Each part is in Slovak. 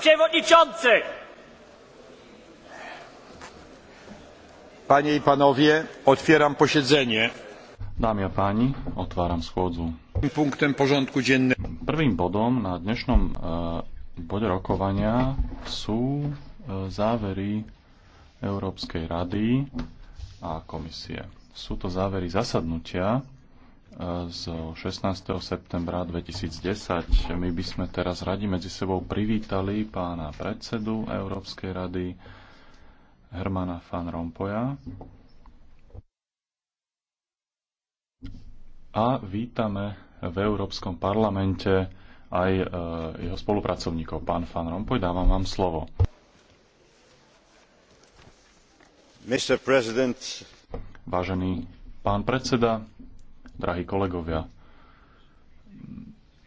przewodniczący! Panie i panowie, otwieram posiedzenie. Dámy a páni, otváram schôdzu. Punktem Prvým bodom na dnešnom uh, bode rokovania sú uh, závery Európskej rady a komisie. Sú to závery zasadnutia zo 16. septembra 2010. My by sme teraz radi medzi sebou privítali pána predsedu Európskej rady Hermana van Rompoja. A vítame v Európskom parlamente aj e, jeho spolupracovníkov. Pán van Rompoj, dávam vám slovo. Vážený pán predseda, drahí kolegovia.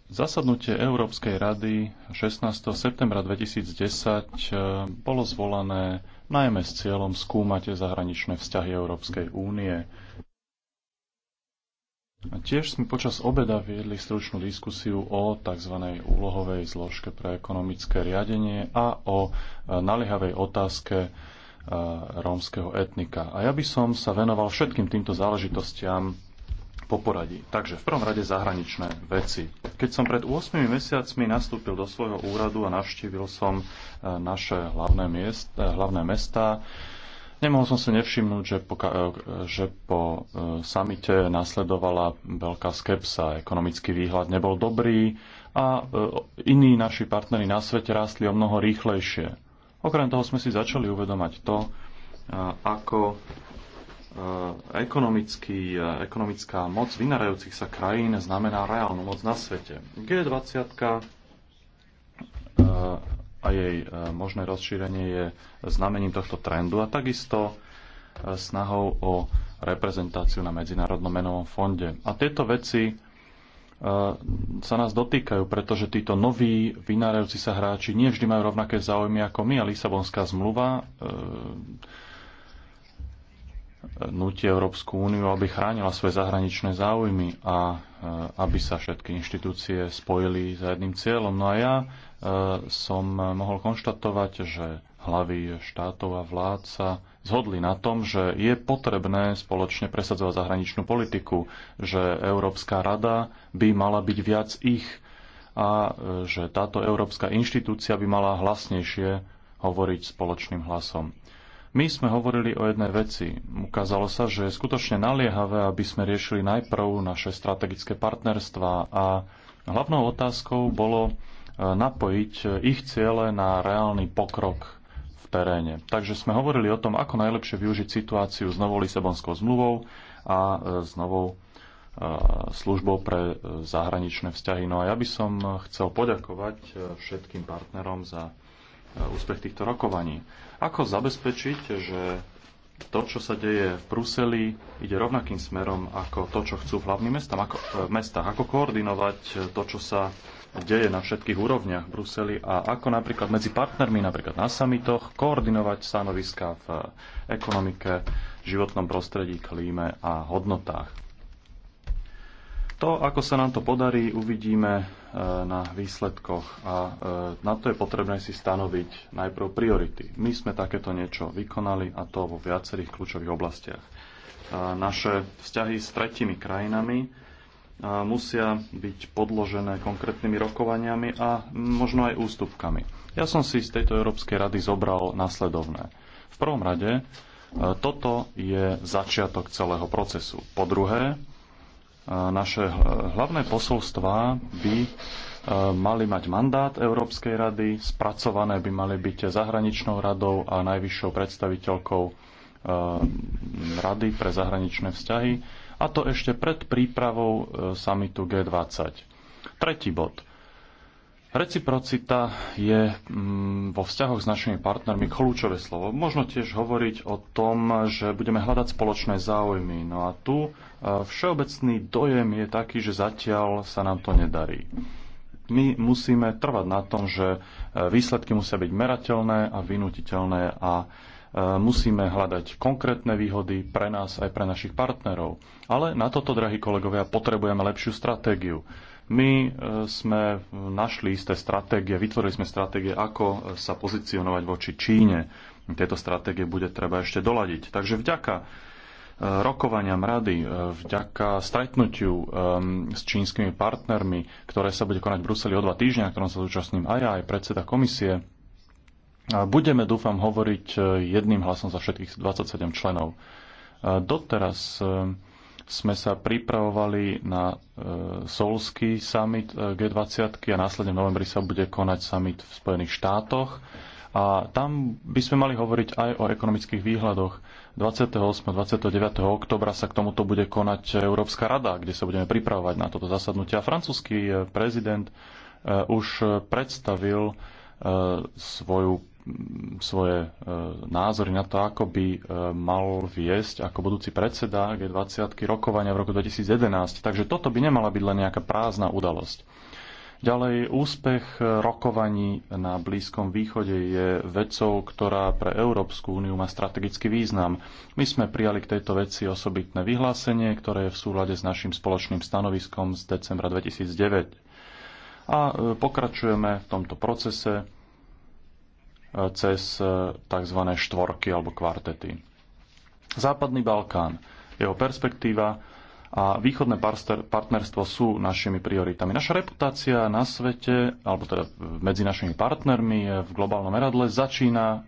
Zasadnutie Európskej rady 16. septembra 2010 eh, bolo zvolané najmä s cieľom skúmať zahraničné vzťahy Európskej únie. Tiež sme počas obeda viedli stručnú diskusiu o tzv. úlohovej zložke pre ekonomické riadenie a o eh, naliehavej otázke eh, rómskeho etnika. A ja by som sa venoval všetkým týmto záležitostiam po poradí. Takže v prvom rade zahraničné veci. Keď som pred 8 mesiacmi nastúpil do svojho úradu a navštívil som e, naše hlavné, miest, e, hlavné mesta, nemohol som si nevšimnúť, že po, e, že po samite nasledovala veľká skepsa. Ekonomický výhľad nebol dobrý a iní naši partnery na svete rástli o mnoho rýchlejšie. Okrem toho sme si začali uvedomať to, ako Eh, ekonomický, eh, ekonomická moc vynarajúcich sa krajín znamená reálnu moc na svete. G20 eh, a jej možné rozšírenie je znamením tohto trendu a takisto snahou o reprezentáciu na Medzinárodnom menovom fonde. A tieto veci sa nás dotýkajú, pretože títo noví vynárajúci sa hráči nie vždy majú rovnaké záujmy ako my a Lisabonská zmluva e nutí Európsku úniu, aby chránila svoje zahraničné záujmy a e, aby sa všetky inštitúcie spojili za jedným cieľom. No a ja e, som mohol konštatovať, že hlavy štátov a vlád sa zhodli na tom, že je potrebné spoločne presadzovať zahraničnú politiku, že Európska rada by mala byť viac ich a e, že táto európska inštitúcia by mala hlasnejšie hovoriť spoločným hlasom. My sme hovorili o jednej veci. Ukázalo sa, že je skutočne naliehavé, aby sme riešili najprv naše strategické partnerstva a hlavnou otázkou bolo e, napojiť e, ich ciele na reálny pokrok v teréne. Takže sme hovorili o tom, ako najlepšie využiť situáciu s novou Lisabonskou zmluvou a e, s novou službou pre zahraničné vzťahy. No a ja by som chcel poďakovať všetkým partnerom za úspech týchto rokovaní. Ako zabezpečiť, že to, čo sa deje v Bruseli, ide rovnakým smerom ako to, čo chcú v hlavných mestách, ako, e, mestách. ako koordinovať e, to, čo sa deje na všetkých úrovniach v Bruseli a ako napríklad medzi partnermi, napríklad na samitoch, koordinovať stanoviska v e, ekonomike, životnom prostredí, klíme a hodnotách. To, ako sa nám to podarí, uvidíme e, na výsledkoch a e, na to je potrebné si stanoviť najprv priority. My sme takéto niečo vykonali a to vo viacerých kľúčových oblastiach. E, naše vzťahy s tretimi krajinami musia byť podložené konkrétnymi rokovaniami a možno aj ústupkami. Ja som si z tejto Európskej rady zobral následovné. V prvom rade, toto je začiatok celého procesu. Po druhé, naše e, hlavné posolstvá by e, mali mať mandát Európskej rady, spracované by mali byť zahraničnou radou a najvyššou predstaviteľkou e, Rady pre zahraničné vzťahy, a to ešte pred prípravou samitu G20. Tretí bod. Reciprocita je mm, vo vzťahoch s našimi partnermi kľúčové slovo. Možno tiež hovoriť o tom, že budeme hľadať spoločné záujmy. No a tu e, všeobecný dojem je taký, že zatiaľ sa nám to nedarí. My musíme trvať na tom, že e, výsledky musia byť merateľné a vynutiteľné a e, musíme hľadať konkrétne výhody pre nás aj pre našich partnerov. Ale na toto, drahí kolegovia, potrebujeme lepšiu stratégiu my e, sme našli isté stratégie, vytvorili sme stratégie, ako e, sa pozicionovať voči Číne. Tieto stratégie bude treba ešte doladiť. Takže vďaka e, rokovaniam rady, vďaka stretnutiu s čínskymi partnermi, ktoré sa bude konať v Bruseli o dva týždňa, ktorom sa zúčastním aj ja, aj predseda komisie, budeme, dúfam, hovoriť jedným hlasom za všetkých 27 členov. Doteraz sme sa pripravovali na e, Solský summit e, G20 a následne v novembri sa bude konať summit v Spojených štátoch. A tam by sme mali hovoriť aj o ekonomických výhľadoch. 28. a 29. oktobra sa k tomuto bude konať Európska rada, kde sa budeme pripravovať na toto zasadnutie. A francúzsky e, prezident e, už predstavil svoju svoje e, názory na to, ako by e, mal viesť ako budúci predseda G20 rokovania v roku 2011. Takže toto by nemala byť len nejaká prázdna udalosť. Ďalej, úspech e, rokovaní na Blízkom východe je vecou, ktorá pre Európsku úniu má strategický význam. My sme prijali k tejto veci osobitné vyhlásenie, ktoré je v súlade s našim spoločným stanoviskom z decembra 2009. A pokračujeme v tomto procese cez e, tzv. štvorky alebo kvartety. Západný Balkán, jeho perspektíva a východné partnerstvo sú našimi prioritami. Naša reputácia na svete, alebo teda medzi našimi partnermi v globálnom meradle začína e,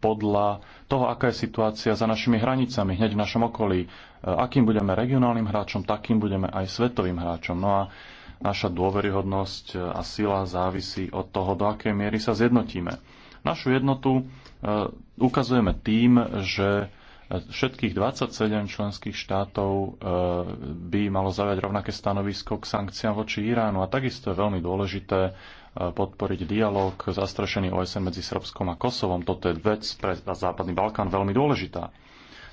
podľa toho, aká je situácia za našimi hranicami, hneď v našom okolí. E, akým budeme regionálnym hráčom, takým budeme aj svetovým hráčom. No a naša dôveryhodnosť e, a sila závisí od toho, do akej miery sa zjednotíme. Našu jednotu e, ukazujeme tým, že e, všetkých 27 členských štátov by malo zaviať rovnaké stanovisko k sankciám voči Iránu. A takisto je veľmi dôležité podporiť dialog zastrešený OSN medzi Srbskom a Kosovom. Toto je vec pre Západný Balkán veľmi dôležitá.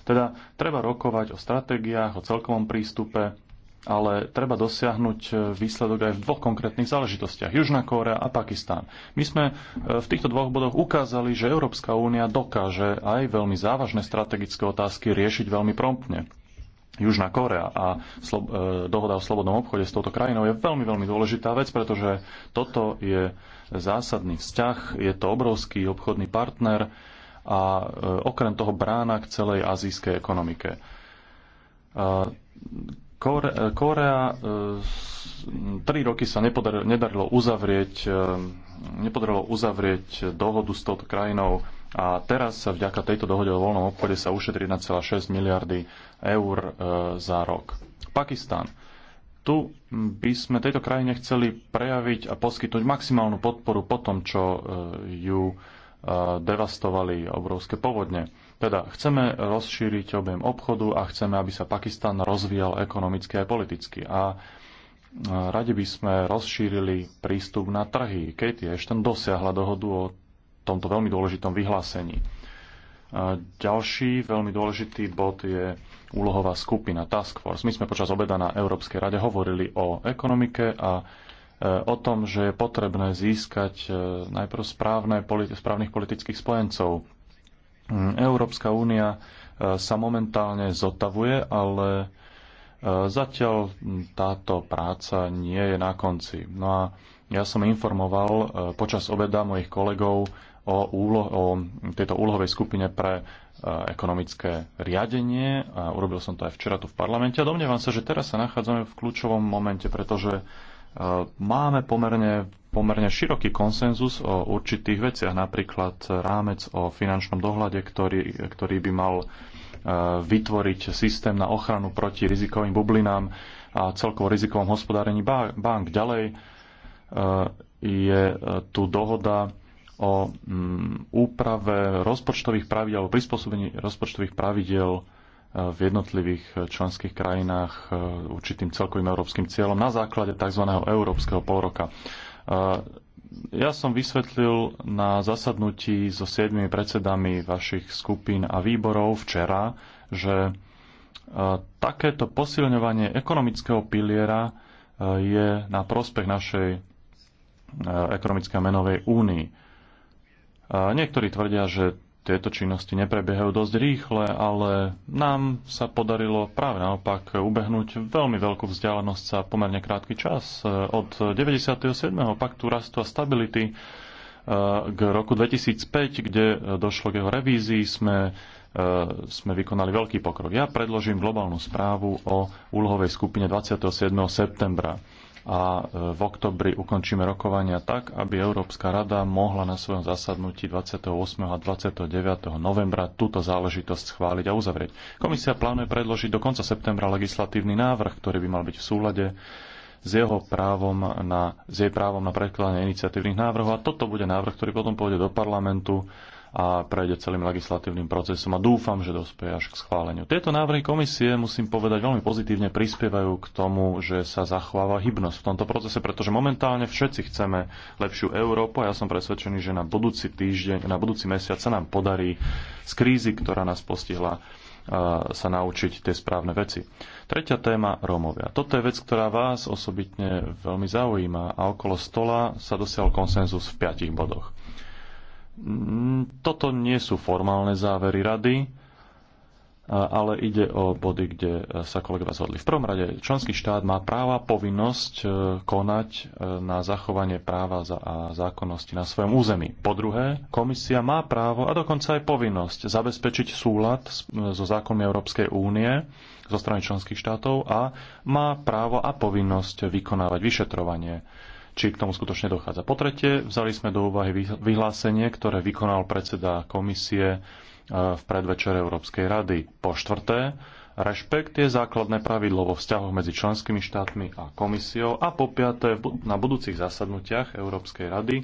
Teda treba rokovať o stratégiách, o celkovom prístupe ale treba dosiahnuť e, výsledok aj v dvoch konkrétnych záležitostiach. Južná Kórea a Pakistán. My sme e, v týchto dvoch bodoch ukázali, že Európska únia dokáže aj veľmi závažné strategické otázky riešiť veľmi promptne. Južná Korea a slob- e, dohoda o slobodnom obchode s touto krajinou je veľmi, veľmi dôležitá vec, pretože toto je zásadný vzťah, je to obrovský obchodný partner a okrem toho brána k celej azijskej ekonomike Kore, e, Korea e, tri roky sa nedarilo uzavrieť, e, nepodarilo uzavrieť dohodu s touto krajinou a teraz sa vďaka tejto dohode o voľnom obchode sa ušetrí 1,6 miliardy eur za rok. Pakistan. Tu by sme tejto krajine chceli prejaviť a poskytnúť maximálnu podporu po tom, čo ju devastovali obrovské povodne. Teda chceme rozšíriť objem obchodu a chceme, aby sa Pakistan rozvíjal ekonomicky a politicky. A e, radi by sme rozšírili prístup na trhy. Katie Ashton dosiahla dohodu o tomto veľmi dôležitom vyhlásení. E, ďalší veľmi dôležitý bod je úlohová skupina Task Force. My sme počas obeda na Európskej rade hovorili o ekonomike a e, o tom, že je potrebné získať najprv správne, správnych politických spojencov. Európska únia e, sa momentálne zotavuje, ale e, zatiaľ táto práca nie je na konci. No a ja som informoval e, počas obeda mojich kolegov o, úlo- o tejto úlohovej skupine pre ekonomické riadenie a urobil som to aj včera tu v parlamente. A domnievam sa, že teraz sa nachádzame v kľúčovom momente, pretože Eh, máme pomerne, pomerne široký konsenzus o určitých veciach, napríklad rámec o finančnom dohľade, ktorý, ktorý by mal eh, vytvoriť systém na ochranu proti rizikovým bublinám a celkovo rizikovom hospodárení bank. Ďalej eh, je tu dohoda o mm, úprave rozpočtových pravidel, o prispôsobení rozpočtových pravidel v jednotlivých eh, členských krajinách eh, určitým celkovým európskym cieľom na základe tzv. európskeho polroka. Eh, ja som vysvetlil na zasadnutí so siedmimi predsedami vašich skupín a výborov včera, že takéto posilňovanie ekonomického piliera je na prospech našej ekonomickej menovej únii. Niektorí tvrdia, že tieto činnosti neprebiehajú dosť rýchle, ale nám sa podarilo práve naopak ubehnúť veľmi veľkú vzdialenosť za pomerne krátky čas. Od 97. paktu rastu a stability e, k roku 2005, kde došlo k jeho revízii, sme, e, sme vykonali veľký pokrok. Ja predložím globálnu správu o úlohovej skupine 27. septembra a e, v oktobri ukončíme rokovania tak, aby Európska rada mohla na svojom zasadnutí 28. a 29. novembra túto záležitosť schváliť a uzavrieť. Komisia plánuje predložiť do konca septembra legislatívny návrh, ktorý by mal byť v súlade s, jeho právom na, s jej právom na predkladanie iniciatívnych návrhov a toto bude návrh, ktorý potom pôjde do parlamentu a prejde celým legislatívnym procesom a dúfam, že dospeje až k schváleniu. Tieto návrhy komisie, musím povedať, veľmi pozitívne prispievajú k tomu, že sa zachováva hybnosť v tomto procese, pretože momentálne všetci chceme lepšiu Európu a ja som presvedčený, že na budúci týždeň, na budúci mesiac sa nám podarí z krízy, ktorá nás postihla, uh, sa naučiť tie správne veci. Tretia téma Rómovia. Toto je vec, ktorá vás osobitne veľmi zaujíma a okolo stola sa dosiahol konsenzus v piatich bodoch. Mm, toto nie sú formálne závery rady, ale ide o body, kde sa kolegovia zhodli. V prvom rade, členský štát má práva, povinnosť e, konať e, na zachovanie práva a zákonnosti na svojom území. Po druhé, komisia má právo a dokonca aj povinnosť zabezpečiť súlad e, so zákonmi Európskej únie zo strany členských štátov a má právo a povinnosť vykonávať vyšetrovanie či k tomu skutočne dochádza. Po tretie, vzali sme do úvahy vyhlásenie, ktoré vykonal predseda komisie e, v predvečer Európskej rady. Po štvrté, Rešpekt je základné pravidlo vo vzťahoch medzi členskými štátmi a komisiou a po piaté na budúcich zasadnutiach Európskej rady e,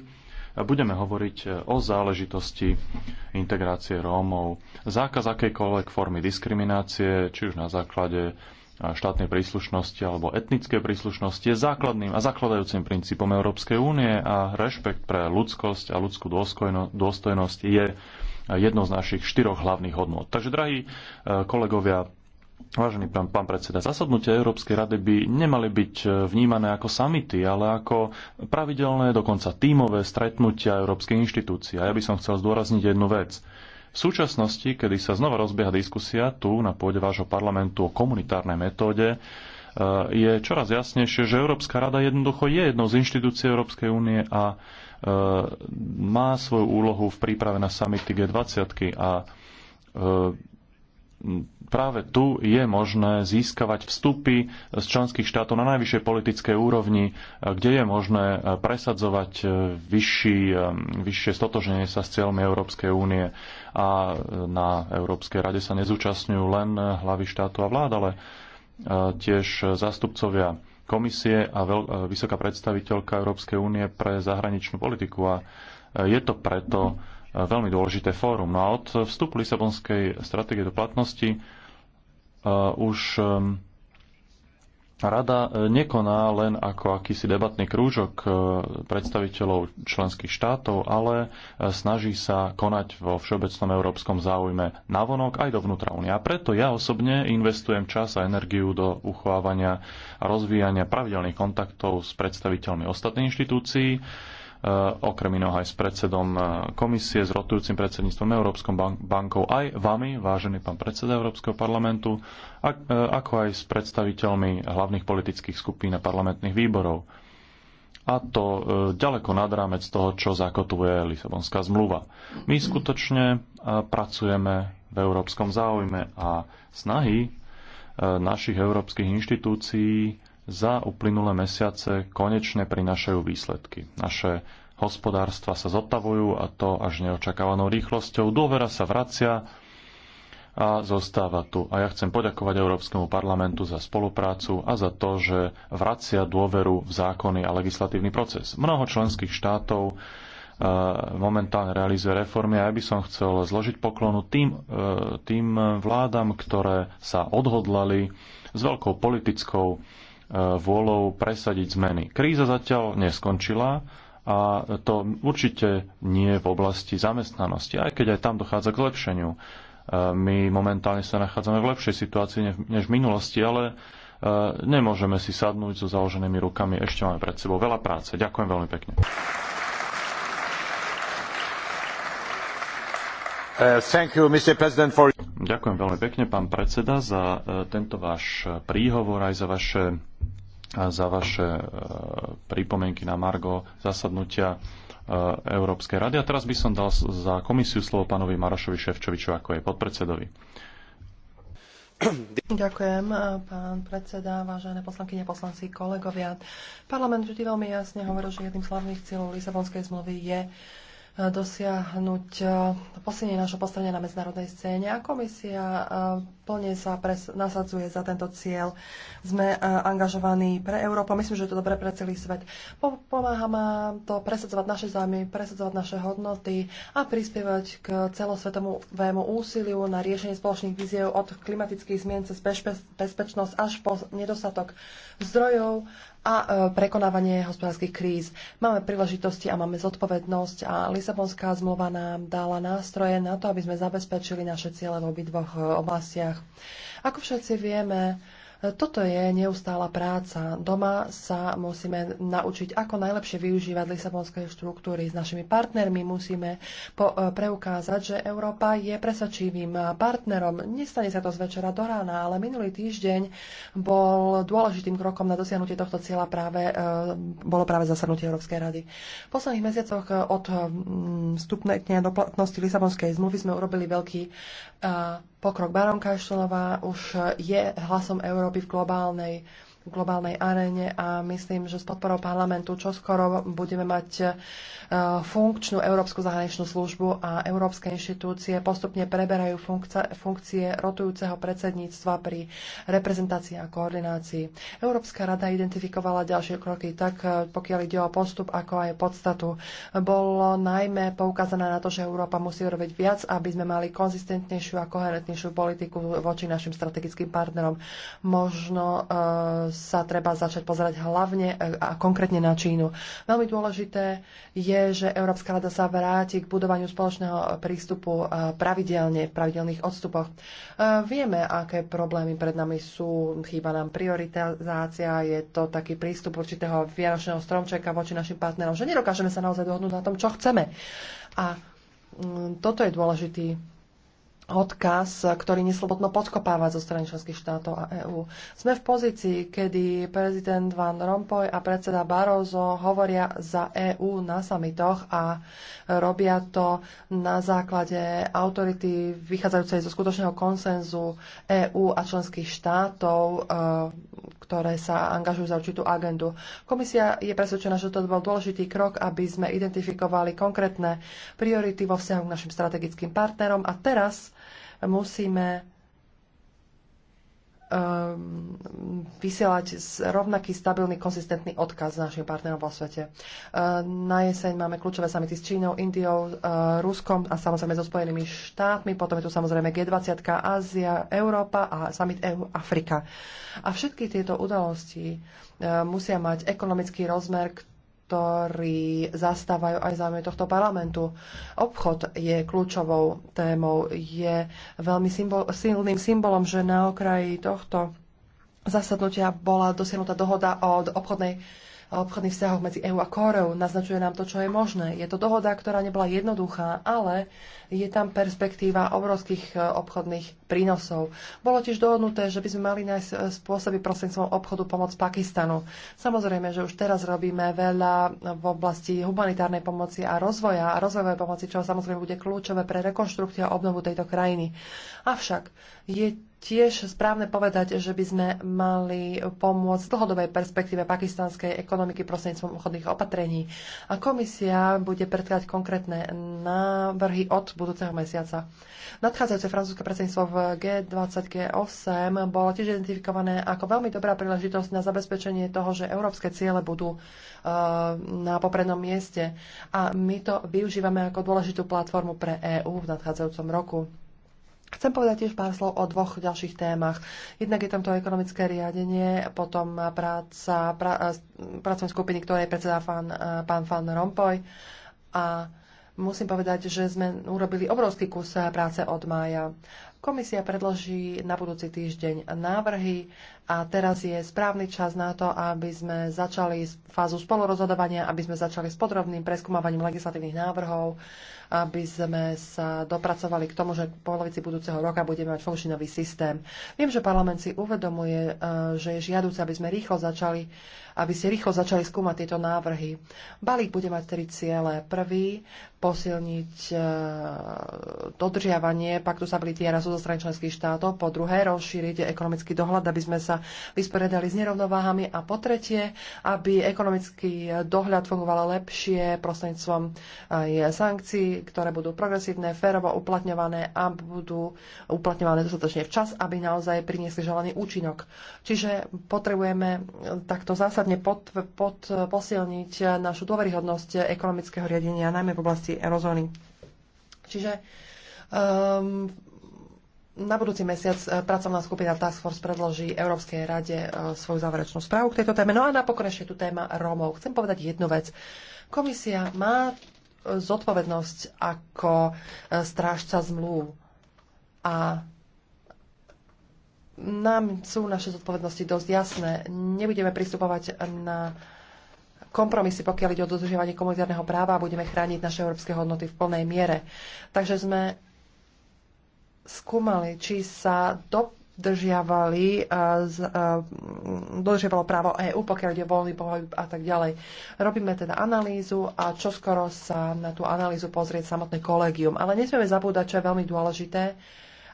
budeme hovoriť e, o záležitosti integrácie Rómov. Zákaz akejkoľvek formy diskriminácie, či už na základe štátnej príslušnosti alebo etnické príslušnosti je základným a zakladajúcim princípom Európskej únie a rešpekt pre ľudskosť a ľudskú dôstojnosť je jednou z našich štyroch hlavných hodnot. Takže, drahí e, kolegovia, Vážený pán, pán predseda, zasadnutia Európskej rady by nemali byť e, vnímané ako samity, ale ako pravidelné, dokonca tímové stretnutia Európskej inštitúcie. A ja by som chcel zdôrazniť jednu vec. V súčasnosti, kedy sa znova rozbieha diskusia tu na pôde vášho parlamentu o komunitárnej metóde, e, je čoraz jasnejšie, že Európska rada jednoducho je jednou z inštitúcií Európskej únie a e, má svoju úlohu v príprave na samity G20 a e, práve tu je možné získavať vstupy z členských štátov na najvyššej politickej úrovni, eh, kde je možné eh, presadzovať eh, vyšší, vyššie stotoženie sa s cieľmi Európskej únie. A na Európskej rade sa nezúčastňujú len hlavy štátu a vlád, ale tiež zástupcovia komisie a vysoká predstaviteľka Európskej únie pre zahraničnú politiku. A je to preto, veľmi dôležité fórum. No a od vstupu Lisabonskej stratégie do platnosti e, už e, rada e, nekoná len ako akýsi debatný krúžok predstaviteľov členských štátov, ale snaží sa konať vo všeobecnom európskom záujme navonok aj dovnútra únie. A preto ja osobne investujem čas a energiu do uchovávania a rozvíjania pravidelných kontaktov s predstaviteľmi ostatných inštitúcií, Eh, okrem iného aj s predsedom eh, komisie, s rotujúcim predsedníctvom Európskom bankou, aj vami, vážený pán predseda Európskeho parlamentu, eh, ako aj s predstaviteľmi hlavných politických skupín a parlamentných výborov. A to ďaleko nad rámec toho, čo zakotuje Lisabonská zmluva. My skutočne pracujeme v európskom záujme a snahy našich európskych inštitúcií za uplynulé mesiace konečne prinašajú výsledky. Naše hospodárstva sa zotavujú a to až neočakávanou rýchlosťou. Dôvera sa vracia a zostáva tu. A ja chcem poďakovať Európskemu parlamentu za spoluprácu a za to, že vracia dôveru v zákony a legislatívny proces. Mnoho členských štátov e, momentálne realizuje reformy a ja by som chcel zložiť poklonu tým, e, tým vládam, ktoré sa odhodlali s veľkou politickou E, vôľou presadiť zmeny. Kríza zatiaľ neskončila a to určite nie v oblasti zamestnanosti, aj keď aj tam dochádza k zlepšeniu. E, my momentálne sa nachádzame v lepšej situácii než v minulosti, ale e, nemôžeme si sadnúť so založenými rukami. Ešte máme pred sebou veľa práce. Ďakujem veľmi pekne. Uh, Ďakujem veľmi pekne, pán predseda, za uh, tento váš príhovor aj za vaše, za vaše uh, pripomienky na Margo zasadnutia Európskej rady. A teraz by som dal za komisiu slovo pánovi Marošovi Ševčoviču ako je podpredsedovi. Ďakujem, pán predseda, vážené poslankyne, poslanci, kolegovia. Parlament vždy veľmi jasne hovoril, že jedným z hlavných cieľov Lisabonskej zmluvy je dosiahnuť eh, posilnenie našho postavenia na medzinárodnej scéne a komisia eh, plne sa pres- nasadzuje za tento cieľ. Sme eh, angažovaní pre Európu, myslím, že je to dobré pre celý svet. pomáha nám to presadzovať naše zájmy, presadzovať naše hodnoty a prispievať k celosvetovému úsiliu na riešenie spoločných víziev od klimatických zmien cez bezpečnosť až po nedostatok zdrojov a e, prekonávanie hospodárskych kríz. Máme príležitosti a máme zodpovednosť a Lisabonská zmluva nám dala nástroje na to, aby sme zabezpečili naše ciele v obidvoch e, oblastiach. Ako všetci vieme, toto je neustála práca. Doma sa musíme naučiť, ako najlepšie využívať Lisabonské štruktúry s našimi partnermi. Musíme po, e, preukázať, že Európa je presvedčivým partnerom. Nestane sa to z večera do rána, ale minulý týždeň bol dôležitým krokom na dosiahnutie tohto cieľa práve, e, bolo práve zasadnutie Európskej rady. V posledných mesiacoch e, od vstupnej do platnosti Lisabonskej zmluvy sme urobili veľký pokrok. Baronka Eštonová už je hlasom Európy v globálnej globálnej aréne a myslím, že s podporou parlamentu čoskoro budeme mať e, funkčnú Európsku zahraničnú službu a európske inštitúcie postupne preberajú funkce, funkcie rotujúceho predsedníctva pri reprezentácii a koordinácii. Európska rada identifikovala ďalšie kroky tak, e, pokiaľ ide o postup, ako aj podstatu. Bolo najmä poukázané na to, že Európa musí robiť viac, aby sme mali konzistentnejšiu a koherentnejšiu politiku voči našim strategickým partnerom. Možno e, sa treba začať pozerať hlavne e, a konkrétne na Čínu. Veľmi dôležité je, že Európska rada sa vráti k budovaniu spoločného e, prístupu e, pravidelne, v pravidelných odstupoch. Vieme, aké problémy pred nami sú, chýba nám prioritizácia, je to taký prístup určitého vianočného stromčeka voči našim partnerom, že nedokážeme sa naozaj dohodnúť na tom, čo chceme. A mm, toto je dôležitý odkaz, ktorý neslobodno podkopávať zo strany členských štátov a EÚ. Sme v pozícii, kedy prezident Van Rompuy a predseda Barroso hovoria za EÚ na samitoch a robia to na základe autority vychádzajúcej zo skutočného konsenzu EÚ a členských štátov, e, ktoré sa angažujú za určitú agendu. Komisia je presvedčená, že to bol dôležitý krok, aby sme identifikovali konkrétne priority vo vzťahu k našim strategickým partnerom a teraz musíme ehm, vysielať rovnaký stabilný, konzistentný odkaz našim partnerom vo svete. Ehm, na jeseň máme kľúčové samity s Čínou, Indiou, ehm, Ruskom a samozrejme so Spojenými štátmi. Potom je tu samozrejme G20, Ázia, Európa a Samit EU Afrika. A všetky tieto udalosti musia mať ekonomický rozmer, ktorí zastávajú aj záujmy tohto parlamentu. Obchod je kľúčovou témou, je veľmi symbol, silným symbolom, že na okraji tohto zasadnutia bola dosiahnutá dohoda o obchodnej a obchodných vzťahoch medzi EU a Kóreou. Naznačuje nám to, čo je možné. Je to dohoda, ktorá nebola jednoduchá, ale je tam perspektíva obrovských e, obchodných prínosov. Bolo tiež dohodnuté, že by sme mali nájsť e, spôsoby prostredníctvom obchodu pomoc Pakistanu. Samozrejme, že už teraz robíme veľa v oblasti humanitárnej pomoci a rozvoja a rozvojovej pomoci, čo samozrejme bude kľúčové pre rekonštrukciu a obnovu tejto krajiny. Avšak je tiež správne povedať, že by sme mali pomôcť dlhodobej perspektíve pakistanskej ekonomiky prostredníctvom obchodných opatrení. A komisia bude predkladať konkrétne návrhy od budúceho mesiaca. Nadchádzajúce francúzske predsedníctvo v G20, G8 bolo tiež identifikované ako veľmi dobrá príležitosť na zabezpečenie toho, že európske ciele budú uh, na poprednom mieste. A my to využívame ako dôležitú platformu pre EÚ v nadchádzajúcom roku. Chcem povedať tiež pár slov o dvoch ďalších témach. Jednak je tam to ekonomické riadenie, potom práca pra, pracovnej skupiny, ktorej predseda eh, pán, pán Fan Rompoy. A musím povedať, že sme urobili obrovský kus eh, práce od mája. Komisia predloží na budúci týždeň návrhy a teraz je správny čas na to, aby sme začali fázu spolurozhodovania, aby sme začali s podrobným preskúmavaním legislatívnych návrhov, aby sme sa dopracovali k tomu, že v polovici budúceho roka budeme mať funkčný nový systém. Viem, že parlament si uvedomuje, eh, že je žiaduce, aby sme rýchlo začali aby ste rýchlo začali skúmať tieto návrhy. Balík bude mať tri ciele. Prvý, posilniť e, dodržiavanie paktu stability a rastu zo strany členských štátov. Po druhé, rozšíriť ekonomický dohľad, aby sme sa vysporiadali s nerovnováhami. A po tretie, aby ekonomický dohľad fungoval lepšie prostredníctvom sankcií, ktoré budú progresívne, férovo uplatňované a budú uplatňované dostatočne včas, aby naozaj priniesli želaný účinok. Čiže potrebujeme takto zásadne zásadne pod, pod, posilniť našu dôveryhodnosť ekonomického riadenia, najmä v oblasti eurozóny. Čiže um, na budúci mesiac e, pracovná skupina Task Force predloží Európskej rade e, svoju záverečnú správu k tejto téme. No a napokon ešte tu téma Rómov. Chcem povedať jednu vec. Komisia má e, zodpovednosť ako strážca zmluv. A nám sú naše zodpovednosti dosť jasné. Nebudeme pristupovať na kompromisy, pokiaľ ide o dodržiavanie komunitárneho práva a budeme chrániť naše európske hodnoty v plnej miere. Takže sme skúmali, či sa dodržiavali, e, e, dodržiavalo právo EÚ, pokiaľ ide voľný pohyb a tak ďalej. Robíme teda analýzu a čoskoro sa na tú analýzu pozrieť samotné kolégium. Ale nesmieme zabúdať, čo je veľmi dôležité,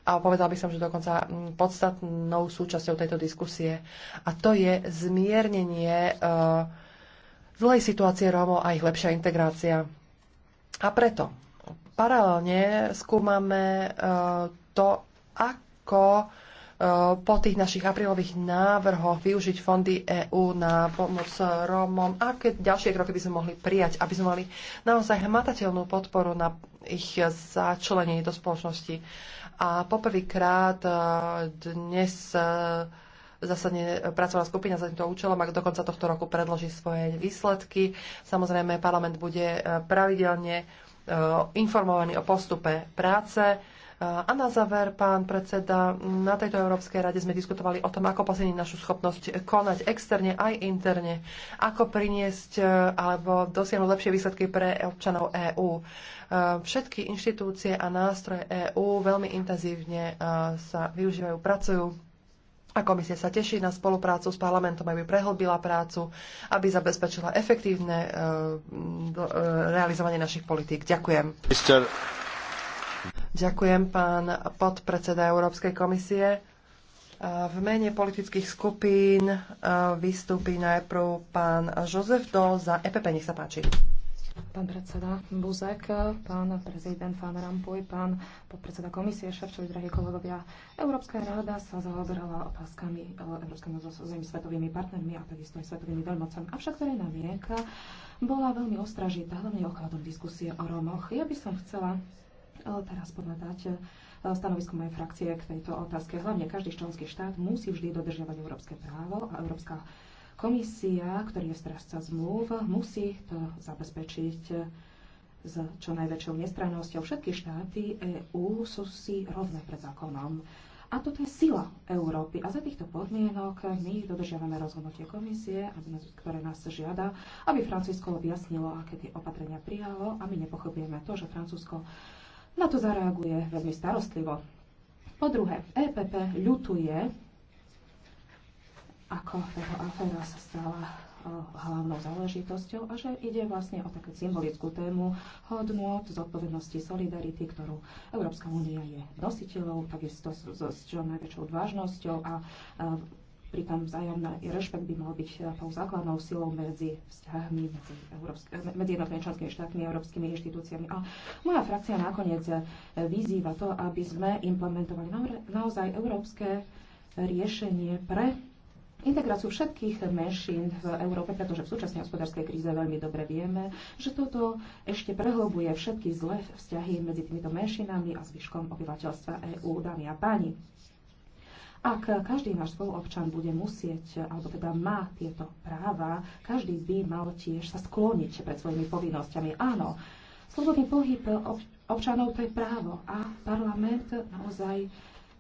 a povedal by som, že dokonca mm, podstatnou súčasťou tejto diskusie. A to je zmiernenie e, zlej situácie Rómov a ich lepšia integrácia. A preto paralelne skúmame e, to, ako e, po tých našich aprílových návrhoch využiť fondy EÚ na pomoc Rómom, aké ďalšie kroky by sme mohli prijať, aby sme mali naozaj hmatateľnú podporu na ich začlenenie do spoločnosti a poprvýkrát e, dnes e, zasadne pracovná skupina za týmto účelom a do konca tohto roku predloží svoje výsledky. Samozrejme, parlament bude e, pravidelne informovaný o postupe práce a na záver, pán predseda, na tejto Európskej rade sme diskutovali o tom, ako posilniť našu schopnosť konať externe aj interne, ako priniesť e, alebo dosiahnuť lepšie výsledky pre občanov EÚ. E, všetky inštitúcie a nástroje EÚ veľmi intenzívne e, sa využívajú, pracujú a komisia sa teší na spoluprácu s parlamentom, aby prehlbila prácu, aby zabezpečila efektívne realizovanie našich politík. Ďakujem. Mister... Ďakujem, pán podpredseda Európskej komisie. V mene politických skupín vystúpi najprv pán Jozef Do za EPP. Nech sa páči. Pán predseda Buzek, pán prezident Van Rampuj, pán podpredseda komisie Ševčovič, drahí kolegovia. Európska rada sa zaoberala otázkami e, európskymi svetovými partnermi a takisto aj svetovými veľmocami. Avšak verejná mienka bola veľmi ostražitá, hlavne okladom diskusie o Romoch. Ja by som chcela teraz povedať e, stanovisko mojej frakcie k tejto otázke. Hlavne každý členský štát musí vždy dodržiavať európske právo a Európska komisia, ktorý je strážca zmluv, musí to zabezpečiť e, s čo najväčšou nestrannosťou. Všetky štáty EÚ sú si rovné pred zákonom. A toto je sila Európy. A za týchto podmienok my dodržiavame rozhodnutie komisie, ktoré nás žiada, aby Francúzsko objasnilo, aké tie opatrenia prijalo a my nepochopujeme to, že Francúzsko na to zareaguje veľmi starostlivo. Po druhé, EPP ľutuje, ako aféra sa stala hlavnou záležitosťou a že ide vlastne o takú symbolickú tému hodnot, zodpovednosti, solidarity, ktorú Európska únia je nositeľou, takisto s, s, s čo najväčšou vážnosťou a, a Pritom vzájomná rešpekt by mal byť eh, tou základnou silou medzi vzťahmi medzi, európsky, eh, medzi jednotlivými členskými štátmi a európskymi inštitúciami. A moja frakcia nakoniec eh, vyzýva to, aby sme implementovali naozaj európske riešenie pre integráciu všetkých menšín v Európe, pretože v súčasnej hospodárskej kríze veľmi dobre vieme, že toto ešte prehlbuje všetky zlé vzťahy medzi týmito menšinami a zvyškom obyvateľstva EÚ. Dámy a páni, ak každý náš spoluobčan bude musieť, alebo teda má tieto práva, každý by mal tiež sa skloniť pred svojimi povinnosťami. Áno, slobodný pohyb občanov to je právo a parlament naozaj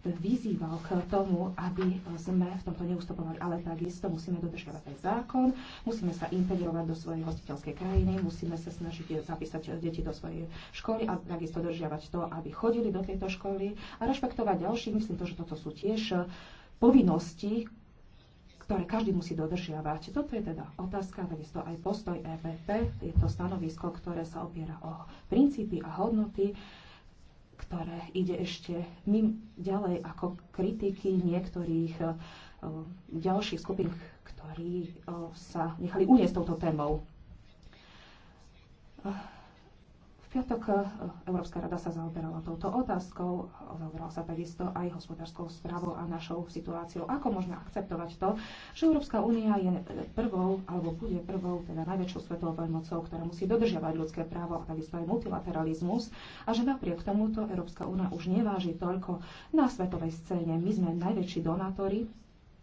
vyzýval k tomu, aby sme v tomto neustupovali, ale takisto musíme dodržiavať aj zákon, musíme sa integrovať do svojej hostiteľskej krajiny, musíme sa snažiť zapísať deti do svojej školy a takisto dodržiavať to, aby chodili do tejto školy a rešpektovať ďalší. Myslím to, že toto sú tiež e, povinnosti, ktoré každý musí dodržiavať. Toto je teda otázka, takisto aj postoj EPP. Je to stanovisko, ktoré sa opiera o princípy a hodnoty, ktoré ide ešte mimo ďalej ako kritiky niektorých eh, ďalších skupín, ktorí eh, sa nechali uniesť touto témou. Eh, piatok eh, Európska rada sa zaoberala touto otázkou, zaoberala sa takisto aj hospodárskou správou a našou situáciou. Ako môžeme akceptovať to, že Európska únia je prvou, alebo bude prvou, teda najväčšou svetovou veľmocou, ktorá musí dodržiavať ľudské právo a takisto aj multilateralizmus a že napriek tomuto Európska únia už neváži toľko na svetovej scéne. My sme najväčší donátori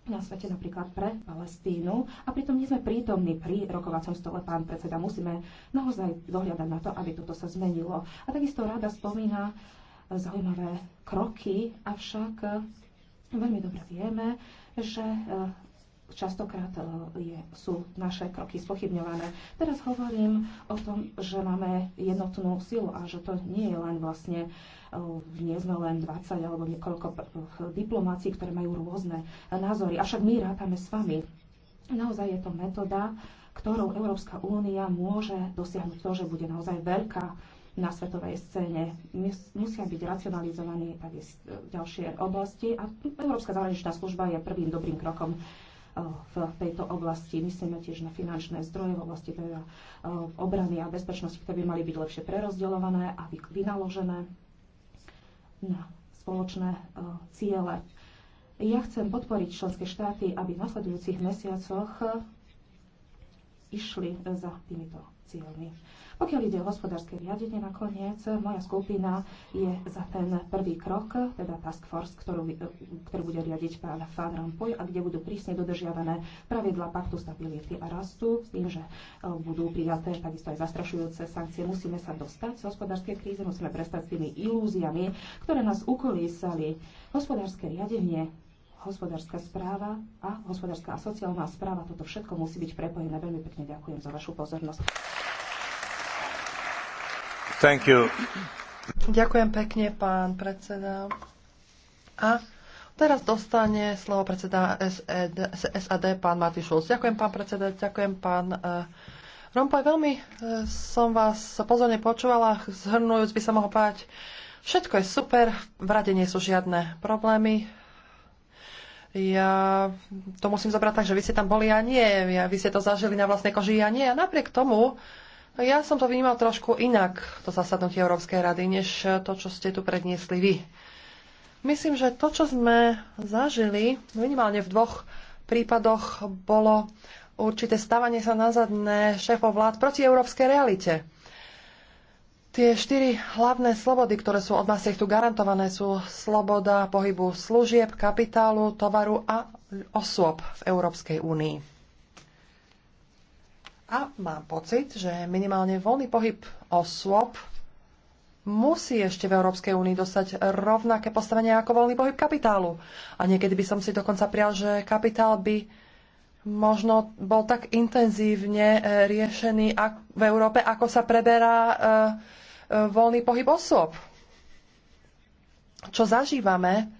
na svete, napríklad pre Palestínu. A pritom nie sme prítomní pri rokovacom stole, pán predseda. Musíme naozaj dohľadať na to, aby toto sa zmenilo. A takisto rada spomína zaujímavé kroky, avšak veľmi dobre vieme, že častokrát e, je, sú naše kroky spochybňované. Teraz hovorím o tom, že máme jednotnú silu a že to nie je len vlastne, e, nie sme len 20 alebo niekoľko e, diplomácií, ktoré majú rôzne názory. Avšak my rátame s vami. Naozaj je to metóda, ktorou Európska únia môže dosiahnuť to, že bude naozaj veľká na svetovej scéne. Musia byť racionalizované ďalšie oblasti a Európska zahraničná služba je prvým dobrým krokom Eh, v tejto oblasti. Myslíme tiež na finančné zdroje v oblasti teda, eh, obrany a bezpečnosti, ktoré by mali byť lepšie prerozdeľované a vynaložené na spoločné eh, ciele. Ja chcem podporiť členské štáty, aby v nasledujúcich mesiacoch išli za týmito cieľmi. Pokiaľ ide o hospodárske riadenie, nakoniec moja skupina je za ten prvý krok, teda task force, ktorú, ktorú bude riadiť pán Fan Rampuj a kde budú prísne dodržiavané pravidla paktu stability a rastu, s tým, že e, budú prijaté takisto aj zastrašujúce sankcie. Musíme sa dostať z hospodárskej krízy, musíme prestať s tými ilúziami, ktoré nás ukolísali. Hospodárske riadenie hospodárska správa a hospodárska a sociálna správa, toto všetko musí byť prepojené. Veľmi pekne ďakujem za vašu pozornosť. Ďakujem pekne, pán predseda. A teraz dostane slovo predseda SED, SAD, pán Martin Šulc. Ďakujem, pán predseda, ďakujem, pán uh, eh, Rompaj, veľmi uh, som vás pozorne počúvala, zhrnujúc by sa mohol povedať, všetko je super, v rade nie sú žiadne problémy, ja to musím zobrať tak, že vy ste tam boli a nie, ja, vy ste to zažili na vlastnej koži a nie. A napriek tomu ja som to vnímal trošku inak, to zasadnutie Európskej rady, než to, čo ste tu predniesli vy. Myslím, že to, čo sme zažili, minimálne v dvoch prípadoch, bolo určité stavanie sa na zadné šéfov vlád proti európskej realite. Tie štyri hlavné slobody, ktoré sú od nás tu garantované, sú sloboda pohybu služieb, kapitálu, tovaru a osôb v Európskej únii. A mám pocit, že minimálne voľný pohyb osôb musí ešte v Európskej únii dostať rovnaké postavenie ako voľný pohyb kapitálu. A niekedy by som si dokonca prial, že kapitál by možno bol tak intenzívne e, riešený v Európe, ako sa preberá e, e, voľný pohyb osôb. Čo zažívame,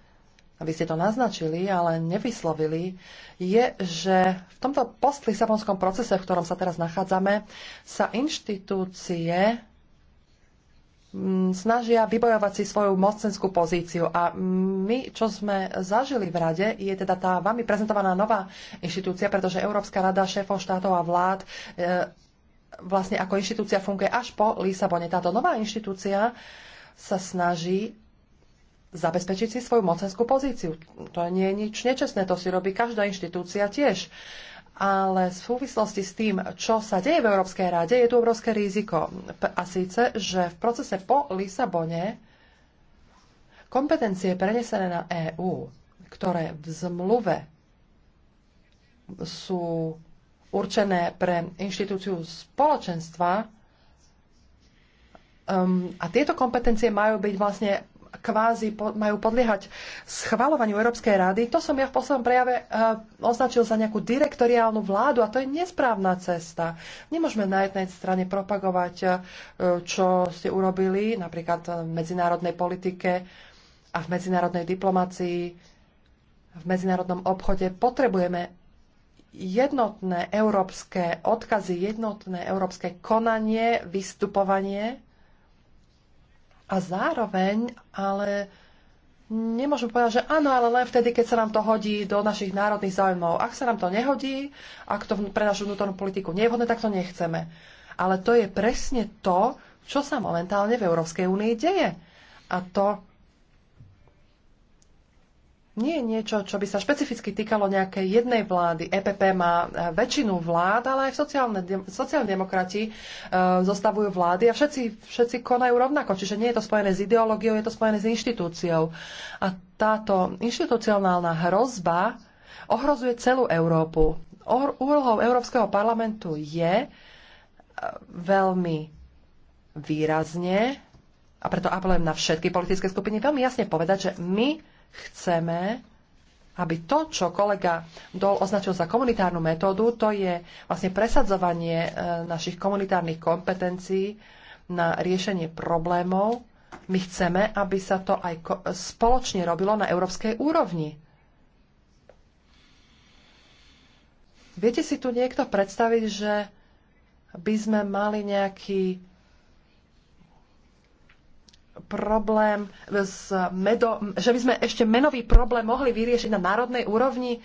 vy ste to naznačili, ale nevyslovili, je, že v tomto postlisabonskom procese, v ktorom sa teraz nachádzame, sa inštitúcie mm, snažia vybojovať si svoju mocenskú pozíciu. A my, čo sme zažili v Rade, je teda tá vami prezentovaná nová inštitúcia, pretože Európska rada šéfov štátov a vlád e, vlastne ako inštitúcia funguje až po Lisabone. Táto nová inštitúcia sa snaží zabezpečiť si svoju mocenskú pozíciu. To nie je nič nečestné, to si robí každá inštitúcia tiež. Ale v súvislosti s tým, čo sa deje v Európskej rade, je tu obrovské riziko. A síce, že v procese po Lisabone kompetencie prenesené na EÚ, ktoré v zmluve sú určené pre inštitúciu spoločenstva, Um, a tieto kompetencie majú byť vlastne kvázi majú podliehať schvalovaniu Európskej rady, to som ja v poslednom prejave eh, označil za nejakú direktoriálnu vládu a to je nesprávna cesta. Nemôžeme na jednej strane propagovať, eh, čo ste urobili, napríklad v medzinárodnej politike a v medzinárodnej diplomácii, v medzinárodnom obchode. Potrebujeme jednotné európske odkazy, jednotné európske konanie, vystupovanie a zároveň, ale nemôžem povedať, že áno, ale len vtedy, keď sa nám to hodí do našich národných záujmov. Ak sa nám to nehodí, ak to pre našu vnútornú politiku nie je vhodné, tak to nechceme. Ale to je presne to, čo sa momentálne v Európskej únii deje. A to nie je niečo, čo by sa špecificky týkalo nejakej jednej vlády. EPP má e, väčšinu vlád, ale aj sociálne, sociálne demokrati e, zostavujú vlády a všetci, všetci konajú rovnako. Čiže nie je to spojené s ideológiou, je to spojené s inštitúciou. A táto inštitucionálna hrozba ohrozuje celú Európu. Úlohou Európskeho parlamentu je e, veľmi výrazne a preto apelujem na všetky politické skupiny veľmi jasne povedať, že my chceme, aby to, čo kolega Dol označil za komunitárnu metódu, to je vlastne presadzovanie e, našich komunitárnych kompetencií na riešenie problémov. My chceme, aby sa to aj spoločne robilo na európskej úrovni. Viete si tu niekto predstaviť, že by sme mali nejaký problém s medo, že by sme ešte menový problém mohli vyriešiť na národnej úrovni,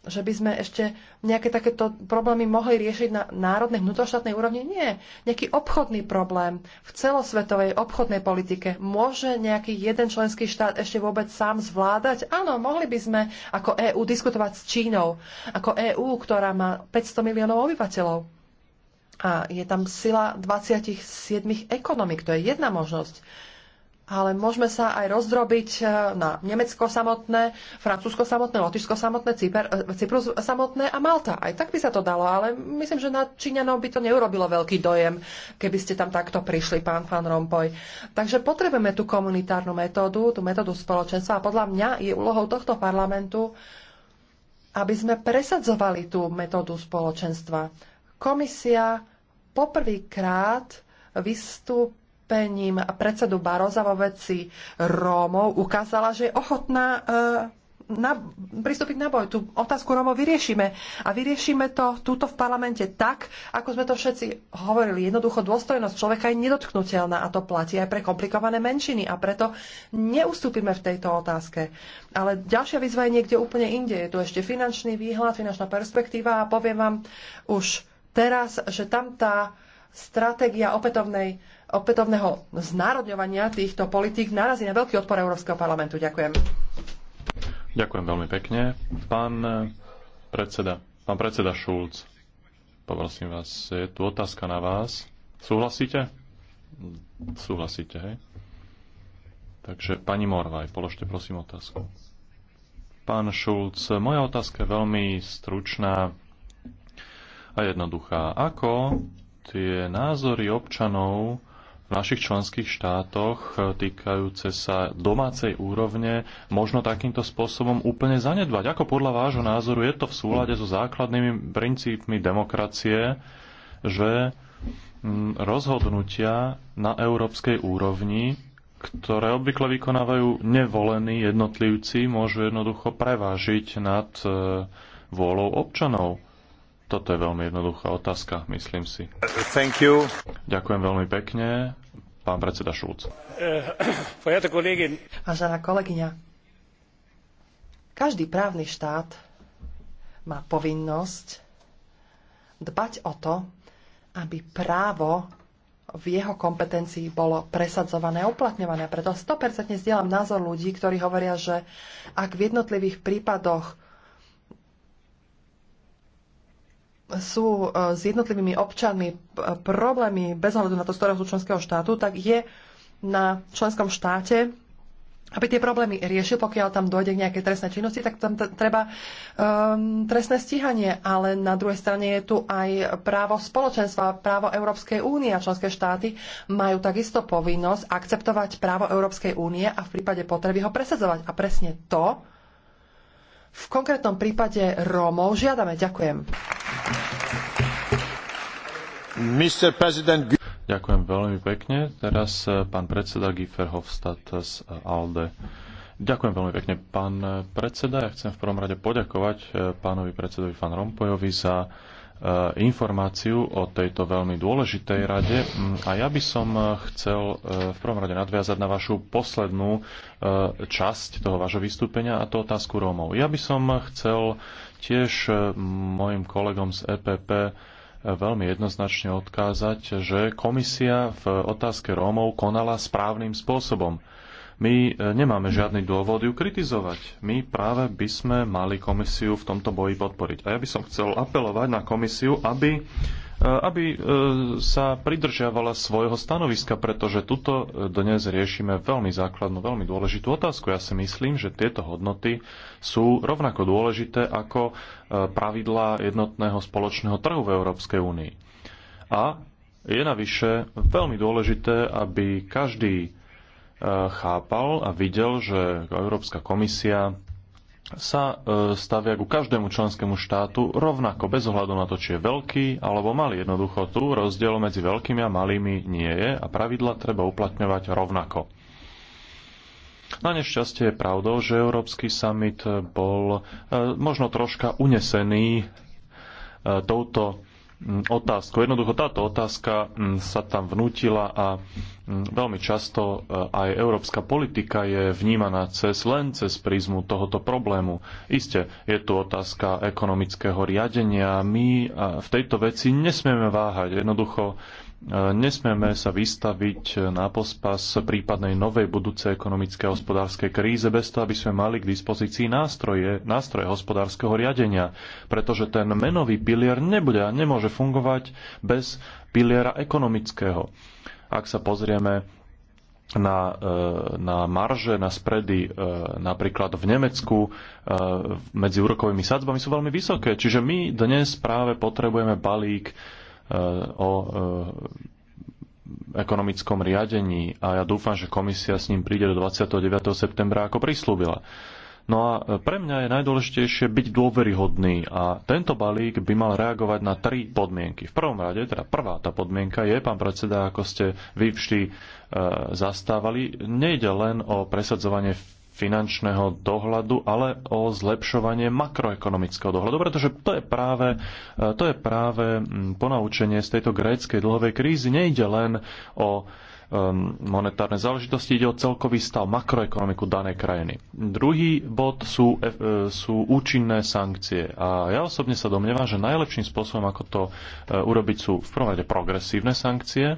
že by sme ešte nejaké takéto problémy mohli riešiť na národnej vnútroštátnej úrovni. Nie. Nejaký obchodný problém v celosvetovej obchodnej politike môže nejaký jeden členský štát ešte vôbec sám zvládať? Áno, mohli by sme ako EÚ diskutovať s Čínou, ako EÚ, ktorá má 500 miliónov obyvateľov a je tam sila 27 ekonomik, to je jedna možnosť. Ale môžeme sa aj rozdrobiť eh, na Nemecko samotné, Francúzsko samotné, Lotyšsko samotné, Cyper, eh, Cyprus samotné a Malta. Aj tak by sa to dalo, ale myslím, že na Číňanov by to neurobilo veľký dojem, keby ste tam takto prišli, pán Van Rompuy. Takže potrebujeme tú komunitárnu metódu, tú metódu spoločenstva a podľa mňa je úlohou tohto parlamentu aby sme presadzovali tú metódu spoločenstva. Komisia poprvýkrát vystúpením predsedu Baroza vo veci Rómov ukázala, že je ochotná e, na, pristúpiť na boj. Tú otázku Rómov vyriešime. A vyriešime to túto v parlamente tak, ako sme to všetci hovorili. Jednoducho dôstojnosť človeka je nedotknutelná a to platí aj pre komplikované menšiny a preto neustúpime v tejto otázke. Ale ďalšia výzva je niekde úplne inde. Je tu ešte finančný výhľad, finančná perspektíva a poviem vám už teraz, že tam tá stratégia opätovnej, opätovného znárodňovania týchto politík narazí na veľký odpor Európskeho parlamentu. Ďakujem. Ďakujem veľmi pekne. Pán predseda, pán predseda Šulc, poprosím vás, je tu otázka na vás. Súhlasíte? Súhlasíte, hej? Takže pani Morvaj, položte prosím otázku. Pán Šulc, moja otázka je veľmi stručná a jednoduchá. Ako tie názory občanov v našich členských štátoch týkajúce sa domácej úrovne možno takýmto spôsobom úplne zanedbať? Ako podľa vášho názoru je to v súlade so základnými princípmi demokracie, že mm, rozhodnutia na európskej úrovni, ktoré obvykle vykonávajú nevolení jednotlivci, môžu jednoducho prevážiť nad e, vôľou občanov. Toto je veľmi jednoduchá otázka, myslím si. Thank you. Ďakujem veľmi pekne. Pán predseda Šulc. Eh, Vážená kolegyňa, každý právny štát má povinnosť dbať o to, aby právo v jeho kompetencii bolo presadzované a uplatňované. Preto 100% zdieľam názor ľudí, ktorí hovoria, že ak v jednotlivých prípadoch sú e, s jednotlivými občanmi e, problémy bez ohľadu na to, z ktorého sú členského štátu, tak je na členskom štáte, aby tie problémy riešil, pokiaľ tam dojde k nejakej trestnej činnosti, tak tam treba um, trestné stíhanie. Ale na druhej strane je tu aj právo spoločenstva, právo Európskej únie a členské štáty majú takisto povinnosť akceptovať právo Európskej únie a v prípade potreby ho presadzovať. A presne to v konkrétnom prípade Rómov žiadame. Ďakujem. Ďakujem veľmi pekne. Teraz eh, pán predseda Giefer Hofstadt z eh, ALDE. Ďakujem veľmi pekne, pán eh, predseda. Ja chcem v prvom rade poďakovať pánovi predsedovi Fan Rompojovi za informáciu o tejto veľmi dôležitej rade. Mm, a ja by som chcel v prvom rade nadviazať na vašu poslednú časť toho vášho vystúpenia a to otázku Rómov. Ja by som chcel tiež mojim kolegom z EPP veľmi jednoznačne odkázať, že komisia v otázke Rómov konala správnym spôsobom. My e, nemáme žiadny dôvod ju kritizovať. My práve by sme mali komisiu v tomto boji podporiť. A ja by som chcel apelovať na komisiu, aby e, aby e, sa pridržiavala svojho stanoviska, pretože tuto dnes riešime veľmi základnú, veľmi dôležitú otázku. Ja si myslím, že tieto hodnoty sú rovnako dôležité ako pravidlá jednotného spoločného trhu v Európskej únii. A je navyše veľmi dôležité, aby každý chápal a videl, že Európska komisia sa e, stavia ku každému členskému štátu rovnako, bez ohľadu na to, či je veľký alebo malý. Jednoducho tu rozdiel medzi veľkými a malými nie je a pravidla treba uplatňovať rovnako. Na nešťastie je pravdou, že Európsky summit bol e, možno troška unesený e, touto Mm, otázku. Jednoducho táto otázka mm, sa tam vnútila a mm, veľmi často e, aj európska politika je vnímaná cez len cez prízmu tohoto problému. Isté, je tu otázka ekonomického riadenia. My e, v tejto veci nesmieme váhať. Jednoducho Nesmieme sa vystaviť na pospas prípadnej novej budúcej ekonomickej a hospodárskej kríze bez toho, aby sme mali k dispozícii nástroje, nástroje hospodárskeho riadenia, pretože ten menový pilier nebude a nemôže fungovať bez piliera ekonomického. Ak sa pozrieme na, e, na marže, na spredy e, napríklad v Nemecku e, medzi úrokovými sadzbami sú veľmi vysoké. Čiže my dnes práve potrebujeme balík o e, ekonomickom riadení a ja dúfam, že komisia s ním príde do 29. septembra, ako prislúbila. No a pre mňa je najdôležitejšie byť dôveryhodný a tento balík by mal reagovať na tri podmienky. V prvom rade, teda prvá tá podmienka je, pán predseda, ako ste vy vždy e, zastávali, nejde len o presadzovanie finančného dohľadu, ale o zlepšovanie makroekonomického dohľadu, pretože to je práve, e, to je práve ponaučenie z tejto gréckej dlhovej krízy. Nejde len o monetárne záležitosti, ide o celkový stav makroekonomiku danej krajiny. Druhý bod sú, e, sú účinné sankcie. A ja osobne sa domnievam, že najlepším spôsobom, ako to e, urobiť, sú v prvom rade progresívne sankcie.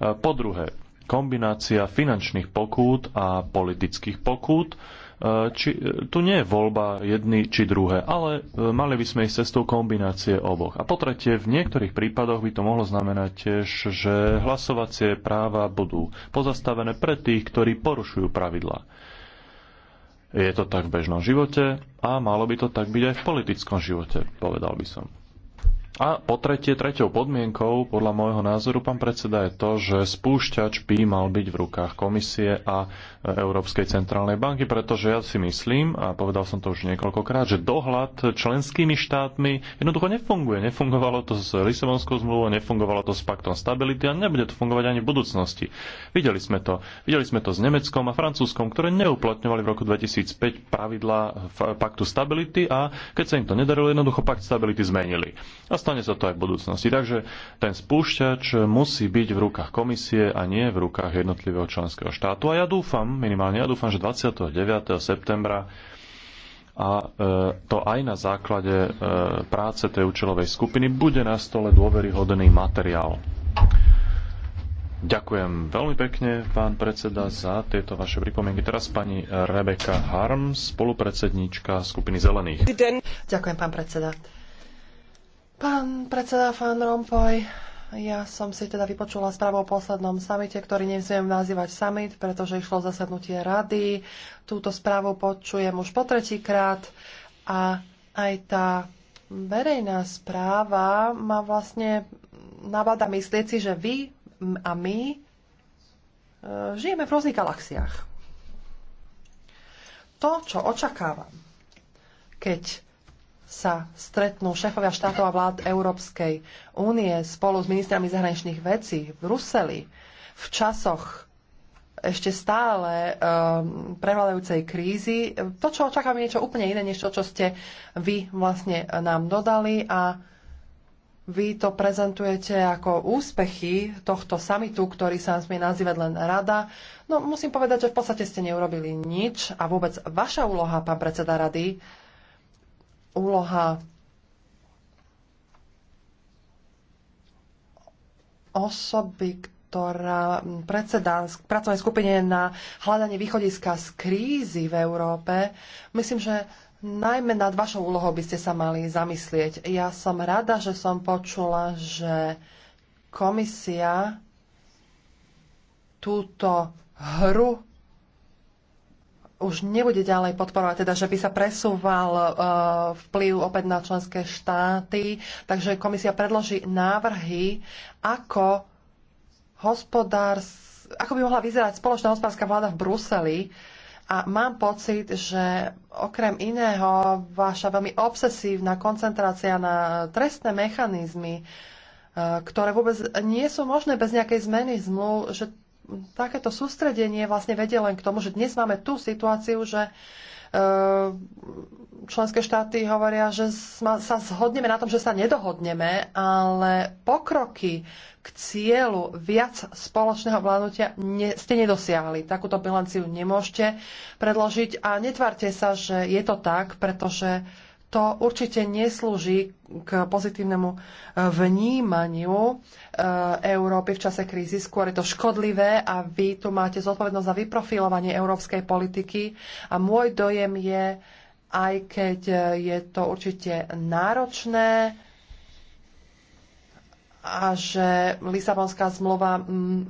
Po druhé, kombinácia finančných pokút a politických pokút. E, či, e, tu nie je voľba jedny či druhé, ale e, mali by sme ísť cestou kombinácie oboch. A po tretie, v niektorých prípadoch by to mohlo znamenať tiež, že hlasovacie práva budú pozastavené pre tých, ktorí porušujú pravidlá. Je to tak v bežnom živote a malo by to tak byť aj v politickom živote, povedal by som. A po tretie, treťou podmienkou, podľa môjho názoru, pán predseda, je to, že spúšťač by mal byť v rukách komisie a Európskej centrálnej banky, pretože ja si myslím, a povedal som to už niekoľkokrát, že dohľad členskými štátmi jednoducho nefunguje. Nefungovalo to s Lisabonskou zmluvou, nefungovalo to s paktom stability a nebude to fungovať ani v budúcnosti. Videli sme to. Videli sme to s Nemeckom a Francúzskom, ktoré neuplatňovali v roku 2005 pravidla paktu stability a keď sa im to nedarilo, jednoducho pakt stability zmenili. A stane sa to aj v budúcnosti. Takže ten spúšťač musí byť v rukách komisie a nie v rukách jednotlivého členského štátu. A ja dúfam, minimálne ja dúfam, že 29. septembra a e, to aj na základe e, práce tej účelovej skupiny bude na stole dôveryhodný materiál. Ďakujem veľmi pekne, pán predseda, za tieto vaše pripomienky. Teraz pani Rebeka Harm, spolupredsedníčka skupiny Zelených. Ďakujem, pán predseda. Pán predseda Fan Rompoy, ja som si teda vypočula správu o poslednom samite, ktorý nesmiem nazývať summit, pretože išlo zasadnutie rady. Túto správu počujem už po tretíkrát a aj tá verejná správa ma vlastne nabada myslieť si, že vy a my e, žijeme v rôznych galaxiách. To, čo očakávam, keď sa stretnú šéfovia štátov a vlád Európskej únie spolu s ministrami zahraničných vecí v Bruseli v časoch ešte stále um, ehm, prevladajúcej krízy. To, čo očakávam, je niečo úplne iné, než to, čo ste vy vlastne nám dodali a vy to prezentujete ako úspechy tohto samitu, ktorý sa smie nazývať len rada. No musím povedať, že v podstate ste neurobili nič a vôbec vaša úloha, pán predseda rady, úloha osoby, ktorá predsedá pracovnej skupine na hľadanie východiska z krízy v Európe. Myslím, že najmä nad vašou úlohou by ste sa mali zamyslieť. Ja som rada, že som počula, že komisia túto hru už nebude ďalej podporovať, teda že by sa presúval uh, vplyv opäť na členské štáty. Takže komisia predloží návrhy, ako, hospodárs, ako by mohla vyzerať spoločná hospodárska vláda v Bruseli. A mám pocit, že okrem iného vaša veľmi obsesívna koncentrácia na trestné mechanizmy, uh, ktoré vôbec nie sú možné bez nejakej zmeny zmluv, že takéto sústredenie vlastne vedie len k tomu, že dnes máme tú situáciu, že e, členské štáty hovoria, že sa zhodneme na tom, že sa nedohodneme, ale pokroky k cieľu viac spoločného vládnutia ne, ste nedosiahli. Takúto bilanciu nemôžete predložiť a netvárte sa, že je to tak, pretože uh, to určite neslúži k pozitívnemu e, vnímaniu e, Európy v čase krízy. Skôr je to škodlivé a vy tu máte zodpovednosť za vyprofilovanie európskej politiky. A môj dojem je, aj keď je to určite náročné, a že Lisabonská zmluva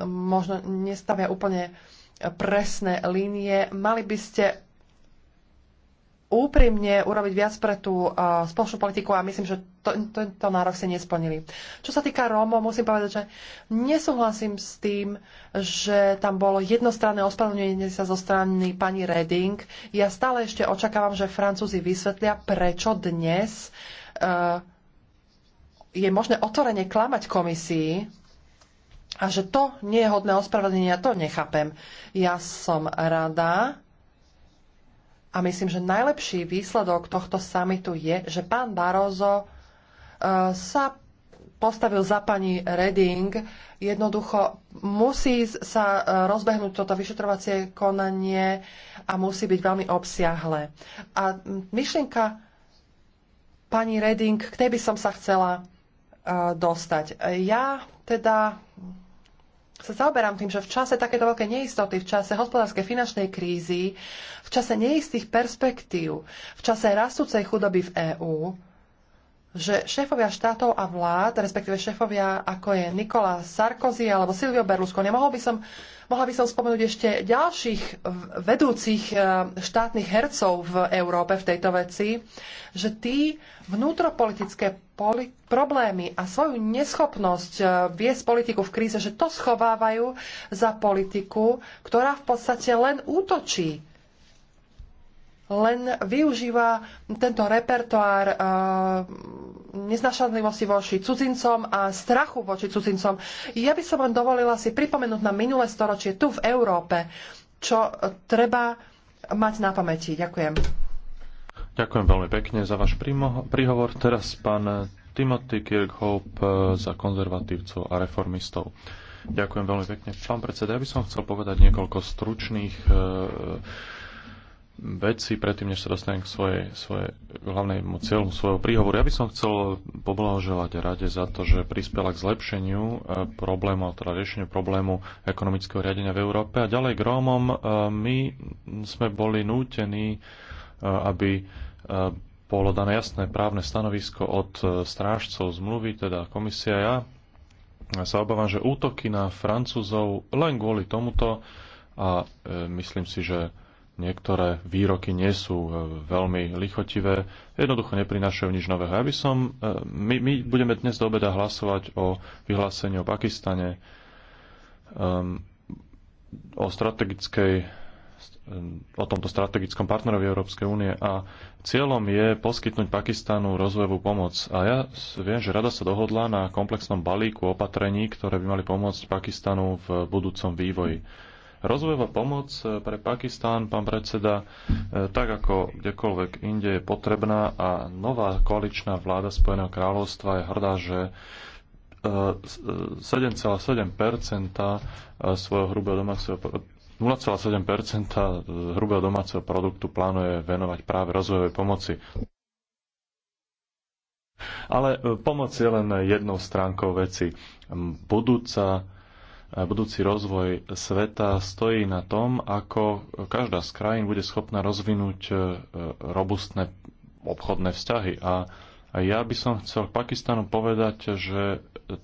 možno nestavia úplne presné línie. Mali by ste úprimne urobiť viac pre tú uh, spoločnú politiku a myslím, že to, tento to nárok ste nesplnili. Čo sa týka Rómov, musím povedať, že nesúhlasím s tým, že tam bolo jednostranné ospravedlnenie sa zo strany pani Reding. Ja stále ešte očakávam, že Francúzi vysvetlia, prečo dnes uh, je možné otvorene klamať komisii, a že to nie je hodné ja to nechápem. Ja som rada, a myslím, že najlepší výsledok tohto samitu je, že pán Barozo e, sa postavil za pani Reding. Jednoducho musí sa e, rozbehnúť toto vyšetrovacie konanie a musí byť veľmi obsiahle. A myšlienka pani Reding, k tej by som sa chcela e, dostať. Ja teda sa zaoberám tým, že v čase takéto veľké neistoty, v čase hospodárskej finančnej krízy, v čase neistých perspektív, v čase rastúcej chudoby v EÚ, že šéfovia štátov a vlád, respektíve šéfovia ako je Nikola Sarkozy alebo Silvio Berlusconi, nemohol by som, mohla by som spomenúť ešte ďalších vedúcich e, štátnych hercov v Európe v tejto veci, že tí vnútropolitické poli- problémy a svoju neschopnosť e, viesť politiku v kríze, že to schovávajú za politiku, ktorá v podstate len útočí len využíva tento repertoár eh, neznašanlivosti voči cudzincom a strachu voči cudzincom. Ja by som vám dovolila si pripomenúť na minulé storočie tu v Európe, čo treba mať na pamäti. Ďakujem. Ďakujem veľmi pekne za váš príhovor. Teraz pán Timothy Kirkhope eh, za konzervatívcov a reformistov. Ďakujem veľmi pekne. Pán predseda, ja by som chcel povedať niekoľko stručných eh, veci predtým, než sa dostanem k svojej, svojej hlavnému cieľu svojho príhovoru. Ja by som chcel poblahoželať rade za to, že prispela k zlepšeniu e, problému, teda riešeniu problému ekonomického riadenia v Európe. A ďalej k Rómom e, my sme boli nútení, e, aby bolo dané jasné právne stanovisko od strážcov zmluvy, teda komisia. Ja sa obávam, že útoky na Francúzov len kvôli tomuto a myslím si, že niektoré výroky nie sú e, veľmi lichotivé, jednoducho neprinášajú nič nového. Ja by som, e, my, my budeme dnes do obeda hlasovať o vyhlásení o Pakistane, um, o strategickej e, o tomto strategickom partnerovi Európskej únie a cieľom je poskytnúť Pakistanu rozvojovú pomoc. A ja viem, že rada sa dohodla na komplexnom balíku opatrení, ktoré by mali pomôcť Pakistanu v budúcom vývoji. Rozvojová pomoc eh, pre Pakistán, pán predseda, eh, tak ako kdekoľvek inde je potrebná a nová koaličná vláda Spojeného kráľovstva je hrdá, že 7,7 eh, svojho hrubého domáceho 0,7 hrubého domáceho produktu plánuje venovať práve rozvojovej pomoci. Ale pomoc je len jednou stránkou veci. Budúca budúci rozvoj sveta stojí na tom, ako každá z krajín bude schopná rozvinúť e, robustné obchodné vzťahy. A ja by som chcel Pakistanu povedať, že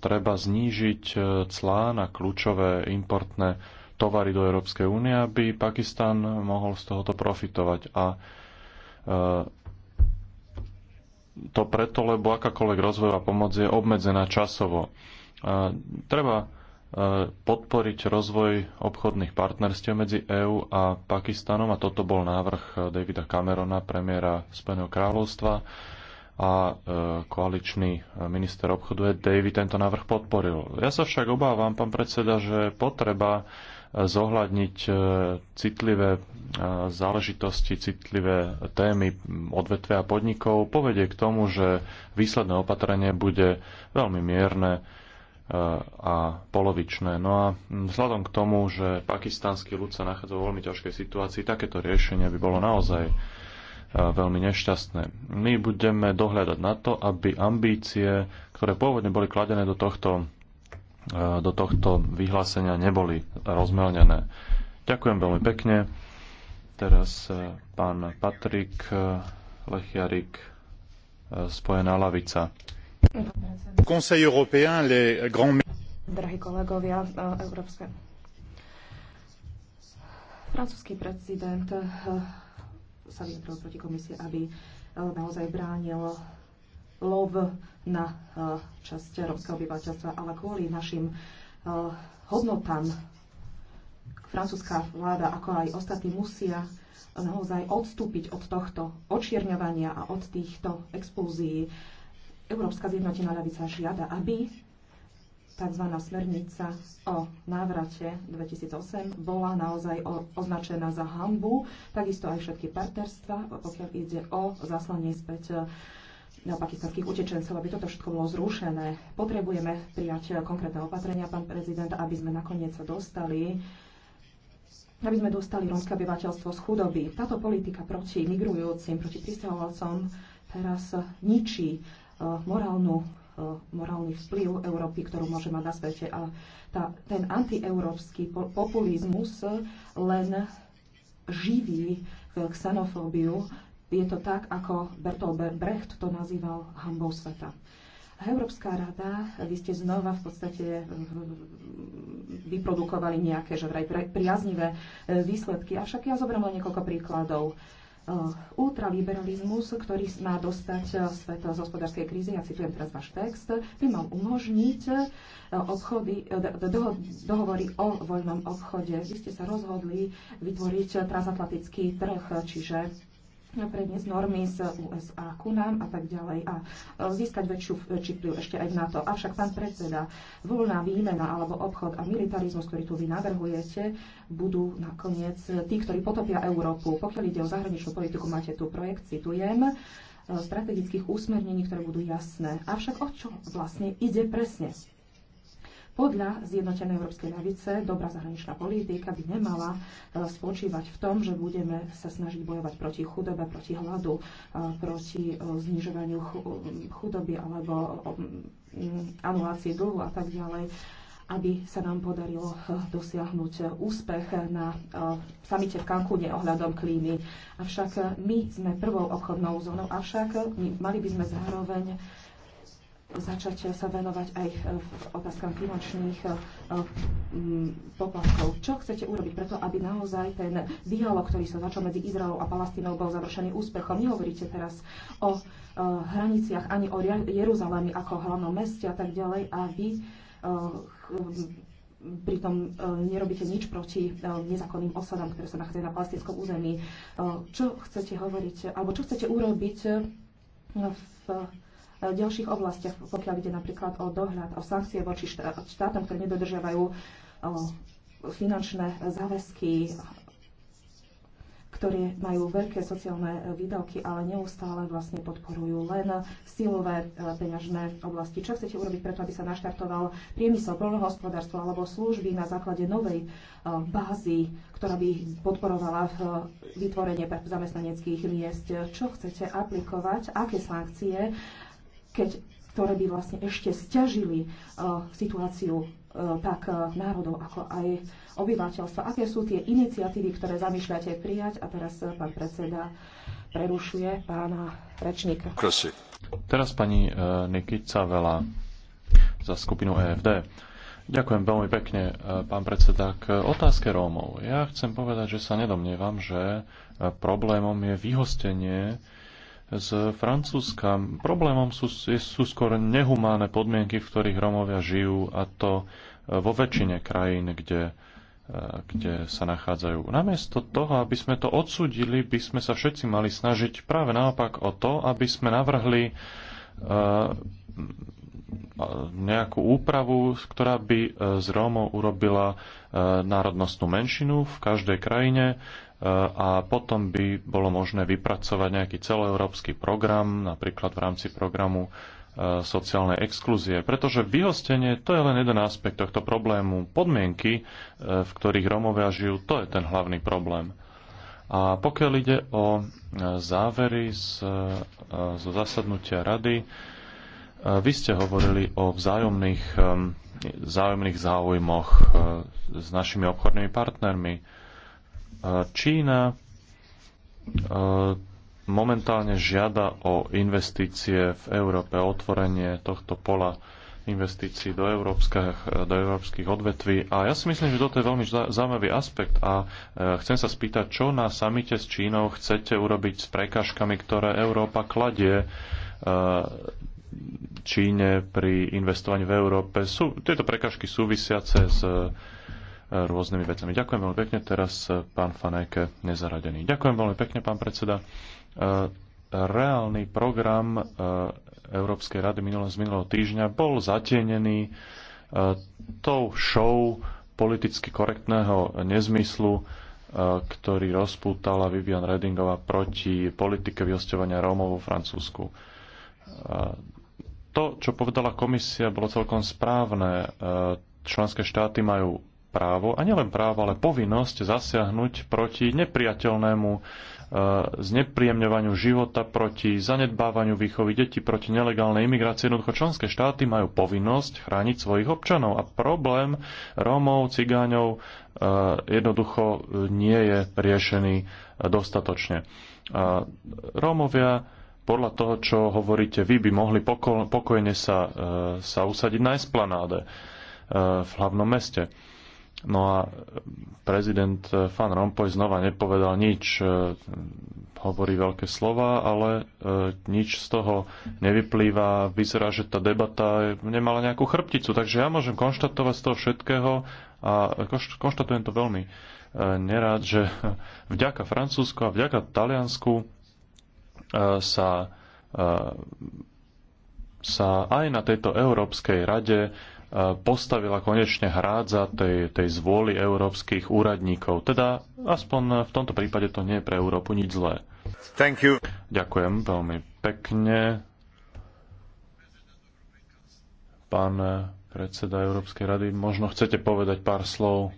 treba znížiť e, clá na kľúčové importné tovary do Európskej únie, aby Pakistan mohol z tohoto profitovať. A e, to preto, lebo akákoľvek rozvojová pomoc je obmedzená časovo. Treba podporiť rozvoj obchodných partnerstiev medzi EÚ a Pakistanom a toto bol návrh eh, Davida Camerona, premiéra Spojeného kráľovstva a eh, koaličný eh, minister obchodu Ed David tento návrh podporil. Ja sa však obávam, pán predseda, že potreba zohľadniť citlivé záležitosti, citlivé témy mm, odvetvia podnikov povedie k tomu, že výsledné opatrenie bude veľmi mierne a polovičné. No a vzhľadom k tomu, že pakistánsky ľud sa nachádza vo veľmi ťažkej situácii, takéto riešenie by bolo naozaj e, veľmi nešťastné. My budeme dohľadať na to, aby ambície, ktoré pôvodne boli kladené do tohto, e, do tohto vyhlásenia, neboli rozmelnené. Ďakujem veľmi pekne. Teraz e, pán Patrik Lechiarik, Spojená lavica. Conseil européen, les grands... Drahí kolegovia, e, Francúzsky prezident e, sa vyjadril proti Komisii, aby e, naozaj bránil lov na časť rómskeho obyvateľstva, ale kvôli našim hodnotám francúzska vláda, ako aj ostatní musia naozaj odstúpiť od tohto očierňovania a od týchto expulzií Európska zjednotená ľavica žiada, aby tzv. smernica o návrate 2008 bola naozaj označená za hambu, takisto aj všetky partnerstva, pokiaľ ide o zaslanie späť e, na pakistanských utečencov, aby toto všetko bolo zrušené. Potrebujeme prijať e, konkrétne opatrenia, pán prezident, aby sme nakoniec sa dostali aby sme dostali rómske obyvateľstvo z chudoby. Táto politika proti migrujúcim, proti pristahovalcom teraz ničí E, morálnu e, morálny vplyv Európy, ktorú môže mať na svete. A tá, ten antieurópsky populizmus len živí e, xenofóbiu. Je to tak, ako Bertolt Brecht to nazýval hambou sveta. Európska rada, vy ste znova v podstate vyprodukovali nejaké že vraj priaznivé výsledky, avšak ja zoberiem len niekoľko príkladov. Eh, ultraliberalizmus, ktorý má dostať eh, svet z hospodárskej krízy, ja citujem teraz váš text, by mal umožniť eh, obchody, dohovory o voľnom obchode. Vy ste sa rozhodli vytvoriť transatlantický trh, čiže predniesť normy z USA ku nám a tak ďalej a e, získať väčšiu, väčší vplyv ešte aj na to, Avšak, pán predseda, voľná výmena alebo obchod a militarizmus, ktorý tu vy navrhujete, budú nakoniec tí, ktorí potopia Európu. Pokiaľ ide o zahraničnú politiku, máte tu projekt, citujem, e, strategických úsmernení, ktoré budú jasné. Avšak o čo vlastne ide presne? Podľa zjednotenej európskej ľavice dobrá zahraničná politika by nemala e, spočívať v tom, že budeme sa snažiť bojovať proti chudobe, proti hladu, e, proti e, znižovaniu chudoby alebo mm, anulácie dlhu a tak ďalej aby sa nám podarilo dosiahnuť úspech na samite v Cancúne ohľadom klímy. Avšak my sme prvou obchodnou zónou, avšak mali by sme zároveň začať sa venovať aj e, v otázkam finančných e, e, mm, poplatkov. Čo chcete urobiť preto, aby naozaj ten dialog, ktorý sa začal medzi Izraelom a Palestínou, bol završený úspechom? Nehovoríte teraz o hraniciach ani o Jeruzalemi ako hlavnom meste a tak ďalej, aby pritom nerobíte nič proti nezákonným osadám, ktoré sa nachádzajú na palestinskom území. Čo chcete hovoriť, alebo čo chcete urobiť v E, ďalších oblastiach, pokiaľ ide napríklad o dohľad, o sankcie voči štátom, ktoré nedodržiavajú e, finančné záväzky, ktoré majú veľké sociálne výdavky, ale neustále vlastne podporujú len silové e, peňažné oblasti. Čo chcete urobiť preto, aby sa naštartoval priemysel, polnohospodárstvo alebo služby na základe novej bázy, ktorá by podporovala vytvorenie zamestnaneckých miest? Čo chcete aplikovať? Aké sankcie keď, ktoré by vlastne ešte stiažili uh, e, situáciu uh, tak uh, národov, ako aj obyvateľstva. Aké sú tie iniciatívy, ktoré zamýšľate prijať? A teraz pán predseda prerušuje pána rečníka. Prosím. Teraz pani Nikica Vela za skupinu EFD. Ďakujem veľmi pekne, pán predseda. K otázke Rómov. Ja chcem povedať, že sa nedomnievam, že problémom je vyhostenie z Francúzska. Problémom sú, sú skôr nehumánne podmienky, v ktorých Romovia žijú a to e, vo väčšine krajín, kde, e, kde sa nachádzajú. Namiesto toho, aby sme to odsudili, by sme sa všetci mali snažiť práve naopak o to, aby sme navrhli e, nejakú úpravu, ktorá by z Rómov urobila národnostnú menšinu v každej krajine a potom by bolo možné vypracovať nejaký celoeurópsky program, napríklad v rámci programu e, sociálnej exkluzie. Pretože vyhostenie to je len jeden aspekt tohto problému. Podmienky, e, v ktorých Romovia žijú, to je ten hlavný problém. A pokiaľ ide o e, závery z, zo zasadnutia rady, vy ste hovorili o vzájomných, vzájomných záujmoch s našimi obchodnými partnermi Čína e, momentálne žiada o investície v Európe, o otvorenie tohto pola investícií do európskych, do európskych odvetví. A ja si myslím, že toto je veľmi zaujímavý aspekt a e, chcem sa spýtať, čo na samite s Čínou chcete urobiť s prekážkami, ktoré Európa kladie e, Číne pri investovaní v Európe. Sú tieto prekažky súvisiace s rôznymi vecami. Ďakujem veľmi pekne. Teraz eh, pán Faneke nezaradený. Ďakujem veľmi pekne, pán predseda. Eh, reálny program eh, Európskej rady minulé, z minulého týždňa bol zatienený tou show politicky korektného nezmyslu, ktorý rozpútala Vivian Redingová proti politike vyhostovania Rómov vo Francúzsku. To, čo povedala komisia, bolo celkom správne. Členské štáty majú právo, a nielen právo, ale povinnosť zasiahnuť proti nepriateľnému e, znepríjemňovaniu života, proti zanedbávaniu výchovy detí, proti nelegálnej imigrácii. Jednoducho členské štáty majú povinnosť chrániť svojich občanov a problém Rómov, Cigáňov e, jednoducho nie je riešený e, dostatočne. Rómovia podľa toho, čo hovoríte vy, by mohli pokojne sa, sa usadiť na esplanáde v hlavnom meste. No a prezident Van Rompuy znova nepovedal nič, e, hovorí veľké slova, ale e, nič z toho nevyplýva. Vyzerá, že tá debata nemala nejakú chrbticu, takže ja môžem konštatovať z toho všetkého a konštatujem to veľmi e, nerád, že vďaka Francúzsku a vďaka Taliansku sa sa aj na tejto Európskej rade postavila konečne hrádza tej, tej zvôli európskych úradníkov. Teda aspoň v tomto prípade to nie je pre Európu nič zlé. Thank you. Ďakujem veľmi pekne. Pán predseda Európskej rady, možno chcete povedať pár slov,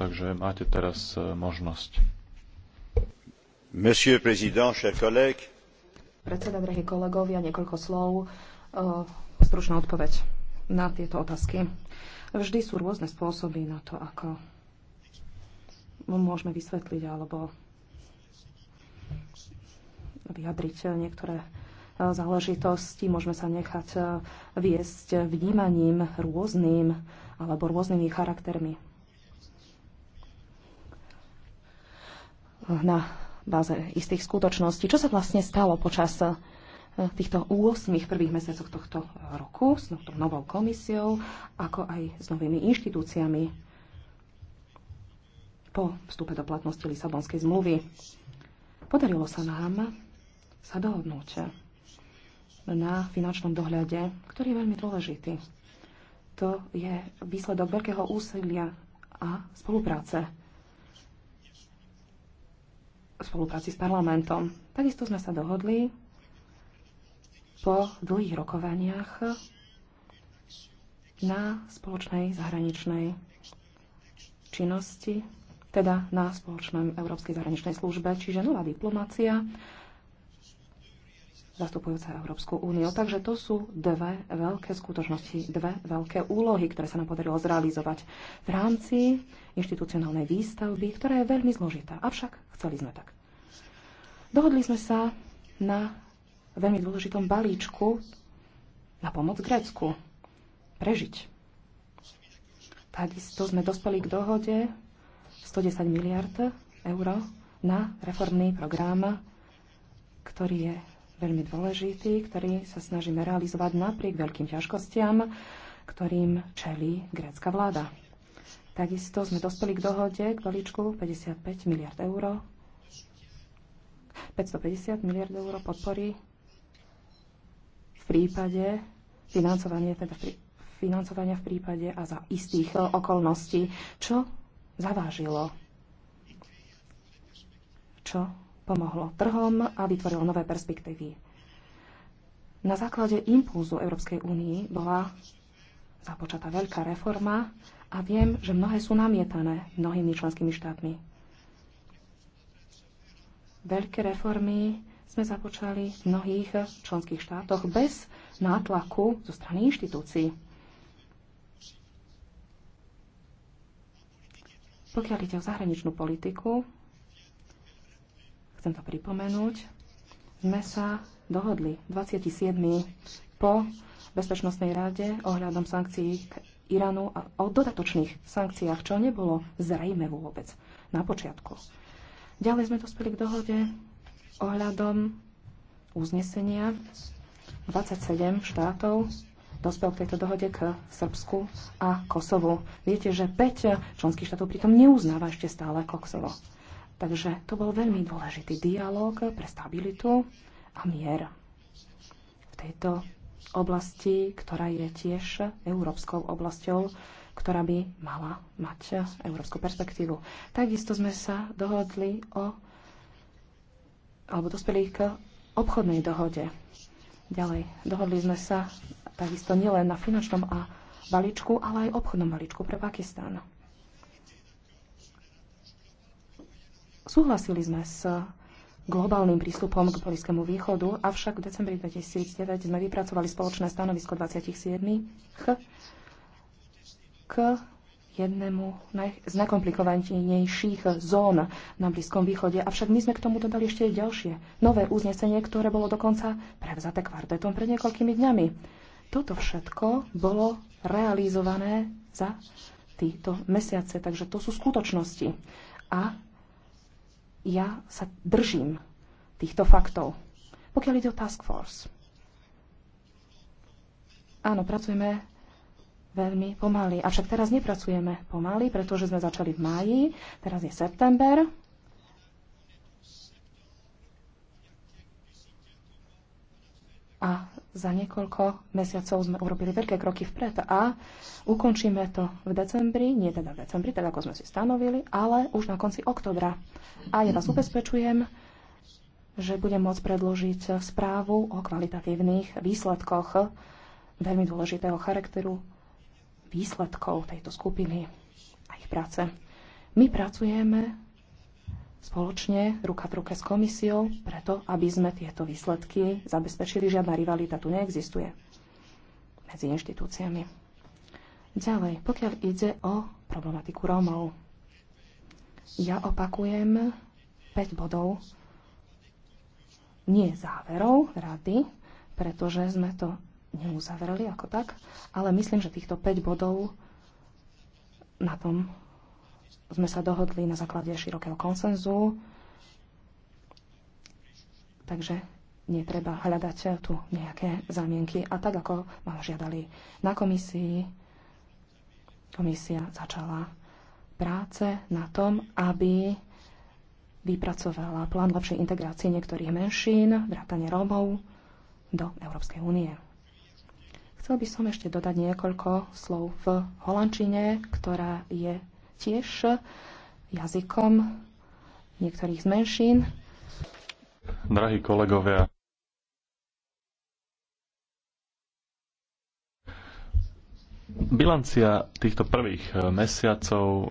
takže máte teraz eh, možnosť. Monsieur président, chers collègues. Predseda, drahí kolegovia, niekoľko slov. Eh, stručná odpoveď na tieto otázky. Vždy sú rôzne spôsoby na to, ako môžeme vysvetliť alebo vyjadriť niektoré e, záležitosti. Môžeme sa nechať e, viesť vnímaním rôznym alebo rôznymi charaktermi na báze istých skutočností. Čo sa vlastne stalo počas v týchto 8 prvých mesiacoch tohto roku s no- tou novou komisiou, ako aj s novými inštitúciami po vstupe do platnosti Lisabonskej zmluvy. Podarilo sa nám sa dohodnúť na finančnom dohľade, ktorý je veľmi dôležitý. To je výsledok veľkého úsilia a spolupráce v spolupráci s parlamentom. Takisto sme sa dohodli po dlhých rokovaniach na spoločnej zahraničnej činnosti, teda na spoločnej Európskej zahraničnej službe, čiže nová diplomácia zastupujúca Európsku úniu. Takže to sú dve veľké skutočnosti, dve veľké úlohy, ktoré sa nám podarilo zrealizovať v rámci inštitucionálnej výstavby, ktorá je veľmi zložitá. Avšak chceli sme tak. Dohodli sme sa na veľmi dôležitom balíčku na pomoc Grécku prežiť. Takisto sme dospeli k dohode 110 miliard eur na reformný program, ktorý je veľmi dôležitý, ktorý sa snažíme realizovať napriek veľkým ťažkostiam, ktorým čelí grécka vláda. Takisto sme dospeli k dohode k balíčku 55 miliard eur. 550 miliard eur podpory v prípade financovania, teda pri, financovania v prípade a za istých e, okolností, čo zavážilo, čo pomohlo trhom a vytvorilo nové perspektívy. Na základe impulzu Európskej únii bola započatá veľká reforma a viem, že mnohé sú namietané mnohými členskými štátmi. Veľké reformy sme započali v mnohých členských štátoch bez nátlaku zo strany inštitúcií. Pokiaľ ide o zahraničnú politiku, chcem to pripomenúť, sme sa dohodli 27. po Bezpečnostnej rade ohľadom sankcií k Iránu a o dodatočných sankciách, čo nebolo zrejme vôbec na počiatku. Ďalej sme dospeli k dohode ohľadom uznesenia 27 štátov dospel k tejto dohode k Srbsku a Kosovu. Viete, že 5 členských štátov pritom neuznáva ešte stále Kosovo. Takže to bol veľmi dôležitý dialog pre stabilitu a mier v tejto oblasti, ktorá je tiež európskou oblasťou, ktorá by mala mať európsku perspektívu. Takisto sme sa dohodli o alebo dospeli k obchodnej dohode. Ďalej, dohodli sme sa takisto nielen na finančnom a balíčku, ale aj obchodnom balíčku pre Pakistán. Súhlasili sme s globálnym prístupom k Blízkému východu, avšak v decembri 2009 sme vypracovali spoločné stanovisko 27 k jednému z najkomplikovanejších zón na Blízkom východe. Avšak my sme k tomu dodali ešte ďalšie, nové uznesenie, ktoré bolo dokonca prevzaté kvartetom pred niekoľkými dňami. Toto všetko bolo realizované za títo mesiace, takže to sú skutočnosti. A ja sa držím týchto faktov. Pokiaľ ide o task force. Áno, pracujeme veľmi pomaly. Avšak teraz nepracujeme pomaly, pretože sme začali v máji, teraz je september. A za niekoľko mesiacov sme urobili veľké kroky vpred a ukončíme to v decembri, nie teda v decembri, tak teda ako sme si stanovili, ale už na konci oktobra. A ja vás ubezpečujem, že budem môcť predložiť správu o kvalitatívnych výsledkoch veľmi dôležitého charakteru výsledkov tejto skupiny a ich práce. My pracujeme spoločne, ruka v ruke s komisiou, preto aby sme tieto výsledky zabezpečili. Žiadna rivalita tu neexistuje medzi inštitúciami. Ďalej, pokiaľ ide o problematiku Rómov, ja opakujem 5 bodov, nie záverov rady, pretože sme to neuzavreli ako tak, ale myslím, že týchto 5 bodov na tom sme sa dohodli na základe širokého konsenzu, takže netreba hľadať tu nejaké zamienky. A tak, ako ma žiadali na komisii, komisia začala práce na tom, aby vypracovala plán lepšej integrácie niektorých menšín, vrátane Rómov, do Európskej únie. Chcel by som ešte dodať niekoľko slov v holandčine, ktorá je tiež jazykom niektorých z menšín. Drahí kolegovia, bilancia týchto prvých eh, mesiacov, eh,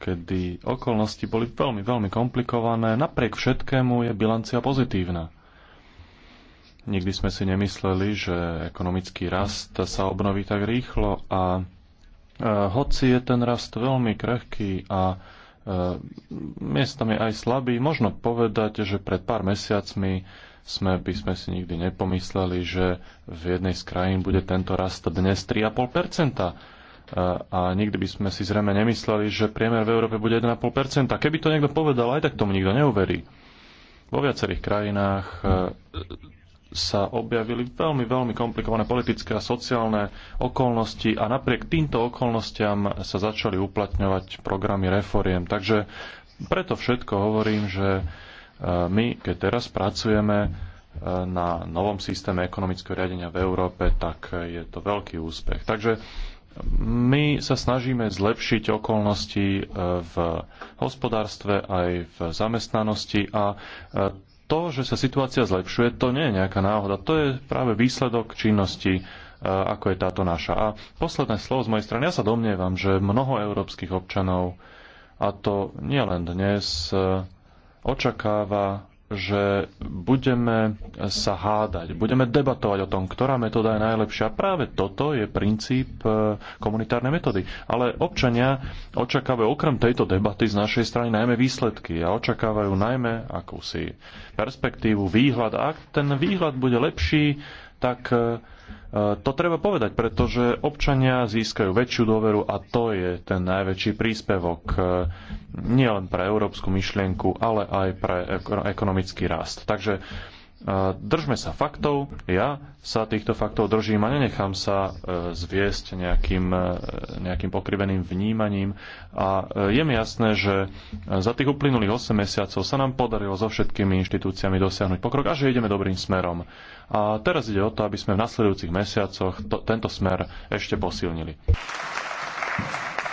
kedy okolnosti boli veľmi, veľmi komplikované, napriek všetkému je bilancia pozitívna Nikdy sme si nemysleli, že ekonomický rast sa obnoví tak rýchlo a e, hoci je ten rast veľmi krehký a e, miestami aj slabý, možno povedať, že pred pár mesiacmi sme by sme si nikdy nepomysleli, že v jednej z krajín bude tento rast dnes 3,5 e, a nikdy by sme si zrejme nemysleli, že priemer v Európe bude 1,5%. Keby to niekto povedal, aj tak tomu nikto neuverí. Vo viacerých krajinách sa objavili veľmi, veľmi komplikované politické a sociálne okolnosti a napriek týmto okolnostiam sa začali uplatňovať programy reforiem. Takže preto všetko hovorím, že e, my, keď teraz pracujeme e, na novom systéme ekonomického riadenia v Európe, tak je to veľký úspech. Takže my sa snažíme zlepšiť okolnosti e, v hospodárstve aj v zamestnanosti a to, že sa situácia zlepšuje, to nie je nejaká náhoda. To je práve výsledok činnosti, e, ako je táto naša. A posledné slovo z mojej strany. Ja sa domnievam, že mnoho európskych občanov, a to nielen dnes, e, očakáva že budeme sa hádať, budeme debatovať o tom, ktorá metóda je najlepšia. Práve toto je princíp e, komunitárnej metódy. Ale občania očakávajú okrem tejto debaty z našej strany najmä výsledky a očakávajú najmä akúsi perspektívu, výhľad. A ak ten výhľad bude lepší, tak e, to treba povedať, pretože občania získajú väčšiu dôveru a to je ten najväčší príspevok e, nielen pre európsku myšlienku, ale aj pre ekonomický rast. Takže držme sa faktov, ja sa týchto faktov držím a nenechám sa e, zviesť nejakým, e, nejakým pokriveným vnímaním. A e, je mi jasné, že za tých uplynulých 8 mesiacov sa nám podarilo so všetkými inštitúciami dosiahnuť pokrok a že ideme dobrým smerom. A teraz ide o to, aby sme v nasledujúcich mesiacoch to, tento smer ešte posilnili.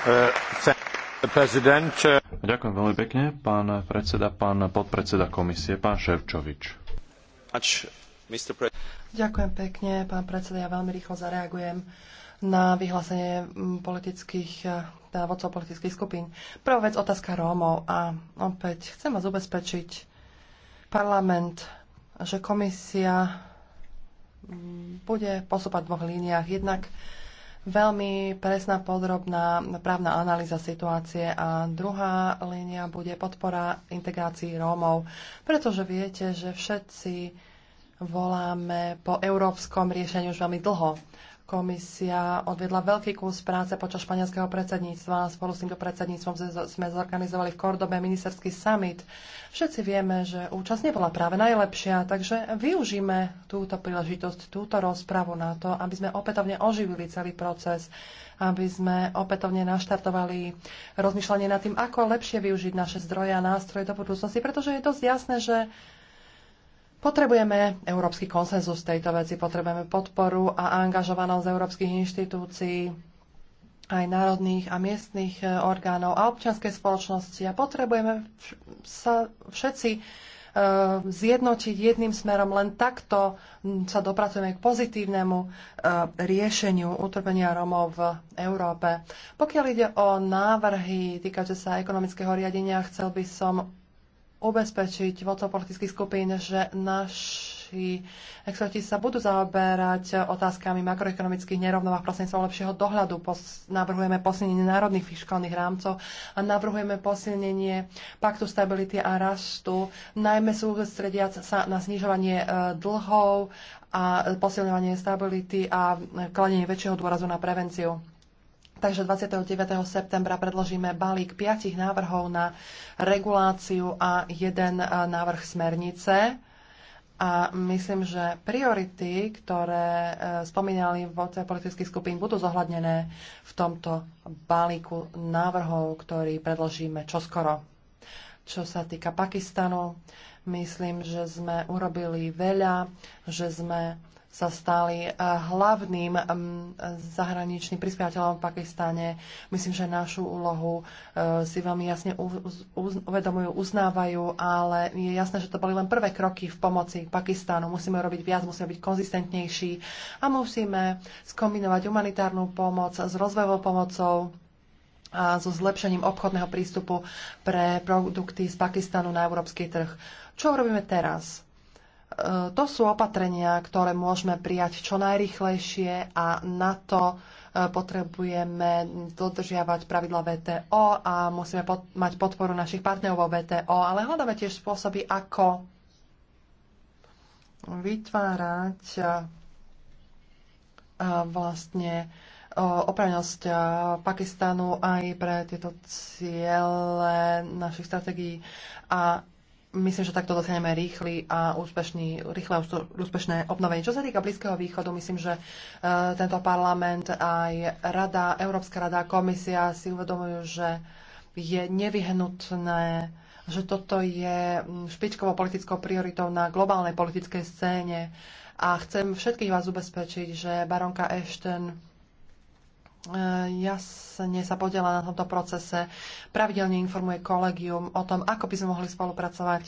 Uh, Ďakujem veľmi pekne, pán predseda, pán podpredseda komisie, pán Ševčovič. Ďakujem pekne, pán predseda. Ja veľmi rýchlo zareagujem na vyhlásenie politických e, vodcov politických skupín. Prvá vec, otázka Rómov. A opäť chcem vás ubezpečiť, parlament, že komisia bude posúpať v dvoch líniách. Jednak veľmi presná, podrobná právna analýza situácie a druhá línia bude podpora integrácii Rómov, pretože viete, že všetci voláme po európskom riešení už veľmi dlho. Komisia odvedla veľký kus práce počas španielského predsedníctva. Spolu s týmto predsedníctvom sme zorganizovali v Kordobe ministerský summit. Všetci vieme, že účasť nebola práve najlepšia, takže využíme túto príležitosť, túto rozpravu na to, aby sme opätovne oživili celý proces, aby sme opätovne naštartovali rozmýšľanie nad tým, ako lepšie využiť naše zdroje a nástroje do budúcnosti, pretože je dosť jasné, že Potrebujeme európsky konsenzus v tejto veci, potrebujeme podporu a angažovanosť európskych inštitúcií, aj národných a miestnych e, orgánov a občianskej spoločnosti a potrebujeme sa všetci e, zjednotiť jedným smerom. Len takto sa dopracujeme k pozitívnemu e, riešeniu utrpenia Romov v Európe. Pokiaľ ide o návrhy týkajúce sa ekonomického riadenia, chcel by som ubezpečiť vodcov politických skupín, že naši experti sa budú zaoberať otázkami makroekonomických nerovnovách prostredníctvom lepšieho dohľadu. Pos- navrhujeme posilnenie národných fiskálnych rámcov a navrhujeme posilnenie paktu stability a rastu, najmä sústrediac sa na znižovanie e, dlhov a posilňovanie stability a kladenie väčšieho dôrazu na prevenciu. Takže 29. septembra predložíme balík piatich návrhov na reguláciu a jeden e, návrh smernice. A myslím, že priority, ktoré e, spomínali vodce politických skupín, budú zohľadnené v tomto balíku návrhov, ktorý predložíme čoskoro. Čo sa týka Pakistanu, myslím, že sme urobili veľa, že sme sa stali eh, hlavným mm, zahraničným prispiateľom v Pakistane. Myslím, že našu úlohu eh, si veľmi jasne uvedomujú, uznávajú, ale je jasné, že to boli len prvé kroky v pomoci Pakistánu. Musíme robiť viac, musíme byť konzistentnejší a musíme skombinovať humanitárnu pomoc s rozvojovou pomocou a so zlepšením obchodného prístupu pre produkty z Pakistanu na európsky trh. Čo robíme teraz? E, to sú opatrenia, ktoré môžeme prijať čo najrychlejšie a na to e, potrebujeme dodržiavať pravidla VTO a musíme pod, mať podporu našich partnerov vo VTO, ale hľadáme tiež spôsoby, ako vytvárať e, vlastne opravnosť Pakistanu aj pre tieto ciele našich strategií. A myslím, že takto dosiahneme rýchly a úspešný, rýchle a úspešné obnovenie. Čo sa týka Blízkeho východu, myslím, že e, tento parlament aj rada, Európska rada, komisia si uvedomujú, že je nevyhnutné, že toto je špičkovou politickou prioritou na globálnej politickej scéne. A chcem všetkých vás ubezpečiť, že baronka Ashton Eh, jasne sa podiela na tomto procese, pravidelne informuje kolegium o tom, ako by sme mohli spolupracovať,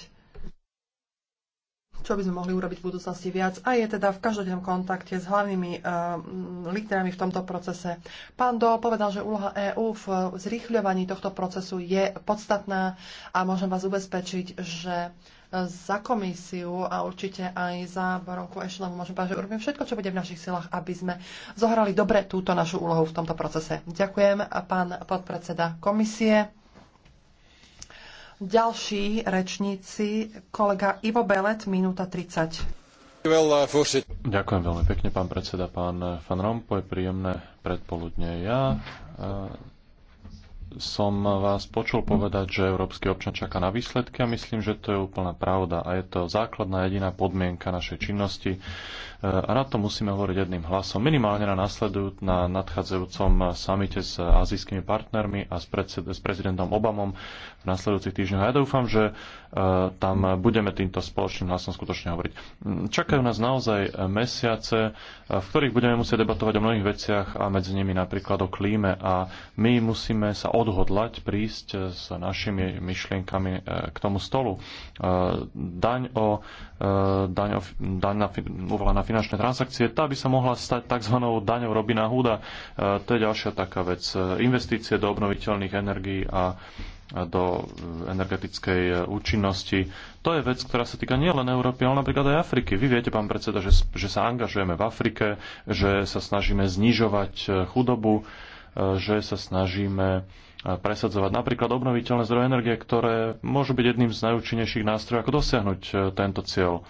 čo by sme mohli urobiť v budúcnosti viac a je teda v každodennom kontakte s hlavnými uh, lídrami v tomto procese. Pán Do povedal, že úloha EÚ v zrýchľovaní tohto procesu je podstatná a môžem vás ubezpečiť, že uh, za komisiu a určite aj za baronku Ešlevu. Môžem povedať, že urobím všetko, čo bude v našich silách, aby sme zohrali dobre túto našu úlohu v tomto procese. Ďakujem, pán podpredseda komisie. Ďalší rečníci, kolega Ivo Belet, minúta 30. Ďakujem veľmi pekne, pán predseda, pán Van Rompuy, príjemné predpoludne. Ja som vás počul povedať, že európsky občan čaká na výsledky a myslím, že to je úplná pravda a je to základná jediná podmienka našej činnosti a na to musíme hovoriť jedným hlasom. Minimálne na, nasledujú, na nadchádzajúcom samite s azijskými partnermi a s, predsed, s prezidentom Obamom v nasledujúcich týždňoch. A ja dúfam, že e, tam budeme týmto spoločným hlasom skutočne hovoriť. Mm, čakajú nás naozaj mesiace, e, v ktorých budeme musieť debatovať o mnohých veciach a medzi nimi napríklad o klíme. A my musíme sa odhodlať prísť e, s našimi myšlienkami k tomu stolu. Daň, o, daň, o, daň na, finančné transakcie, tá by sa mohla stať tzv. daňou Robina Huda. E, to je ďalšia taká vec. E, investície do obnoviteľných energií a do e, energetickej účinnosti. To je vec, ktorá sa týka nielen Európy, ale napríklad aj Afriky. Vy viete, pán predseda, že, že sa angažujeme v Afrike, že sa snažíme znižovať chudobu, že sa snažíme presadzovať napríklad obnoviteľné zdroje energie, ktoré môžu byť jedným z najúčinnejších nástrojov, ako dosiahnuť tento cieľ.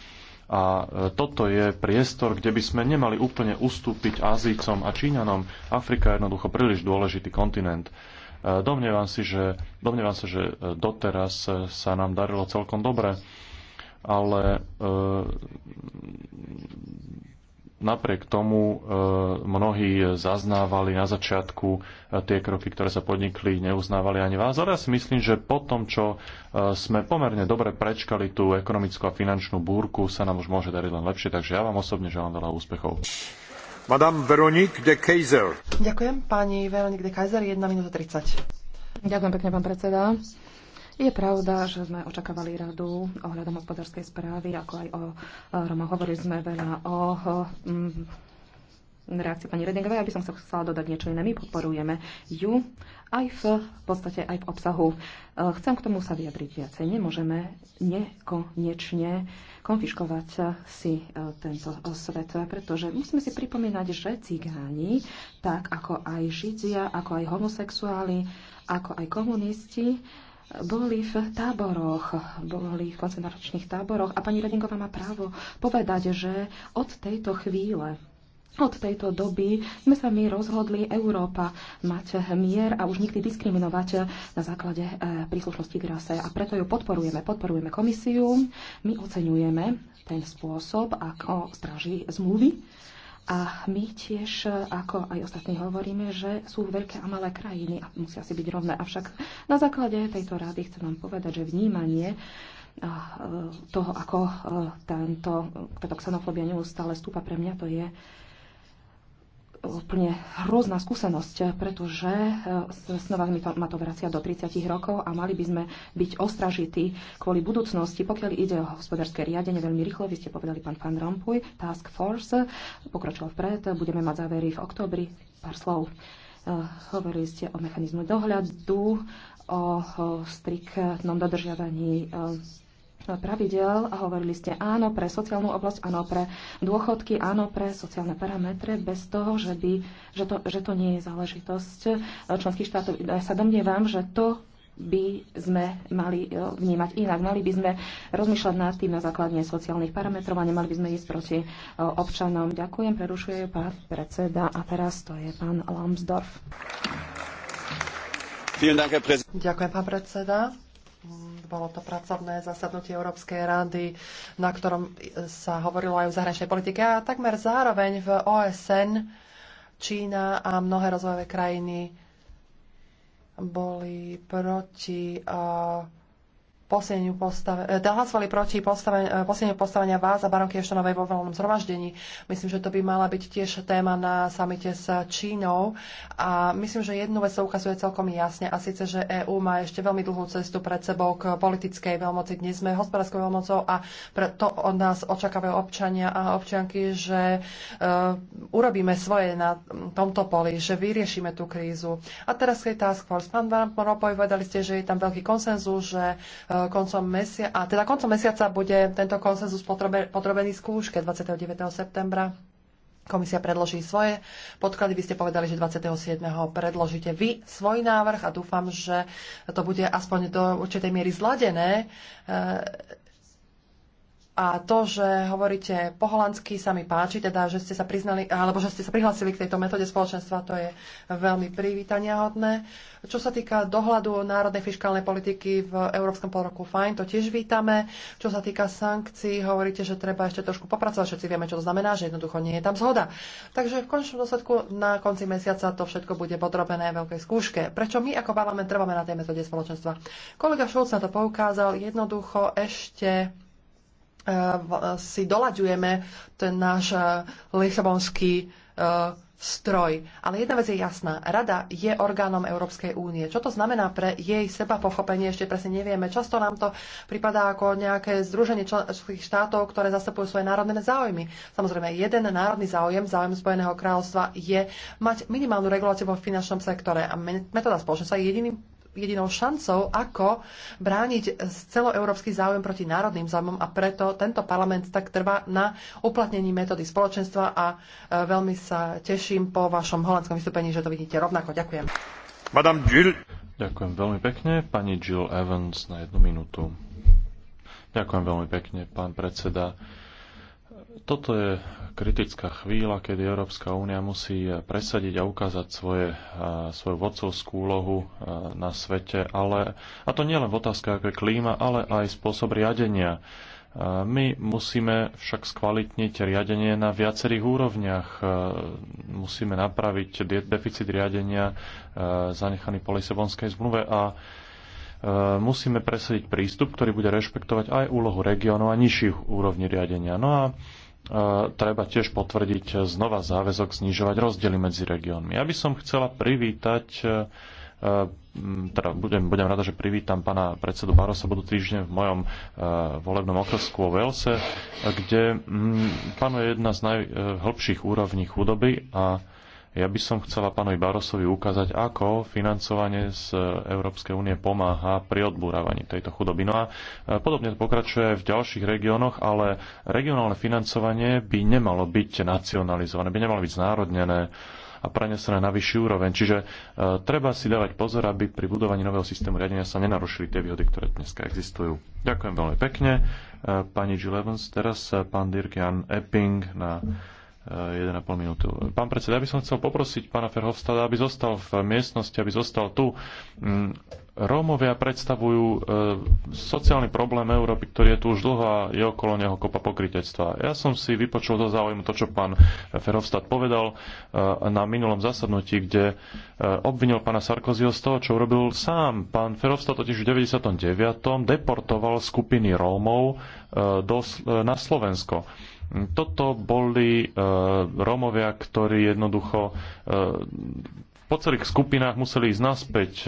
A e, toto je priestor, kde by sme nemali úplne ustúpiť Azícom a Číňanom. Afrika je jednoducho príliš dôležitý kontinent. E, domnievam, si, že, domnievam sa, že e, doteraz sa nám darilo celkom dobre, ale Napriek tomu e, mnohí zaznávali na začiatku e, tie kroky, ktoré sa podnikli, neuznávali ani vás. Ale ja si myslím, že po tom, čo e, sme pomerne dobre prečkali tú ekonomickú a finančnú búrku, sa nám už môže dariť len lepšie. Takže ja vám osobne želám veľa úspechov. Madame Veronique de Kaiser. Ďakujem, pani Veronique de Kaiser, 1 minúta 30. Ďakujem pekne, pán predseda. Je pravda, že sme očakávali radu ohľadom hospodárskej správy, ako aj o eh, Roma. Hovorili sme veľa o, eh, mm, reakcii pani Redingovej, aby som sa chcela dodať niečo iné. My podporujeme ju aj v, v podstate aj v obsahu. Eh, chcem k tomu sa vyjadriť viacej. Nemôžeme nekonečne konfiškovať si tento svet, pretože musíme si pripomínať, že cigáni, tak ako aj židia, ako aj homosexuáli, ako aj komunisti, boli v táboroch, boli v koncentračných táboroch a pani Redingová má právo povedať, že od tejto chvíle od tejto doby sme sa my rozhodli Európa mať mier a už nikdy diskriminovať na základe e, príslušnosti k rase. A preto ju podporujeme. Podporujeme komisiu, my oceňujeme ten spôsob, ako straží zmluvy a my tiež, ako aj ostatní hovoríme, že sú veľké a malé krajiny a musia si byť rovné. Avšak na základe tejto rady chcem vám povedať, že vnímanie e, toho, ako e, tento, e, táto xenofobia neustále stúpa pre mňa, to je úplne hrozná skúsenosť, pretože znova e, ma to vracia do 30 rokov a mali by sme byť ostražití kvôli budúcnosti. Pokiaľ ide o hospodárske riadenie, veľmi rýchlo, vy ste povedali pán Van Rompuy, Task Force pokročila vpred, budeme mať závery v oktobri, pár slov. E, hovorili ste o mechanizmu dohľadu, o striktnom dodržiavaní e, pravidel a hovorili ste áno pre sociálnu oblasť, áno pre dôchodky, áno pre sociálne parametre, bez toho, že, by, že, to, že to nie je záležitosť členských štátov. Ja sa domnievam, že to by sme mali e, vnímať inak. Mali by sme rozmýšľať nad tým na základne sociálnych parametrov a nemali by sme ísť proti e, občanom. Ďakujem, prerušuje ju pán predseda a teraz to je pán Lambsdorff. Ďakujem, pán predseda. Bolo to pracovné zasadnutie Európskej rady, na ktorom sa hovorilo aj o zahraničnej politike a takmer zároveň v OSN Čína a mnohé rozvojové krajiny boli proti uh, posilneniu postave, e, teda hlasovali proti postave, e, posilneniu postavenia vás a baronky Eštonovej vo voľnom zhromaždení. Myslím, že to by mala byť tiež téma na samite s Čínou. A myslím, že jednu vec sa ukazuje celkom jasne a síce, že EÚ má ešte veľmi dlhú cestu pred sebou k politickej veľmoci. Dnes sme hospodárskou veľmocou a preto od nás očakávajú občania a občianky, že uh, urobíme svoje na tomto poli, že vyriešime tú krízu. A teraz je task force. Pán Van povedali ste, že je tam veľký konsenzus, že uh, koncom mesiaca, a teda koncom mesiaca bude tento konsenzus potrebený skúške 29. septembra. Komisia predloží svoje podklady. Vy ste povedali, že 27. predložíte vy svoj návrh a dúfam, že to bude aspoň do určitej miery zladené eh, a to, že hovoríte po holandsky, sa mi páči, teda, že ste sa priznali, alebo že ste sa prihlásili k tejto metóde spoločenstva, to je veľmi privítaniahodné. Čo sa týka dohľadu národnej fiskálnej politiky v Európskom polroku, fajn, to tiež vítame. Čo sa týka sankcií, hovoríte, že treba ešte trošku popracovať, všetci vieme, čo to znamená, že jednoducho nie je tam zhoda. Takže v končnom dôsledku na konci mesiaca to všetko bude podrobené veľkej skúške. Prečo my ako parlament trváme na tej metóde spoločenstva? Kolega Šulc na to poukázal, jednoducho ešte E, si dolaďujeme ten náš e, lisabonský e, stroj. Ale jedna vec je jasná. Rada je orgánom Európskej únie. Čo to znamená pre jej seba pochopenie, ešte presne nevieme. Často nám to pripadá ako nejaké združenie členských štátov, ktoré zastupujú svoje národné záujmy. Samozrejme, jeden národný záujem, záujem Spojeného kráľovstva, je mať minimálnu reguláciu vo finančnom sektore. A metóda spoločnosti je jediným jedinou šancou, ako brániť celoeurópsky záujem proti národným záujmom a preto tento parlament tak trvá na uplatnení metódy spoločenstva a e, veľmi sa teším po vašom holandskom vystúpení, že to vidíte rovnako. Ďakujem. Madame Jill. Ďakujem veľmi pekne. Pani Jill Evans na jednu minútu. Ďakujem veľmi pekne, pán predseda. Toto je kritická chvíľa, kedy Európska únia musí presadiť a ukázať svoje, svoju vodcovskú úlohu na svete, ale, a to nielen v otázke, ako je klíma, ale aj spôsob riadenia. My musíme však skvalitniť riadenie na viacerých úrovniach. Musíme napraviť deficit riadenia zanechaný po Lisabonskej zmluve a musíme presadiť prístup, ktorý bude rešpektovať aj úlohu regiónov a nižších úrovní riadenia. No a treba tiež potvrdiť e, znova záväzok znižovať rozdiely medzi regiónmi. Ja by som chcela privítať e, e, teda budem, budem rada, že privítam pána predsedu Barosa budú týždne v mojom volebnom okresku o Velse, kde panuje jedna z najhlbších úrovní chudoby a ja by som chcela pánovi Barosovi ukázať, ako financovanie z e, Európskej únie pomáha pri odbúravaní tejto chudoby. No a e, podobne to pokračuje v ďalších regiónoch, ale regionálne financovanie by nemalo byť nacionalizované, by nemalo byť znárodnené a prenesené na vyšší úroveň. Čiže e, treba si dávať pozor, aby pri budovaní nového systému riadenia sa nenarušili tie výhody, ktoré dnes existujú. Ďakujem veľmi pekne. E, pani Jill Evans, teraz e, pán Dirk Jan Epping na 1,5 minútu. Pán predseda, ja by som chcel poprosiť pána Ferhovstada, aby zostal v miestnosti, aby zostal tu. Mm, Rómovia predstavujú e, sociálny problém Európy, ktorý je tu už dlho a je okolo neho kopa pokritectva. Ja som si vypočul do záujmu to, čo pán Ferovstad povedal e, na minulom zasadnutí, kde e, obvinil pána Sarkozyho z toho, čo urobil sám. Pán Ferovstad totiž v 99. deportoval skupiny Rómov na Slovensko. Toto boli e, Rómovia, ktorí jednoducho e, po celých skupinách museli ísť naspäť. E,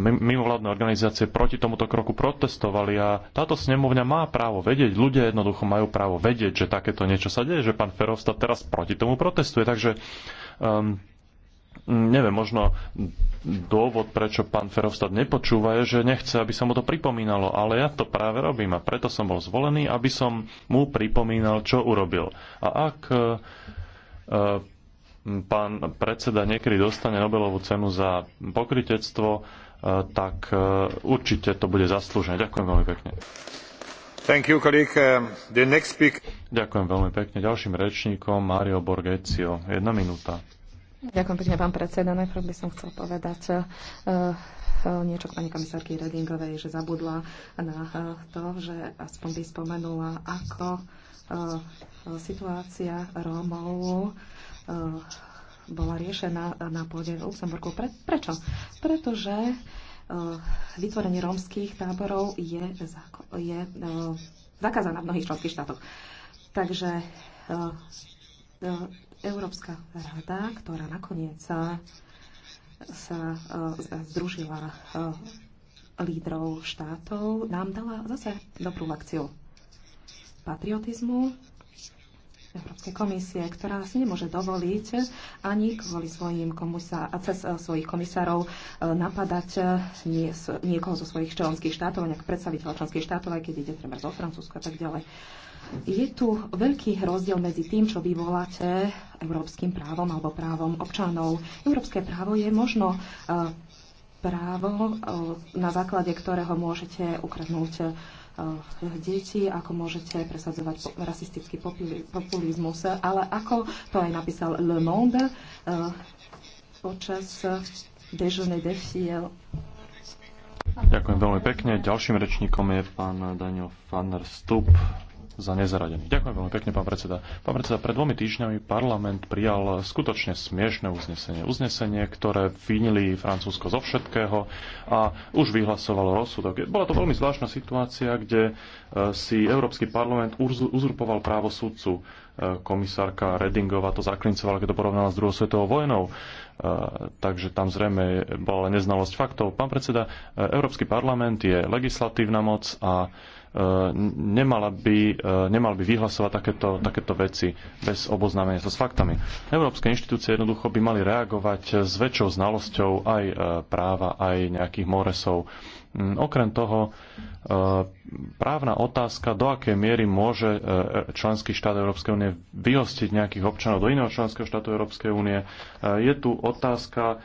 mimovládne organizácie proti tomuto kroku protestovali a táto snemovňa má právo vedieť, ľudia jednoducho majú právo vedieť, že takéto niečo sa deje, že pán Ferovsta teraz proti tomu protestuje. Takže um, Mm, neviem, možno dôvod, prečo pán Ferovstad nepočúva, je, že nechce, aby sa mu to pripomínalo, ale ja to práve robím a preto som bol zvolený, aby som mu pripomínal, čo urobil. A ak uh, pán predseda niekedy dostane Nobelovú cenu za pokritectvo, uh, tak uh, určite to bude zaslúžené. Ďakujem veľmi pekne. Thank you, colleague. Um, the next speak... Ďakujem veľmi pekne. Ďalším rečníkom Mario Borgezio. Jedna minúta. Ďakujem pekne, pán predseda. Najprv by som chcel povedať uh, uh, niečo k pani komisárky Redingovej, že zabudla na uh, to, že aspoň by spomenula, ako uh, situácia Rómov uh, bola riešená na pôde v Luxemburgu. Pre, prečo? Pretože uh, vytvorenie rómskych táborov je, je uh, zakázané v mnohých členských štátoch. Takže uh, Európska rada, ktorá nakoniec sa, sa e, združila e, lídrov štátov, nám dala zase dobrú lekciu patriotizmu, Európskej komisie, ktorá si nemôže dovoliť ani kvôli svojim komisá- cez e, svojich komisárov e, napadať e, nie, niekoho zo svojich členských štátov, nejak predstaviteľa členských štátov, aj keď ide treba zo Francúzska a tak ďalej. Je tu veľký rozdiel medzi tým, čo vy voláte európskym právom alebo právom občanov. Európske právo je možno právo, na základe ktorého môžete ukradnúť uh, deti, ako môžete presadzovať rasistický populizmus, ale ako to aj napísal Le Monde uh, počas eh, Dejeuner de Fiel. Ďakujem veľmi pekne. Ďalším rečníkom je pán Daniel Fanner Stup za nezaradený. Ďakujem veľmi pekne, pán predseda. Pán predseda, pred dvomi týždňami parlament prijal skutočne smiešne uznesenie. Uznesenie, ktoré vinili Francúzsko zo všetkého a už vyhlasovalo rozsudok. Bola to veľmi zvláštna situácia, kde e, si Európsky parlament uzurpoval právo sudcu. E, komisárka Redingová to zaklincovala, keď to porovnala s druhou svetovou vojnou. E, takže tam zrejme bola neznalosť faktov. Pán predseda, Európsky parlament je legislatívna moc a Eh, nemala by, eh, nemal by vyhlasovať takéto, takéto veci bez oboznámenia sa s faktami. Európske inštitúcie jednoducho by mali reagovať s väčšou znalosťou aj eh, práva, aj nejakých moresov. Mm, okrem toho, právna otázka, do akej miery môže členský štát Európskej únie vyhostiť nejakých občanov do iného členského štátu Európskej únie, je tu otázka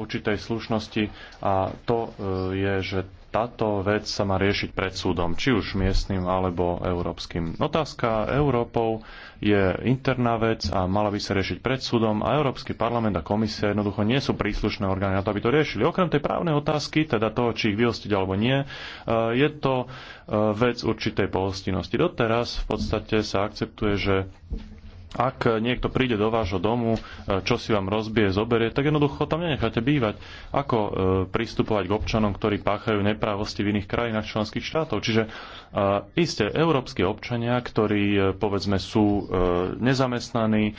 určitej slušnosti a to je, že táto vec sa má riešiť pred súdom, či už miestnym alebo európskym. Otázka Európou je interná vec a mala by sa riešiť pred súdom a Európsky parlament a komisia jednoducho nie sú príslušné orgány na to, aby to riešili. Okrem tej právnej otázky, teda toho, či ich vyhostiť alebo nie, e, je to e, vec určitej pohostinnosti. Doteraz v podstate sa akceptuje, že ak niekto príde do vášho domu, e, čo si vám rozbije, zoberie, tak jednoducho tam nenecháte bývať. Ako e, pristupovať k občanom, ktorí páchajú neprávosti v iných krajinách členských štátov? Čiže e, isté európske občania, ktorí povedzme sú nezamestnaní,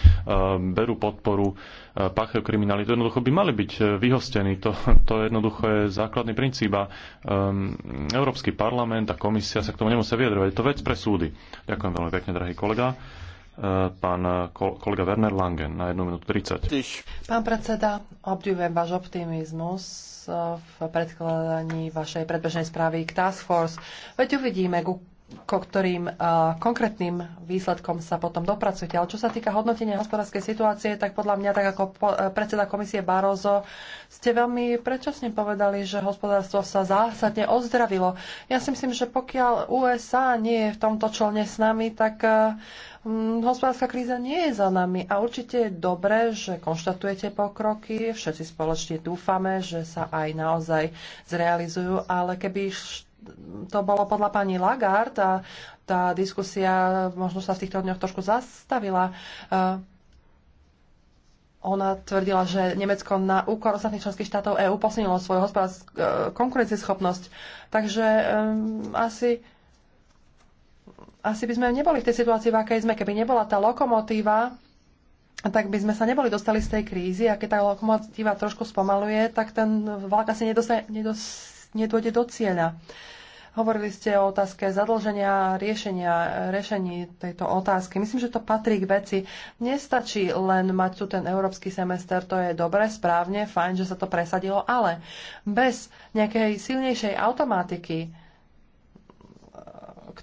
berú podporu, páchajú kriminalitu, jednoducho by mali byť vyhostení. To, to jednoducho je základný princíp a Európsky parlament a komisia sa k tomu nemusia vyjadrovať. Je to vec pre súdy. Ďakujem veľmi pekne, drahý kolega pán kolega Werner Langen na 1 minútu 30. Pán predseda, obdivujem váš optimizmus eh, v predkladaní vašej predbežnej správy k Task Force. Veď uvidíme, ku ko ktorým uh, konkrétnym výsledkom sa potom dopracujete. Ale čo sa týka hodnotenia hospodárskej situácie, tak podľa mňa, tak ako po, uh, predseda komisie Barozo, ste veľmi predčasne povedali, že hospodárstvo sa zásadne ozdravilo. Ja si myslím, že pokiaľ USA nie je v tomto člne s nami, tak uh, hospodárska kríza nie je za nami. A určite je dobré, že konštatujete pokroky, všetci spoločne dúfame, že sa aj naozaj zrealizujú, ale keby to bolo podľa pani Lagarde a tá diskusia možno sa v týchto dňoch trošku zastavila. Eh, ona tvrdila, že Nemecko na úkor ostatných členských štátov EÚ posunilo svoju hospodárskú eh, konkurencieschopnosť. Takže um, asi, asi by sme neboli v tej situácii, v akej sme. Keby nebola tá lokomotíva, tak by sme sa neboli dostali z tej krízy a keď tá lokomotíva trošku spomaluje, tak ten vlak asi nedôjde do cieľa. Uh, Hovorili ste o otázke zadlženia a riešenia, riešení tejto otázky. Myslím, že to patrí k veci. Nestačí len mať tu ten európsky semester, to je dobre, správne, fajn, že sa to presadilo, ale bez nejakej silnejšej automatiky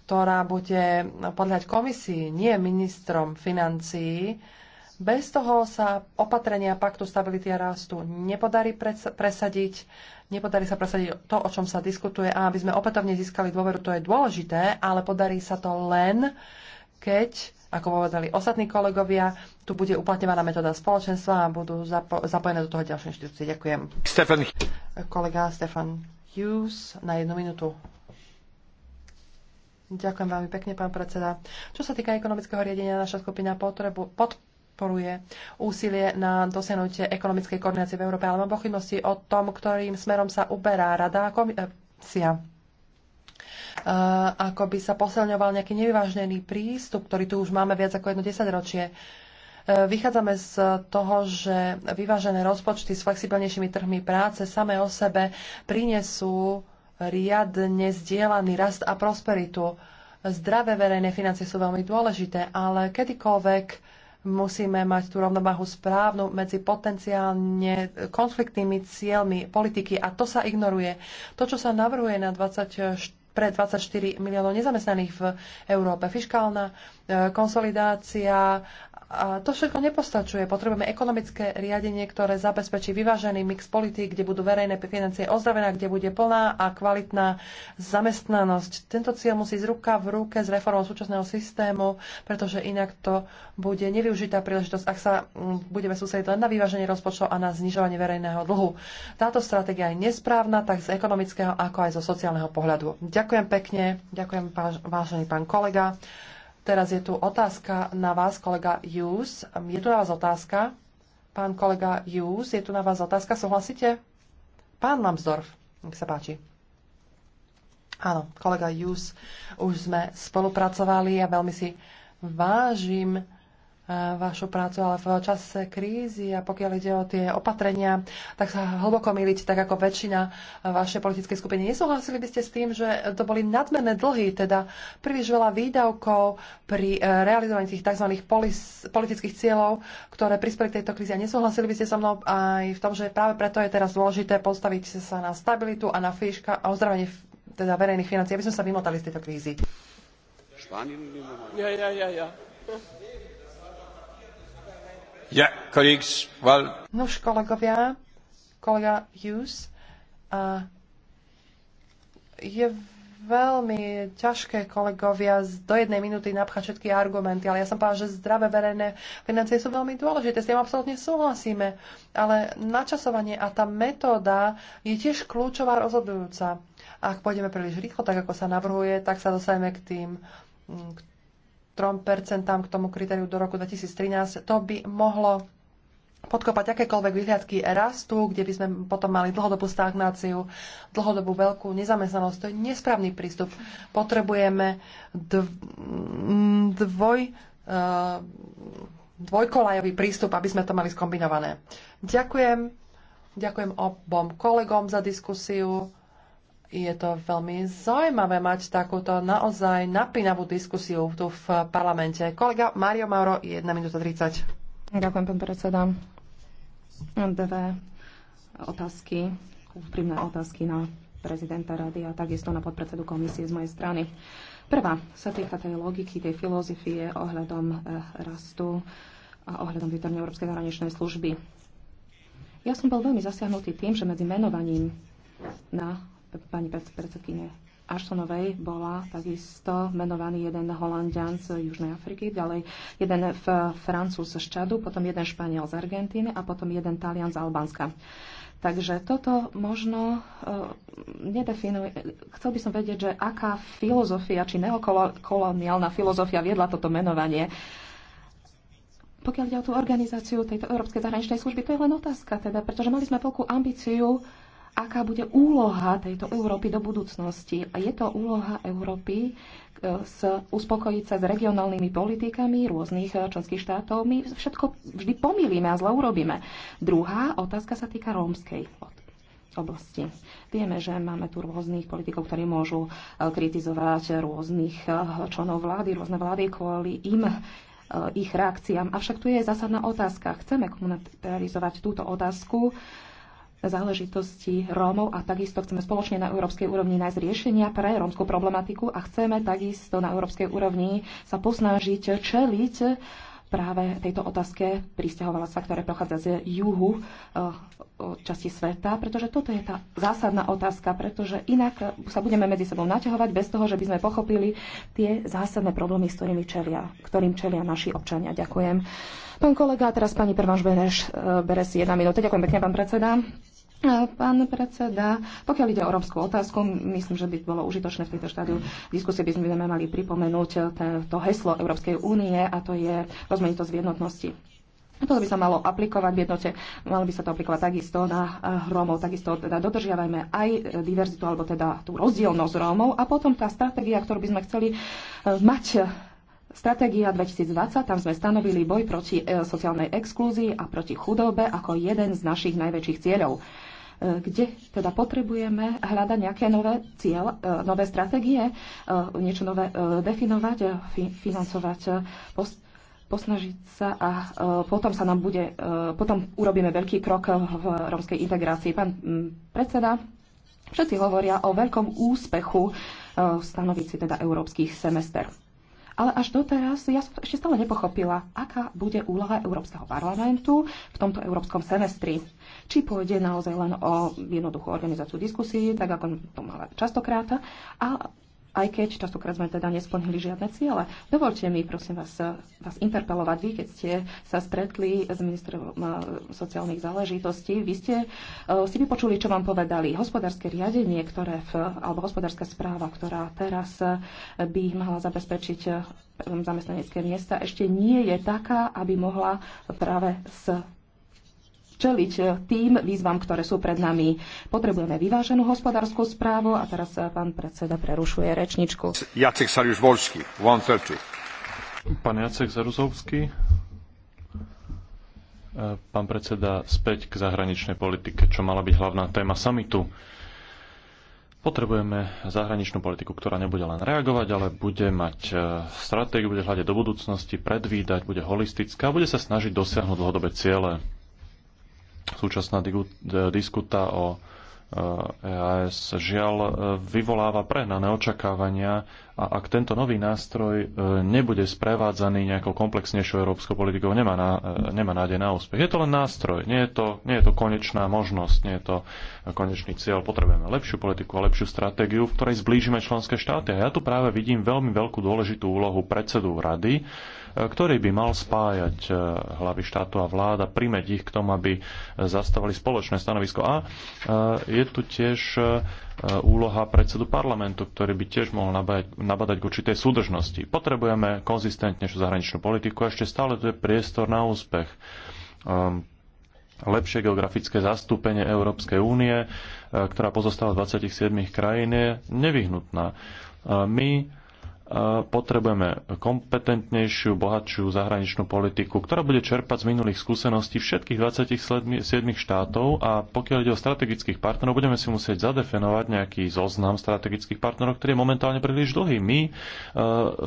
ktorá bude podľať komisii, nie ministrom financií, bez toho sa opatrenia paktu stability a rastu nepodarí presadiť, nepodarí sa presadiť to, o čom sa diskutuje a aby sme opätovne získali dôveru, to je dôležité, ale podarí sa to len, keď, ako povedali ostatní kolegovia, tu bude uplatňovaná metóda spoločenstva a budú zapo- zapojené do toho ďalšie inštitúcie. Ďakujem. Stefan. Kolega Stefan Hughes na jednu minútu. Ďakujem veľmi pekne, pán predseda. Čo sa týka ekonomického riadenia, naša skupina potrebu, pod, podporuje úsilie na dosiahnutie ekonomickej koordinácie v Európe, ale mám pochybnosti o tom, ktorým smerom sa uberá rada a komisia. E, e, ako by sa posilňoval nejaký nevyvážnený prístup, ktorý tu už máme viac ako jedno desaťročie. E, vychádzame z toho, že vyvážené rozpočty s flexibilnejšími trhmi práce samé o sebe prinesú riadne zdieľaný rast a prosperitu. Zdravé verejné financie sú veľmi dôležité, ale kedykoľvek Musíme mať tú rovnováhu správnu medzi potenciálne konfliktnými cieľmi politiky a to sa ignoruje. To, čo sa navrhuje na 24 pre 24 miliónov nezamestnaných v Európe. Fiskálna e, konsolidácia a to všetko nepostačuje. Potrebujeme ekonomické riadenie, ktoré zabezpečí vyvážený mix politík, kde budú verejné financie ozdravené, kde bude plná a kvalitná zamestnanosť. Tento cieľ musí z ruka v ruke s reformou súčasného systému, pretože inak to bude nevyužitá príležitosť, ak sa mm, budeme sústrediť len na vyváženie rozpočtov a na znižovanie verejného dlhu. Táto stratégia je nesprávna tak z ekonomického, ako aj zo sociálneho pohľadu. Ďakujem pekne, ďakujem vážený pán kolega. Teraz je tu otázka na vás, kolega Jus. Je tu na vás otázka. Pán kolega Jus, je tu na vás otázka. Súhlasíte? Pán Lambsdorff, nech sa páči. Áno, kolega Jus, už sme spolupracovali a veľmi si vážim Eh, vašu prácu, ale v čase krízy a pokiaľ ide o tie opatrenia, tak sa hlboko milíte, tak ako väčšina eh, vašej politickej skupiny. Nesúhlasili by ste s tým, že to boli nadmerné dlhy, teda príliš veľa výdavkov pri eh, realizovaní tých tzv. politických cieľov, ktoré prispeli k tejto kríze. A nesúhlasili by ste so mnou aj v tom, že práve preto je teraz dôležité postaviť sa na stabilitu a na fíška a ozdravenie teda verejných financií, aby sme sa vymotali z tejto krízy. Ja, ja, ja, ja. Nož kolegovia, kolega Hughes, a je veľmi ťažké kolegovia do jednej minúty napchať všetky argumenty, ale ja som povedal, že zdravé verejné financie sú veľmi dôležité, s tým absolútne súhlasíme, ale načasovanie a tá metóda je tiež kľúčová rozhodujúca. Ak pôjdeme príliš rýchlo, tak ako sa navrhuje, tak sa dostaneme k tým, k 3% k tomu kritériu do roku 2013, to by mohlo podkopať akékoľvek vyhliadky rastu, kde by sme potom mali dlhodobú stagnáciu, dlhodobú veľkú nezamestnanosť. To je nesprávny prístup. Potrebujeme dvoj, eh, dvojkolajový prístup, aby sme to mali skombinované. Ďakujem. Ďakujem obom kolegom za diskusiu je to veľmi zaujímavé mať takúto naozaj napínavú diskusiu tu v parlamente. Kolega Mario Mauro, 1 minúta 30. Ďakujem, pán predseda. Dve otázky, úprimné otázky na prezidenta rady a takisto na podpredsedu komisie z mojej strany. Prvá sa týka tej logiky, tej filozofie ohľadom eh, rastu a ohľadom vytvorenia Európskej zahraničnej služby. Ja som bol veľmi zasiahnutý tým, že medzi menovaním na pani predsedkyne Ashtonovej bola takisto menovaný jeden Holandian z Južnej Afriky, ďalej jeden Francúz z Čadu, potom jeden Španiel z Argentíny a potom jeden Talian z Albánska. Takže toto možno uh, nedefinuje. Chcel by som vedieť, že aká filozofia či neokoloniálna filozofia viedla toto menovanie. Pokiaľ ide o tú organizáciu tejto Európskej zahraničnej služby, to je len otázka, teda, pretože mali sme veľkú ambíciu uh, aká bude úloha tejto Európy do budúcnosti. A je to úloha Európy e, s, uspokojiť sa s regionálnymi politikami rôznych e, členských štátov. My všetko vždy pomýlime a zle urobíme. Druhá otázka sa týka rómskej oblasti. Vieme, že máme tu rôznych politikov, ktorí môžu e, kritizovať rôznych členov vlády, rôzne vlády kvôli im ich reakciám. Avšak tu je zásadná otázka. Chceme komunitarizovať túto otázku záležitosti Rómov a takisto chceme spoločne na európskej úrovni nájsť riešenia pre rómskú problematiku a chceme takisto na európskej úrovni sa posnažiť čeliť práve tejto otázke pristahovalstva, ktoré prochádza z juhu eh, časti sveta, pretože toto je tá zásadná otázka, pretože inak sa budeme medzi sebou naťahovať bez toho, že by sme pochopili tie zásadné problémy, s ktorými čelia, ktorým čelia naši občania. Ďakujem. Pán kolega, teraz pani Pervanš Bereš, eh, si jedna minúta. Ďakujem pekne, pán predseda. E, pán predseda, pokiaľ ide o rómskú otázku, myslím, že by bolo užitočné v tejto štádiu diskusie by sme mali pripomenúť e, to heslo Európskej únie a to je rozmanitosť v jednotnosti. to by sa malo aplikovať v jednote, malo by sa to aplikovať takisto na e, Rómov, takisto teda dodržiavajme aj diverzitu, alebo teda tú rozdielnosť Rómov a potom tá stratégia, ktorú by sme chceli mať Stratégia 2020, tam sme stanovili boj proti sociálnej exklúzii a proti chudobe ako jeden z našich najväčších cieľov. E, kde teda potrebujeme hľadať nejaké nové cieľ, e, nové stratégie, e, niečo nové definovať, financovať, posnažiť sa a potom sa nám bude, potom urobíme veľký krok v romskej integrácii. Pán predseda, všetci hovoria o veľkom úspechu stanoviť si teda európskych semester. Ale až doteraz ja som ešte stále nepochopila, aká bude úloha Európskeho parlamentu v tomto európskom semestri či pôjde naozaj len o jednoduchú organizáciu diskusí, tak ako to mala častokrát, a aj keď častokrát sme teda nesplnili žiadne ciele. Dovolte mi, prosím vás, vás interpelovať. Vy, keď ste sa stretli s ministrom eh, sociálnych záležitostí, vy ste uh, si vypočuli, čo vám povedali. Hospodárske riadenie, ktoré v, alebo hospodárska správa, ktorá teraz eh, by mala zabezpečiť zamestnanecké miesta, ešte nie je taká, aby mohla práve s čeliť e, tým výzvam, ktoré sú pred nami. Potrebujeme vyváženú hospodárskú správu a teraz e, pán predseda prerušuje rečničku. Jacek sariusz 1.30. Pán Jacek Zaruzovský, e, pán predseda, späť k zahraničnej politike, čo mala byť hlavná téma samitu. Potrebujeme zahraničnú politiku, ktorá nebude len reagovať, ale bude mať stratégiu, bude hľadať do budúcnosti, predvídať, bude holistická a bude sa snažiť dosiahnuť dlhodobé ciele súčasná diskuta o EAS e žiaľ e, vyvoláva prehnané očakávania a ak tento nový nástroj e, nebude sprevádzaný nejakou komplexnejšou európskou politikou, nemá, na, nemá nádej na úspech. Je to len nástroj, nie je to, nie je to konečná možnosť, nie je to konečný cieľ. Potrebujeme lepšiu politiku a lepšiu stratégiu, v ktorej zblížime členské štáty. A ja tu práve vidím veľmi veľkú dôležitú úlohu predsedu rady, ktorý by mal spájať eh, hlavy štátu a vláda, primeť ich k tomu, aby eh, zastavali spoločné stanovisko. A eh, je tu tiež úloha predsedu parlamentu, ktorý by tiež mohol nabadať, nabadať k určitej súdržnosti. Potrebujeme konzistentnejšiu zahraničnú politiku a ešte stále tu je priestor na úspech ehm, lepšie geografické zastúpenie Európskej únie, ktorá pozostáva z 27 krajín, je nevyhnutná. My potrebujeme kompetentnejšiu, bohatšiu zahraničnú politiku, ktorá bude čerpať z minulých skúseností všetkých 27 štátov a pokiaľ ide o strategických partnerov, budeme si musieť zadefinovať nejaký zoznam strategických partnerov, ktorý je momentálne príliš dlhý. My e,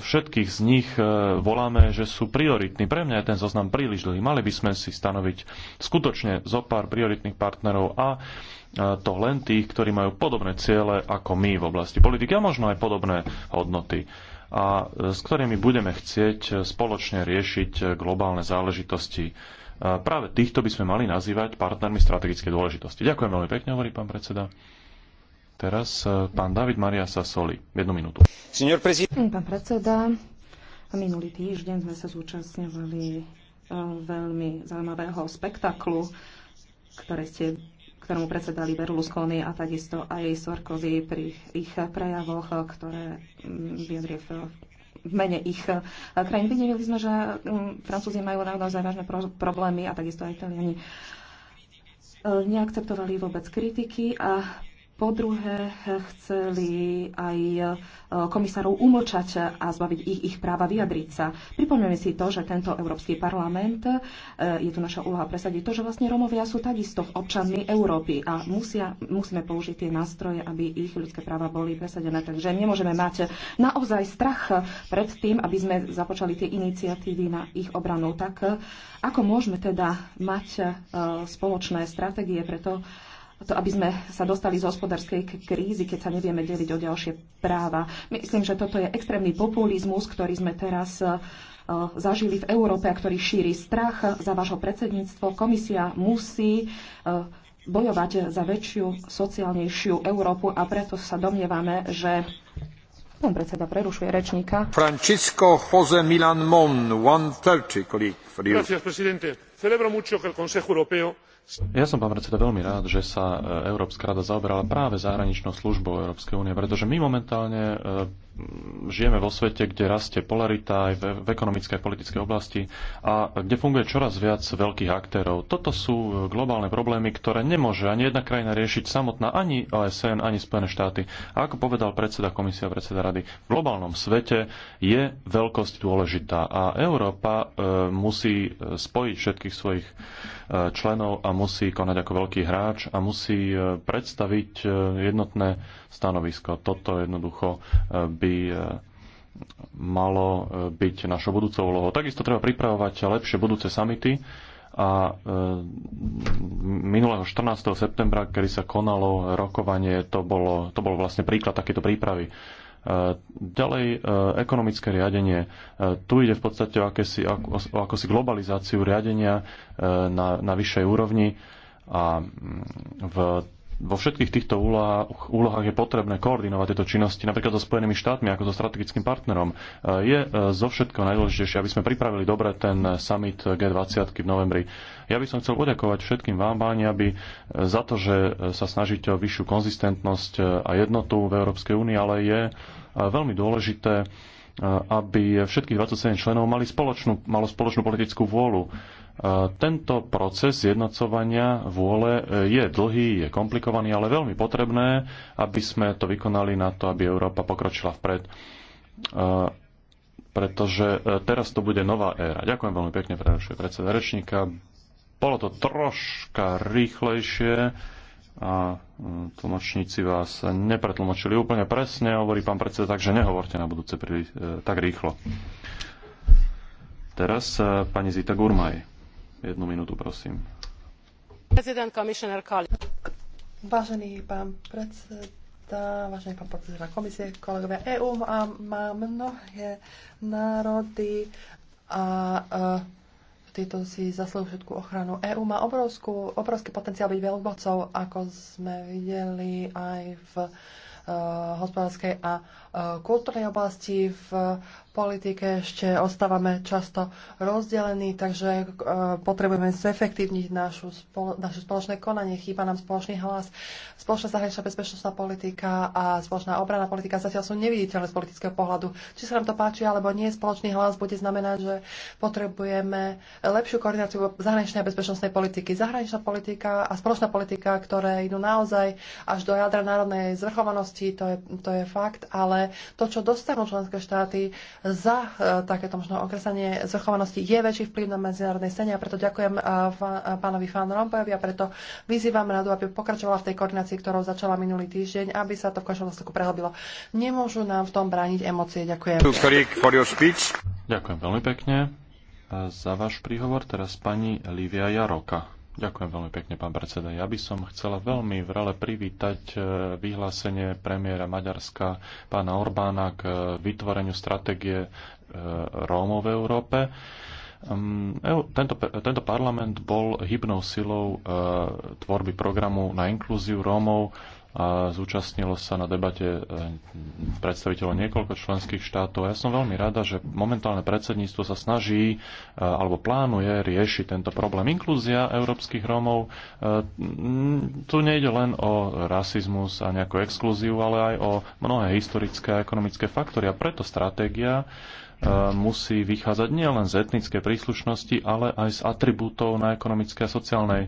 všetkých z nich e, voláme, že sú prioritní. Pre mňa je ten zoznam príliš dlhý. Mali by sme si stanoviť skutočne zo pár prioritných partnerov a e, to len tých, ktorí majú podobné ciele ako my v oblasti politiky a možno aj podobné hodnoty a e, s ktorými budeme chcieť e, spoločne riešiť e, globálne záležitosti. Práve týchto by sme mali nazývať partnermi strategickej dôležitosti. Ďakujem veľmi pekne, hovorí pán predseda. Teraz pán David Maria Sasoli. Jednu minútu. Pán predseda, minulý týždeň sme sa zúčastňovali veľmi zaujímavého spektaklu, ktoré ste ktorému predsedali Berlusconi a takisto aj Sarkozy pri ich prejavoch, ktoré mm, vyjadrie v v mene ich eh, krajín. Videli sme, že mm, Francúzi majú naozaj vážne pro- problémy a takisto aj Italiani eh, neakceptovali vôbec kritiky a po druhé, chceli aj e, komisárov umlčať a zbaviť ich ich práva vyjadriť sa. Pripomňujeme si to, že tento Európsky parlament, e, je tu naša úloha presadiť to, že vlastne Romovia sú takisto občanmi Európy a musia, musíme použiť tie nástroje, aby ich ľudské práva boli presadené. Takže nemôžeme mať naozaj strach pred tým, aby sme započali tie iniciatívy na ich obranu. Tak e, ako môžeme teda mať spoločné stratégie preto, to, aby sme sa dostali z hospodárskej krízy, keď sa nevieme deliť o ďalšie práva. Myslím, že toto je extrémny populizmus, ktorý sme teraz e, zažili v Európe a ktorý šíri strach za vašho predsedníctvo. Komisia musí e, bojovať za väčšiu, sociálnejšiu Európu a preto sa domnievame, že Pán predseda prerušuje rečníka. Francisco José Milan Mon, 130, colleague, for you. Gracias, presidente. Celebro mucho que el Consejo Europeo ja som, pán predseda, veľmi rád, že sa e, Európska rada zaoberala práve zahraničnou službou Európskej únie, pretože my momentálne e, žijeme vo svete, kde rastie polarita aj v, v ekonomickej a politickej oblasti a kde funguje čoraz viac veľkých aktérov. Toto sú globálne problémy, ktoré nemôže ani jedna krajina riešiť samotná, ani OSN, ani Spojené štáty. A ako povedal predseda komisia a predseda rady, v globálnom svete je veľkosť dôležitá a Európa e, musí spojiť všetkých svojich e, členov a musí konať ako veľký hráč a musí e, predstaviť e, jednotné stanovisko. Toto jednoducho e, by e, malo e, byť našou budúcou úlohou. Takisto treba pripravovať lepšie budúce samity a minulého 14. septembra, kedy sa konalo rokovanie, to, bolo, to bol vlastne príklad takéto prípravy. Ďalej, ekonomické riadenie. Tu ide v podstate o akési, o akési globalizáciu riadenia na, na vyššej úrovni a v vo všetkých týchto úlohách, úlohách je potrebné koordinovať tieto činnosti, napríklad so Spojenými štátmi ako so strategickým partnerom. E, je e, zo všetko najdôležitejšie, aby sme pripravili dobre ten e, summit G20 v novembri. Ja by som chcel poďakovať všetkým vám, páni, aby za to, že sa snažíte o vyššiu konzistentnosť a jednotu v Európskej únii, ale je veľmi dôležité, aby všetkých 27 členov mali spoločnú, malo spoločnú politickú vôľu tento proces zjednocovania vôle e, je dlhý, je komplikovaný, ale veľmi potrebné, aby sme to vykonali na to, aby Európa pokročila vpred. Pretože e, teraz to bude nová éra. Ďakujem veľmi pekne, prerušuje predseda rečníka. Bolo to troška rýchlejšie a mm, tlmočníci vás nepretlmočili úplne presne, hovorí pán predseda, takže nehovorte na budúce príli- e, tak rýchlo. Teraz pani Zita Gurmaj. Jednu minútu, prosím. Vážený pán predseda, vážený pán predseda komisie, kolegovia EÚ a má mnohé národy a uh, títo si zaslúžia všetku ochranu. EÚ má obrovskú, obrovský potenciál byť veľmocou, ako sme videli aj v uh, hospodárskej a E, kultúrnej oblasti, v politike ešte ostávame často rozdelení, takže e, potrebujeme zefektívniť našu naše spoločné konanie, chýba nám spoločný hlas. Spoločná zahraničná bezpečnostná politika a spoločná obranná politika zatiaľ sú neviditeľné z politického pohľadu. Či sa nám to páči alebo nie, spoločný hlas bude znamenať, že potrebujeme lepšiu koordináciu zahraničnej a bezpečnostnej politiky. Zahraničná politika a spoločná politika, ktoré idú naozaj až do jadra národnej zvrchovanosti, to je, to je fakt, ale ale to, čo dostanú členské štáty za e, takéto možno okresanie zrchovanosti, je väčší vplyv na medzinárodnej scéne a preto ďakujem e, e, pánovi Fan Rompojovi a preto vyzývam radu, aby pokračovala v tej koordinácii, ktorou začala minulý týždeň, aby sa to v každom dôsledku prehlbilo. Nemôžu nám v tom brániť emócie. Ďakujem. Ďakujem veľmi pekne za váš príhovor. Teraz pani Lívia Jaroka. Ďakujem veľmi pekne, pán predseda. Ja by som chcela veľmi vrele privítať e, vyhlásenie premiéra Maďarska pána Orbána k vytvoreniu stratégie e, Rómov v Európe. E, tento, tento parlament bol hybnou silou tvorby programu na inklúziu Rómov a zúčastnilo sa na debate e, predstaviteľov niekoľko členských štátov. Ja som veľmi rada, že momentálne predsedníctvo sa snaží e, alebo plánuje riešiť tento problém. Inklúzia európskych Rómov, e, tu nejde len o rasizmus a nejakú exkluziu, ale aj o mnohé historické a ekonomické faktory. A preto stratégia Eh, musí vychádzať nielen z etnickej príslušnosti, ale aj z atribútov na ekonomickej a sociálnej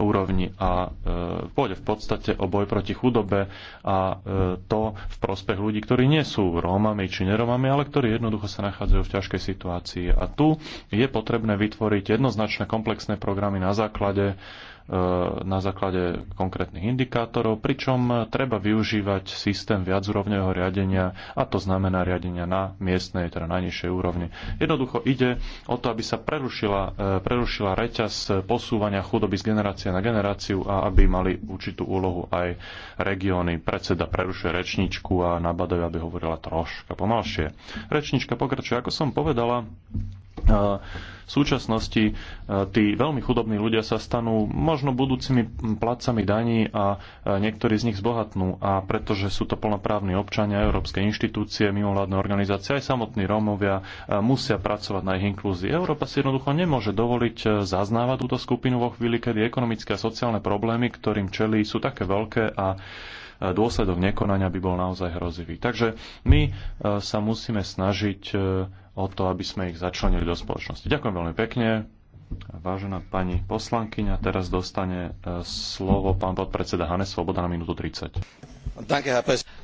úrovni. A eh, pôjde v podstate o boj proti chudobe a eh, to v prospech ľudí, ktorí nie sú Rómami či neromami, ale ktorí jednoducho sa nachádzajú v ťažkej situácii. A tu je potrebné vytvoriť jednoznačné komplexné programy na základe Eh, na základe konkrétnych indikátorov, pričom treba využívať systém viacúrovňového riadenia, a to znamená riadenia na miestnej, teda najnižšej úrovni. Jednoducho ide o to, aby sa prerušila, eh, prerušila reťaz posúvania chudoby z generácie na generáciu a aby mali určitú úlohu aj regióny. Predseda prerušuje rečničku a nabadajú, aby hovorila troška pomalšie. Rečnička pokračuje, ako som povedala, v súčasnosti tí veľmi chudobní ľudia sa stanú možno budúcimi placami daní a niektorí z nich zbohatnú. A pretože sú to plnoprávni občania, európske inštitúcie, mimovládne organizácie, aj samotní Rómovia musia pracovať na ich inklúzii. Európa si jednoducho nemôže dovoliť e, zaznávať túto skupinu vo chvíli, kedy ekonomické a sociálne problémy, ktorým čelí, sú také veľké a dôsledok nekonania by bol naozaj hrozivý. Takže my e, sa musíme snažiť e, o to, aby sme ich začlenili do spoločnosti. Ďakujem veľmi pekne. Vážená pani poslankyňa, teraz dostane e, slovo pán podpredseda Hane Svoboda na minútu 30.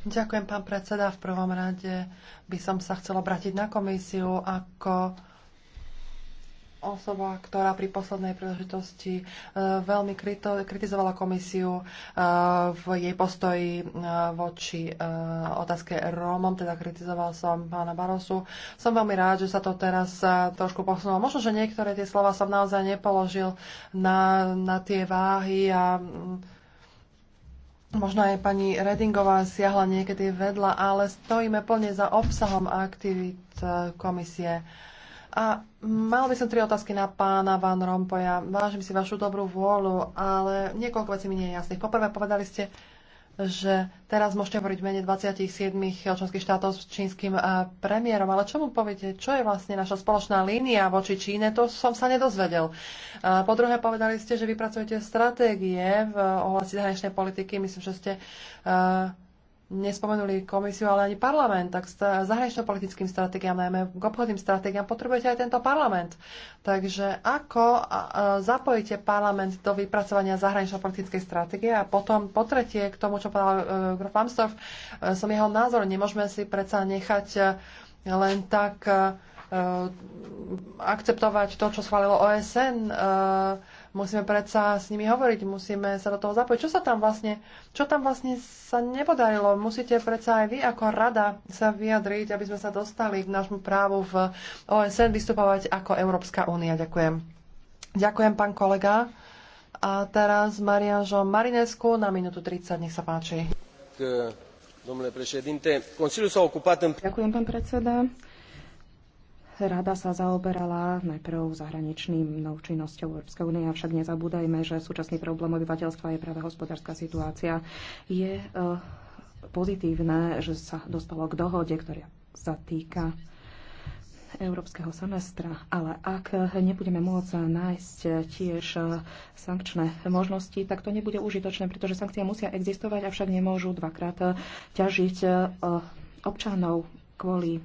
Ďakujem, pán predseda. V prvom rade by som sa chcela obrátiť na komisiu ako osoba, ktorá pri poslednej príležitosti e, veľmi kritizovala komisiu e, v jej postoji e, voči otázke Rómom, teda kritizoval som pána Barosu. Som veľmi rád, že sa to teraz trošku posunulo. Možno, že niektoré tie slova som naozaj nepoložil na, na tie váhy a mm, Možno aj pani Redingová siahla niekedy vedľa, ale stojíme plne za obsahom aktivít komisie. Uh, a mal by som tri otázky na pána Van Rompoja. Vážim si vašu dobrú vôľu, ale niekoľko vecí mi nie je jasných. Poprvé povedali ste, že teraz môžete hovoriť v mene 27 členských štátov s čínskym eh, premiérom, ale čo mu poviete, čo je vlastne naša spoločná línia voči Číne, to som sa nedozvedel. Po druhé, povedali ste, že vypracujete stratégie v oblasti zahraničnej politiky, myslím, že ste eh, nespomenuli komisiu, ale ani parlament, tak k zahranično-politickým stratégiám, najmä k obchodným stratégiám potrebujete aj tento parlament. Takže ako zapojíte parlament do vypracovania zahranično-politickej stratégie a potom po tretie k tomu, čo povedal uh, Grof Amstorf, uh, e, som jeho názor, nemôžeme si predsa nechať e, len tak akceptovať to, čo schválilo OSN, Musíme predsa s nimi hovoriť, musíme sa do toho zapojiť. Čo sa tam vlastne, čo tam vlastne sa nepodarilo? Musíte predsa aj vy ako rada sa vyjadriť, aby sme sa dostali k nášmu právu v OSN vystupovať ako Európska únia. Ďakujem. Ďakujem, pán kolega. A teraz Mariažo Marinescu na minútu 30, nech sa páči. Ďakujem, pán predseda. Rada sa zaoberala najprv zahraničným činnosťou Európskej únie, avšak nezabúdajme, že súčasný problém obyvateľstva je práve hospodárska situácia. Je eh, pozitívne, že sa dostalo k dohode, ktorá sa týka európskeho semestra, ale ak nebudeme môcť nájsť tiež sankčné možnosti, tak to nebude užitočné, pretože sankcie musia existovať, avšak nemôžu dvakrát ťažiť eh, občanov kvôli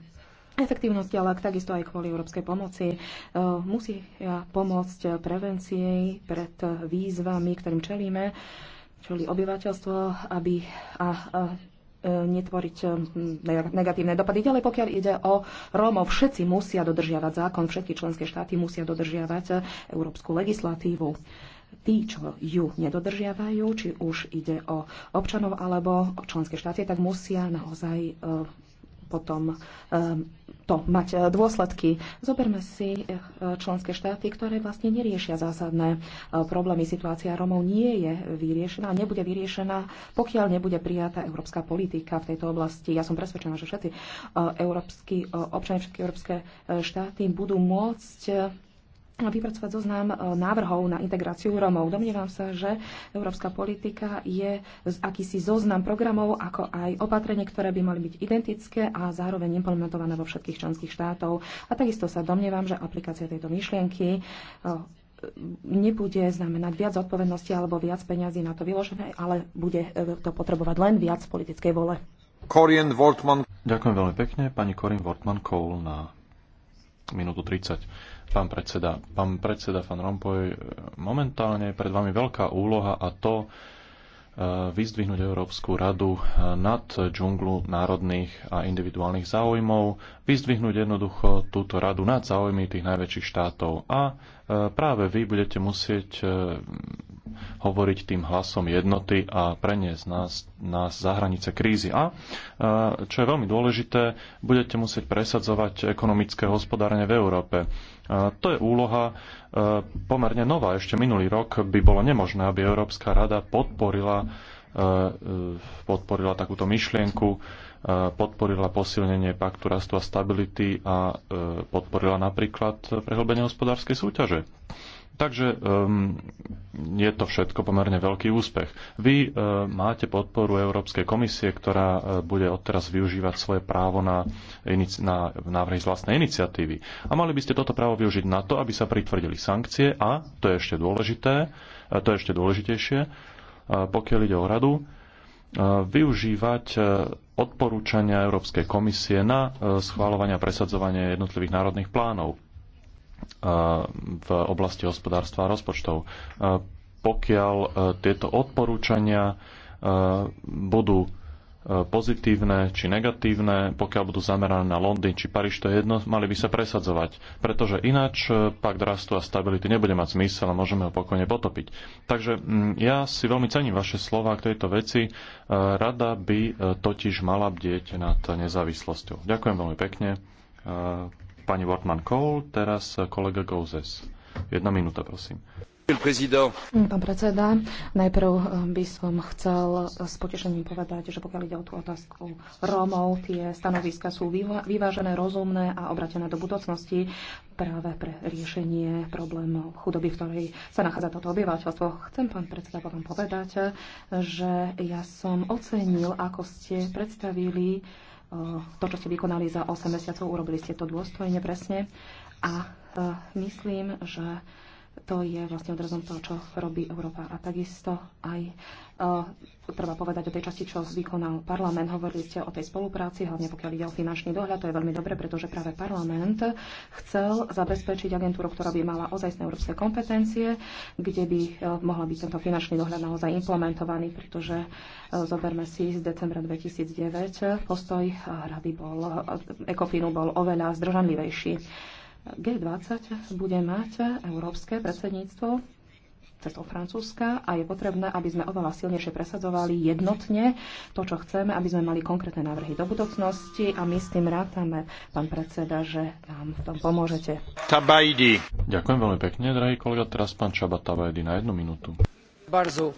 efektívnosti, ale takisto aj kvôli európskej pomoci. E, musia pomôcť prevencie pred výzvami, ktorým čelíme, čeli obyvateľstvo, aby a, a e, netvoriť negatívne dopady. Ďalej, pokiaľ ide o Rómov, všetci musia dodržiavať zákon, všetky členské štáty musia dodržiavať európsku legislatívu tí, čo ju nedodržiavajú, či už ide o občanov alebo o členské štáty, tak musia naozaj e, potom to mať e, dôsledky. Zoberme si e, členské štáty, ktoré vlastne neriešia zásadné e, problémy. Situácia Romov nie je vyriešená, nebude vyriešená, pokiaľ nebude prijatá európska politika v tejto oblasti. Ja som presvedčená, že všetci európsky občania, všetky európske štáty budú môcť vypracovať zoznam e, návrhov na integráciu Rómov. Domnievam sa, že európska politika je akýsi zoznam programov, ako aj opatrenie, ktoré by mali byť identické a zároveň implementované vo všetkých členských štátov. A takisto sa domnievam, že aplikácia tejto myšlienky e, nebude znamenať viac odpovednosti alebo viac peňazí na to vyložené, ale bude e, to potrebovať len viac politickej vole. Korin Wortmann. Ďakujem veľmi pekne. Pani Korin Wortmann-Kohl na minútu 30. Pán predseda, pán predseda Van Rompuy, momentálne je pred vami veľká úloha a to e, vyzdvihnúť Európsku radu e, nad džunglu národných a individuálnych záujmov, vyzdvihnúť jednoducho túto radu nad záujmy tých najväčších štátov. A e, práve vy budete musieť hovoriť tým hlasom jednoty a preniesť nás, nás za hranice krízy. A čo je veľmi dôležité, budete musieť presadzovať ekonomické hospodárenie v Európe. To je úloha e, pomerne nová. Ešte minulý rok by bolo nemožné, aby Európska rada podporila, e, e, podporila takúto myšlienku, podporila posilnenie paktu rastu a stability a podporila napríklad prehlbenie hospodárskej súťaže. Takže um, je to všetko pomerne veľký úspech. Vy uh, máte podporu Európskej komisie, ktorá uh, bude odteraz využívať svoje právo na, na návrhy z vlastnej iniciatívy. A mali by ste toto právo využiť na to, aby sa pritvrdili sankcie a, to je ešte dôležité, to je ešte dôležitejšie, uh, pokiaľ ide o radu, uh, využívať uh, odporúčania Európskej komisie na e, schváľovanie a presadzovanie jednotlivých národných plánov v oblasti hospodárstva a rozpočtov. Pokiaľ e, tieto odporúčania e, budú e, pozitívne či negatívne, pokiaľ budú zamerané na Londýn či Paríž, to je jedno, mali by sa presadzovať. Pretože ináč pak rastu a stability nebude mať zmysel a môžeme ho pokojne potopiť. Takže mm, ja si veľmi cením vaše slova k tejto veci. Rada by totiž mala bdieť nad nezávislosťou. Ďakujem veľmi pekne pani Wortman-Kohl, teraz kolega Gozes. Jedna minúta, prosím. Pán predseda, najprv eh, by som chcel eh, s potešením povedať, že pokiaľ ide o tú otázku Rómov, tie stanoviska sú vyvážené, rozumné a obratené do budúcnosti práve pre riešenie problémov chudoby, v ktorej sa nachádza toto obyvateľstvo. Chcem, pán predseda, potom povedať, eh, že ja som ocenil, ako ste predstavili Eh, to, čo ste vykonali za 8 mesiacov, urobili ste to dôstojne, presne. A eh, myslím, že to je vlastne odrazom toho, čo robí Európa. A takisto aj uh, treba povedať o tej časti, čo vykonal parlament. Hovorili ste o tej spolupráci, hlavne pokiaľ ide o finančný dohľad. To je veľmi dobre, pretože práve parlament chcel zabezpečiť agentúru, ktorá by mala ozajstné európske kompetencie, kde by uh, mohla byť tento finančný dohľad naozaj implementovaný, pretože uh, zoberme si z decembra 2009 postoj rady bol, ECOFINu bol oveľa zdržanlivejší. G20 bude mať európske predsedníctvo cestou Francúzska a je potrebné, aby sme oveľa silnejšie presadzovali jednotne to, čo chceme, aby sme mali konkrétne návrhy do budúcnosti a my s tým rátame, pán predseda, že nám v tom pomôžete. Tabajdi. Ďakujem veľmi pekne, drahý kolega. Teraz pán Čaba Tabajdi na jednu minútu. Barzu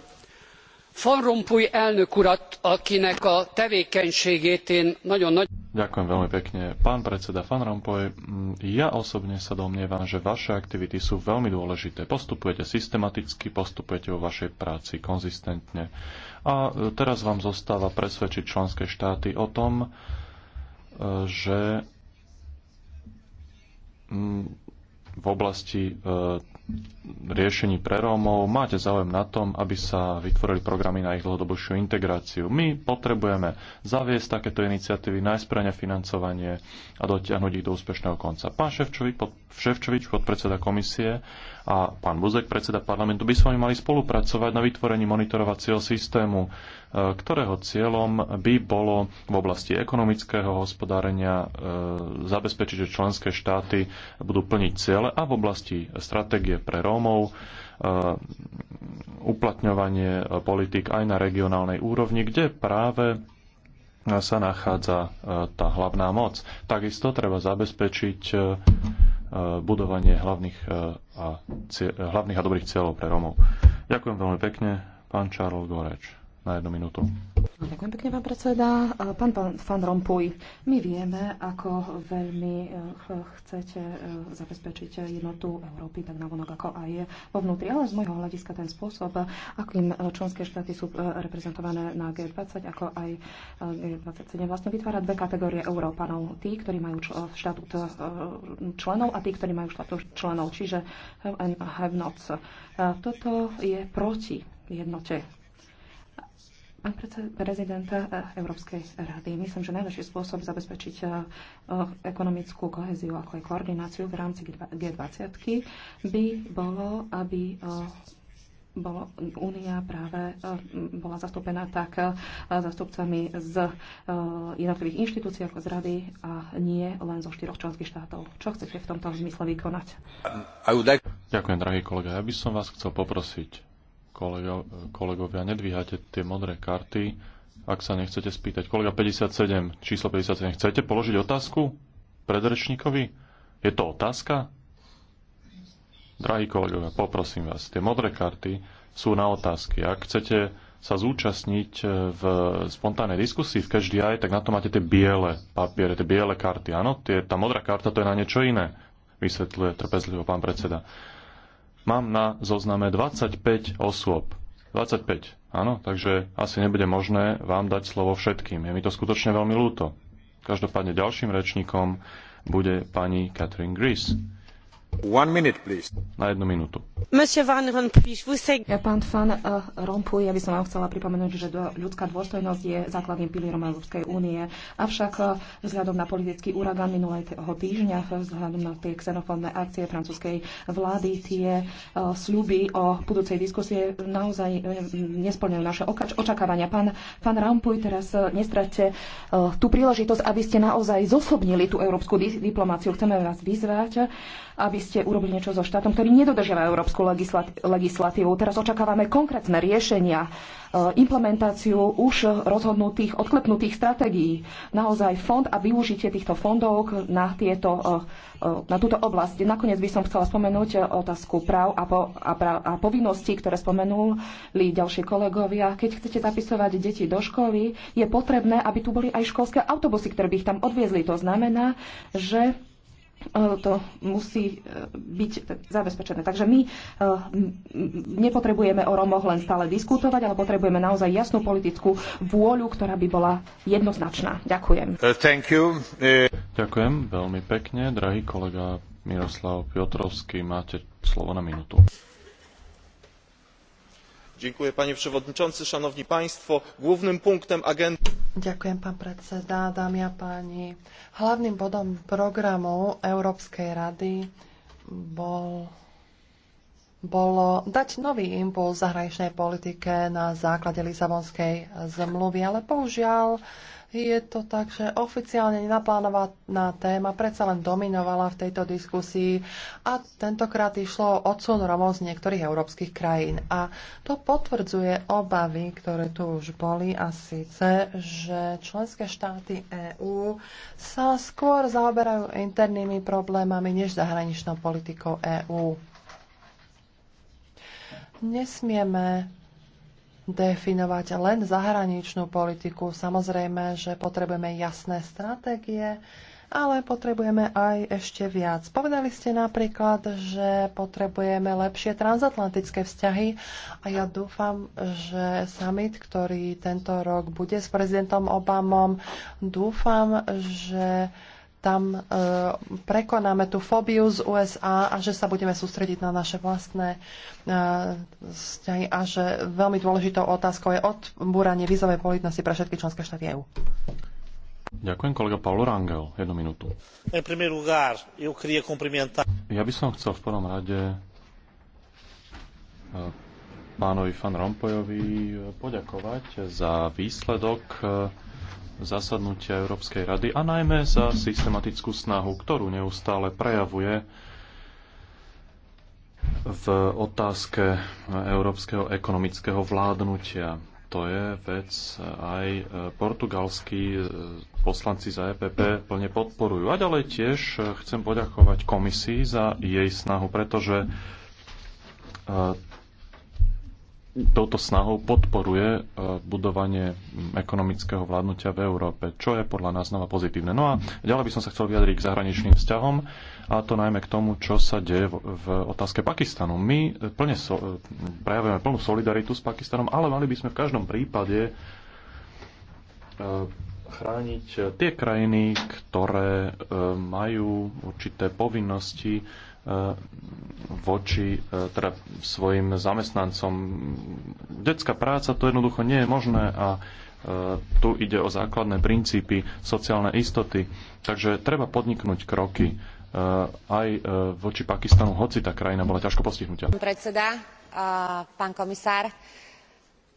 van rompuy elnök urat akinek a tevékenységét én nagyon nagy... Ďakujem veľmi pekne. Pán predseda Van Rompuy, mm, ja osobne sa domnievam, že vaše aktivity sú veľmi dôležité. Postupujete systematicky, postupujete vo vašej práci konzistentne. A e, teraz vám zostáva presvedčiť členské štáty o tom, e, že mm, v oblasti e, riešení pre Rómov. Máte záujem na tom, aby sa vytvorili programy na ich dlhodobejšiu integráciu. My potrebujeme zaviesť takéto iniciatívy, najsprene financovanie a dotiahnuť ich do úspešného konca. Pán Ševčovič, pod, Ševčovič podpredseda komisie, a pán Buzek, predseda parlamentu, by s vami mali spolupracovať na vytvorení monitorovacieho systému, e, ktorého cieľom by bolo v oblasti ekonomického hospodárenia e, zabezpečiť, že členské štáty budú plniť ciele a v oblasti stratégie pre Rómov e, uplatňovanie politik aj na regionálnej úrovni, kde práve sa nachádza tá hlavná moc. Takisto treba zabezpečiť Eh, budovanie hlavných eh, a, hlavných a dobrých cieľov pre Romov. Ďakujem veľmi pekne, pán Charles Goreč na jednu minútu. Ďakujem pekne, pán predseda. Pán, pán Fan Rompuj, my vieme, ako veľmi e, chcete e, zabezpečiť jednotu Európy, tak navonok ako aj vo vnútri. Ale z môjho hľadiska ten spôsob, e, akým členské štáty sú reprezentované na G20, ako aj G27, vlastne vytvára dve kategórie Európanov. Tí, ktorí majú štatút členov a tí, ktorí majú štatút členov, čiže have and have not. Toto je proti jednote Pán prezident eh, Európskej rady, myslím, že najlepší spôsob zabezpečiť eh, eh, ekonomickú koheziu ako aj koordináciu v rámci G20 by bolo, aby bolo, Únia práve bola zastúpená tak zastupcami z jednotlivých inštitúcií ako z rady a nie len zo štyroch členských štátov. Čo chcete v tomto zmysle vykonať? Ďakujem, drahý kolega. Ja by som vás chcel poprosiť kolega, kolegovia, nedvíhate tie modré karty, ak sa nechcete spýtať. Kolega 57, číslo 57, chcete položiť otázku predrečníkovi? Je to otázka? Drahí kolegovia, poprosím vás, tie modré karty sú na otázky. Ak chcete sa zúčastniť e, v spontánnej diskusii v každý aj, tak na to máte tie biele papiere, tie biele karty. Áno, tie, tá modrá karta to je na niečo iné, vysvetľuje trpezlivo pán predseda mám na zozname 25 osôb. 25, áno, takže asi nebude možné vám dať slovo všetkým. Je mi to skutočne veľmi ľúto. Každopádne ďalším rečníkom bude pani Catherine Grease pán Van eh, Rompuy, ja by som vám chcela pripomenúť, že ľudská dôstojnosť je základným pilierom Európskej únie. Avšak eh, vzhľadom na politický uragán minulého týždňa, eh, vzhľadom na tie xenofónne akcie francúzskej vlády, tie sľuby o budúcej diskusie naozaj nesplňujú naše očakávania. Pán, van Rompuy, teraz nestrate tú príležitosť, aby ste naozaj zosobnili tú európsku diplomáciu. Chceme vás vyzvať, aby ste urobili niečo so štátom, ktorý nedodržiava európsku legislatívu. Teraz očakávame konkrétne riešenia, eh, implementáciu už rozhodnutých, odklepnutých stratégií. Naozaj fond a využitie týchto fondov na, tieto, eh, eh, na túto oblasť. Nakoniec by som chcela spomenúť otázku práv a, po, a, práv a povinností, ktoré spomenuli ďalší kolegovia. Keď chcete zapisovať deti do školy, je potrebné, aby tu boli aj školské autobusy, ktoré by ich tam odviezli. To znamená, že E, to musí e, byť zabezpečené. Takže my e, nepotrebujeme o Romoch len stále diskutovať, ale potrebujeme naozaj jasnú politickú vôľu, ktorá by bola jednoznačná. Ďakujem. Uh, thank you. Uh, Ďakujem veľmi pekne, drahý kolega Miroslav Piotrovský. Máte slovo na minútu panie przewodniczący! głównym punktem agendy hlavným bodom programu európskej rady bol, bolo dať nový impulz zahraničnej politike na základe lisabonskej zmluvy ale bohužiaľ je to tak, že oficiálne nenaplánovaná téma predsa len dominovala v tejto diskusii a tentokrát išlo o odsun Romov z niektorých európskych krajín. A to potvrdzuje obavy, ktoré tu už boli a síce, že členské štáty EÚ sa skôr zaoberajú internými problémami než zahraničnou politikou EÚ. Nesmieme definovať len zahraničnú politiku. Samozrejme, že potrebujeme jasné stratégie, ale potrebujeme aj ešte viac. Povedali ste napríklad, že potrebujeme lepšie transatlantické vzťahy a ja dúfam, že summit, ktorý tento rok bude s prezidentom Obamom, dúfam, že tam e, prekonáme tú fóbiu z USA a že sa budeme sústrediť na naše vlastné e, vzťahy e, a že veľmi dôležitou otázkou je odbúranie vízovej politnosti pre všetky členské štáty EÚ. Ďakujem, kolega Paulo Rangel. Jednu minútu. Ja by som chcel v prvom rade e, pánovi Fan Rompojovi poďakovať za výsledok e, zasadnutia Európskej rady a najmä za systematickú snahu, ktorú neustále prejavuje v otázke európskeho ekonomického vládnutia. To je vec, aj e, portugalskí e, poslanci za EPP plne podporujú. A ďalej tiež e, chcem poďakovať komisii za jej snahu, pretože touto snahou podporuje e, budovanie ekonomického vládnutia v Európe, čo je podľa nás znova pozitívne. No a ďalej by som sa chcel vyjadriť k zahraničným vzťahom, a to najmä k tomu, čo sa deje v, v otázke Pakistanu. My plne so, e, prejavujeme plnú solidaritu s Pakistanom, ale mali by sme v každom prípade e, chrániť tie krajiny, ktoré majú určité povinnosti Eh, voči eh, teda svojim zamestnancom. Detská práca to jednoducho nie je možné a eh, tu ide o základné princípy sociálnej istoty. Takže treba podniknúť kroky aj voči Pakistanu, hoci tá krajina bola ťažko postihnutá. Pán predseda, pán komisár,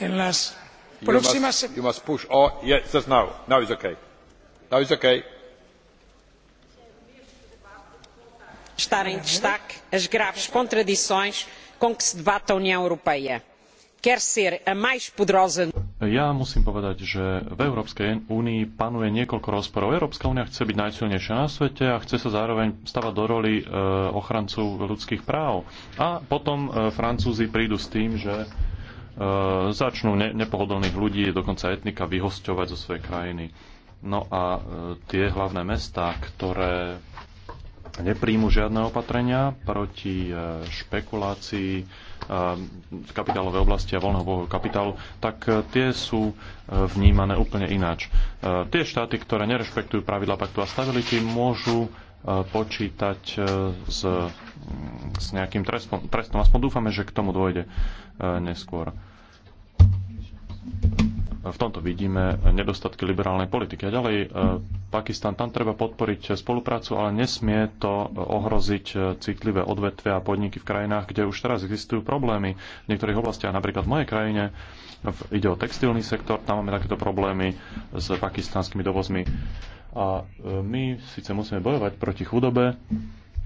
en las próximas semanas. estar em destaque as graves contradições com que se debate a União Europeia. Quer ser a eh, mais poderosa ja musím povedať, že v Európskej únii panuje niekoľko rozporov. Európska únia chce byť najsilnejšia na svete a chce sa zároveň stavať do roli eh, ochrancu ľudských práv. A potom eh, Francúzi prídu s tým, že Eh, začnú ne- nepohodlných ľudí, dokonca etnika, vyhosťovať zo svojej krajiny. No a eh, tie hlavné mestá, ktoré nepríjmu žiadne opatrenia proti eh, špekulácii v kapitálovej oblasti a voľného kapitálu, tak tie sú vnímané úplne ináč. Tie štáty, ktoré nerešpektujú pravidla paktu a stability, môžu počítať s s nejakým trestom, trestom. Aspoň dúfame, že k tomu dôjde e, neskôr. V tomto vidíme nedostatky liberálnej politiky. A ďalej, e, Pakistan, tam treba podporiť spoluprácu, ale nesmie to ohroziť e, citlivé odvetvia a podniky v krajinách, kde už teraz existujú problémy. V niektorých oblastiach, napríklad v mojej krajine, ide o textilný sektor, tam máme takéto problémy s pakistanskými dovozmi. A my síce musíme bojovať proti chudobe,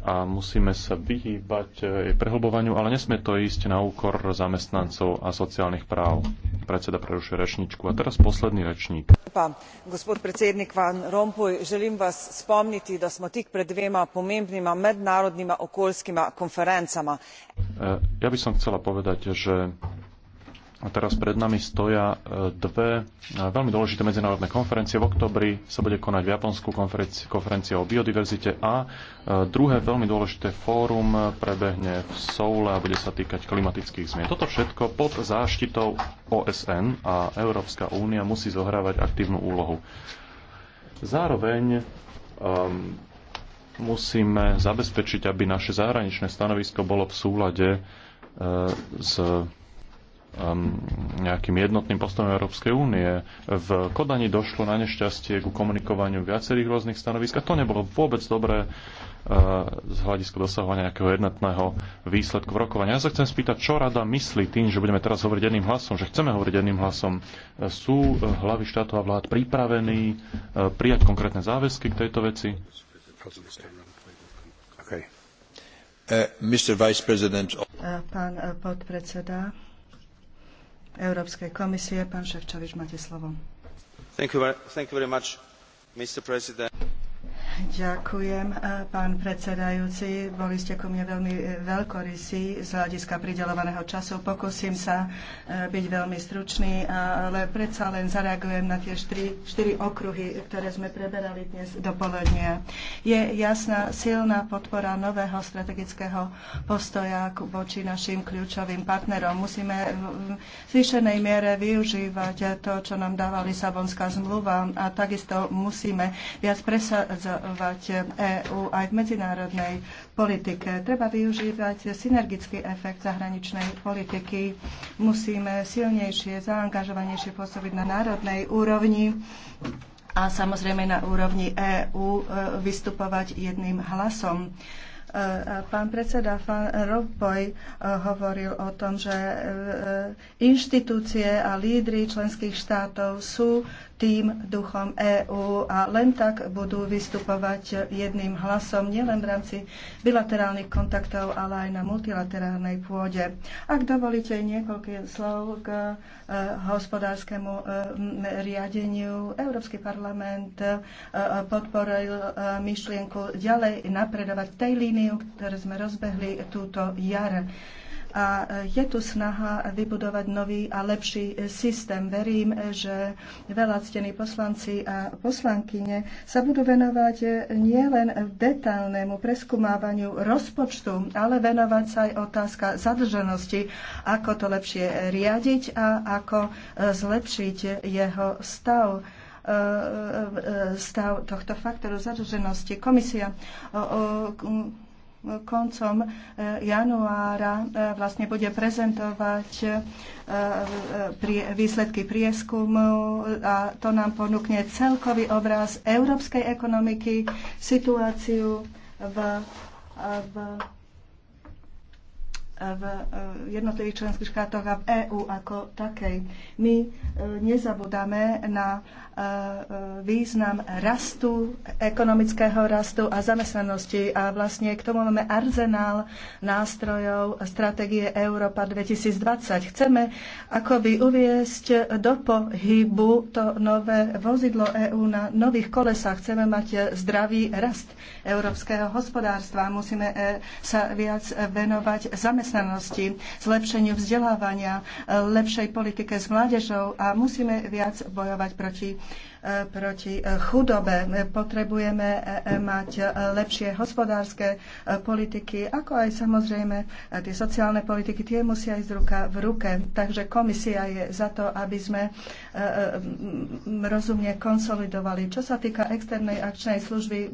a musíme sa vyhýbať jej prehlbovaniu, ale nesmie to ísť na úkor zamestnancov a sociálnych práv. Predseda prerušuje rečničku. A teraz posledný rečník. Pa, gospod predsednik Van Rompuy, želim vas spomniti, da smo tik pred dvema pomembnima mednarodnima okoljskima konferencama. E, ja by som chcela povedať, že a teraz pred nami stoja e, dve e, veľmi dôležité medzinárodné konferencie. V oktobri sa bude konať v Japonsku konferencia o biodiverzite a e, druhé veľmi dôležité fórum prebehne v Soule a bude sa týkať klimatických zmien. Toto všetko pod záštitou OSN a Európska únia musí zohrávať aktívnu úlohu. Zároveň um, musíme zabezpečiť, aby naše zahraničné stanovisko bolo v súlade uh, s Um, nejakým jednotným postojom Európskej únie. V Kodani došlo na nešťastie ku komunikovaniu viacerých rôznych stanovisk a to nebolo vôbec dobré uh, z hľadiska dosahovania nejakého jednotného výsledku v rokovaní. Ja sa chcem spýtať, čo rada myslí tým, že budeme teraz hovoriť jedným hlasom, že chceme hovoriť jedným hlasom. Sú uh, hlavy štátov a vlád pripravení uh, prijať konkrétne záväzky k tejto veci? Okay. Uh, Pán podpredseda Európskej komisie. Pán Ševčovič, máte slovo. Thank you, thank you much, Ďakujem, eh, pán predsedajúci. Boli ste ku mne veľmi eh, veľkorysí z hľadiska pridelovaného času. Pokúsim sa eh, byť veľmi stručný, ale predsa len zareagujem na tie štyri, štyri okruhy, ktoré sme preberali dnes do poludnia. Je jasná silná podpora nového strategického postoja voči našim kľúčovým partnerom. Musíme v zvýšenej miere využívať to, čo nám dáva Lisabonská zmluva a takisto musíme viac presadzovať uplatňovať EÚ aj v medzinárodnej politike. Treba využívať synergický efekt zahraničnej politiky. Musíme silnejšie, zaangažovanejšie pôsobiť na národnej úrovni a samozrejme na úrovni EÚ e, vystupovať jedným hlasom. E, pán predseda Van Rompuy e, hovoril o tom, že inštitúcie a lídry členských štátov sú tým duchom EÚ a len tak budú vystupovať jedným hlasom nielen v rámci bilaterálnych kontaktov, ale aj na multilaterálnej pôde. Ak dovolíte niekoľko slov k e, hospodárskému e, riadeniu, Európsky parlament e, podporil myšlienku ďalej napredovať tej líniu, ktoré sme rozbehli túto jar a je tu snaha vybudovať nový a lepší systém. Verím, že veľa ctení poslanci a poslankyne sa budú venovať nielen detálnemu preskumávaniu rozpočtu, ale venovať sa aj otázka zadržanosti, ako to lepšie riadiť a ako e, zlepšiť jeho stav e, e, stav tohto faktoru zadrženosti. Komisia koncom eh, januára eh, vlastne bude prezentovať eh, výsledky prieskumu a to nám ponúkne celkový obraz európskej ekonomiky, situáciu v, v v eh, jednotlivých členských štátoch a v EÚ ako takej. My eh, nezabudáme na eh, význam rastu, ekonomického rastu a zamestnanosti a vlastne k tomu máme arzenál nástrojov stratégie Európa 2020. Chceme akoby uviesť do pohybu to nové vozidlo EÚ na nových kolesách. Chceme mať zdravý rast európskeho hospodárstva. Musíme sa viac venovať zamestnanosti zamestnanosti, zlepšeniu vzdelávania, lepšej politike s mládežou a musíme viac bojovať proti proti chudobe. Potrebujeme eh, mať eh, lepšie hospodárske eh, politiky, ako aj samozrejme tie sociálne politiky, tie musia ísť ruka v ruke. Takže komisia je za to, aby sme rozumne konsolidovali. Čo sa týka externej akčnej služby, hm,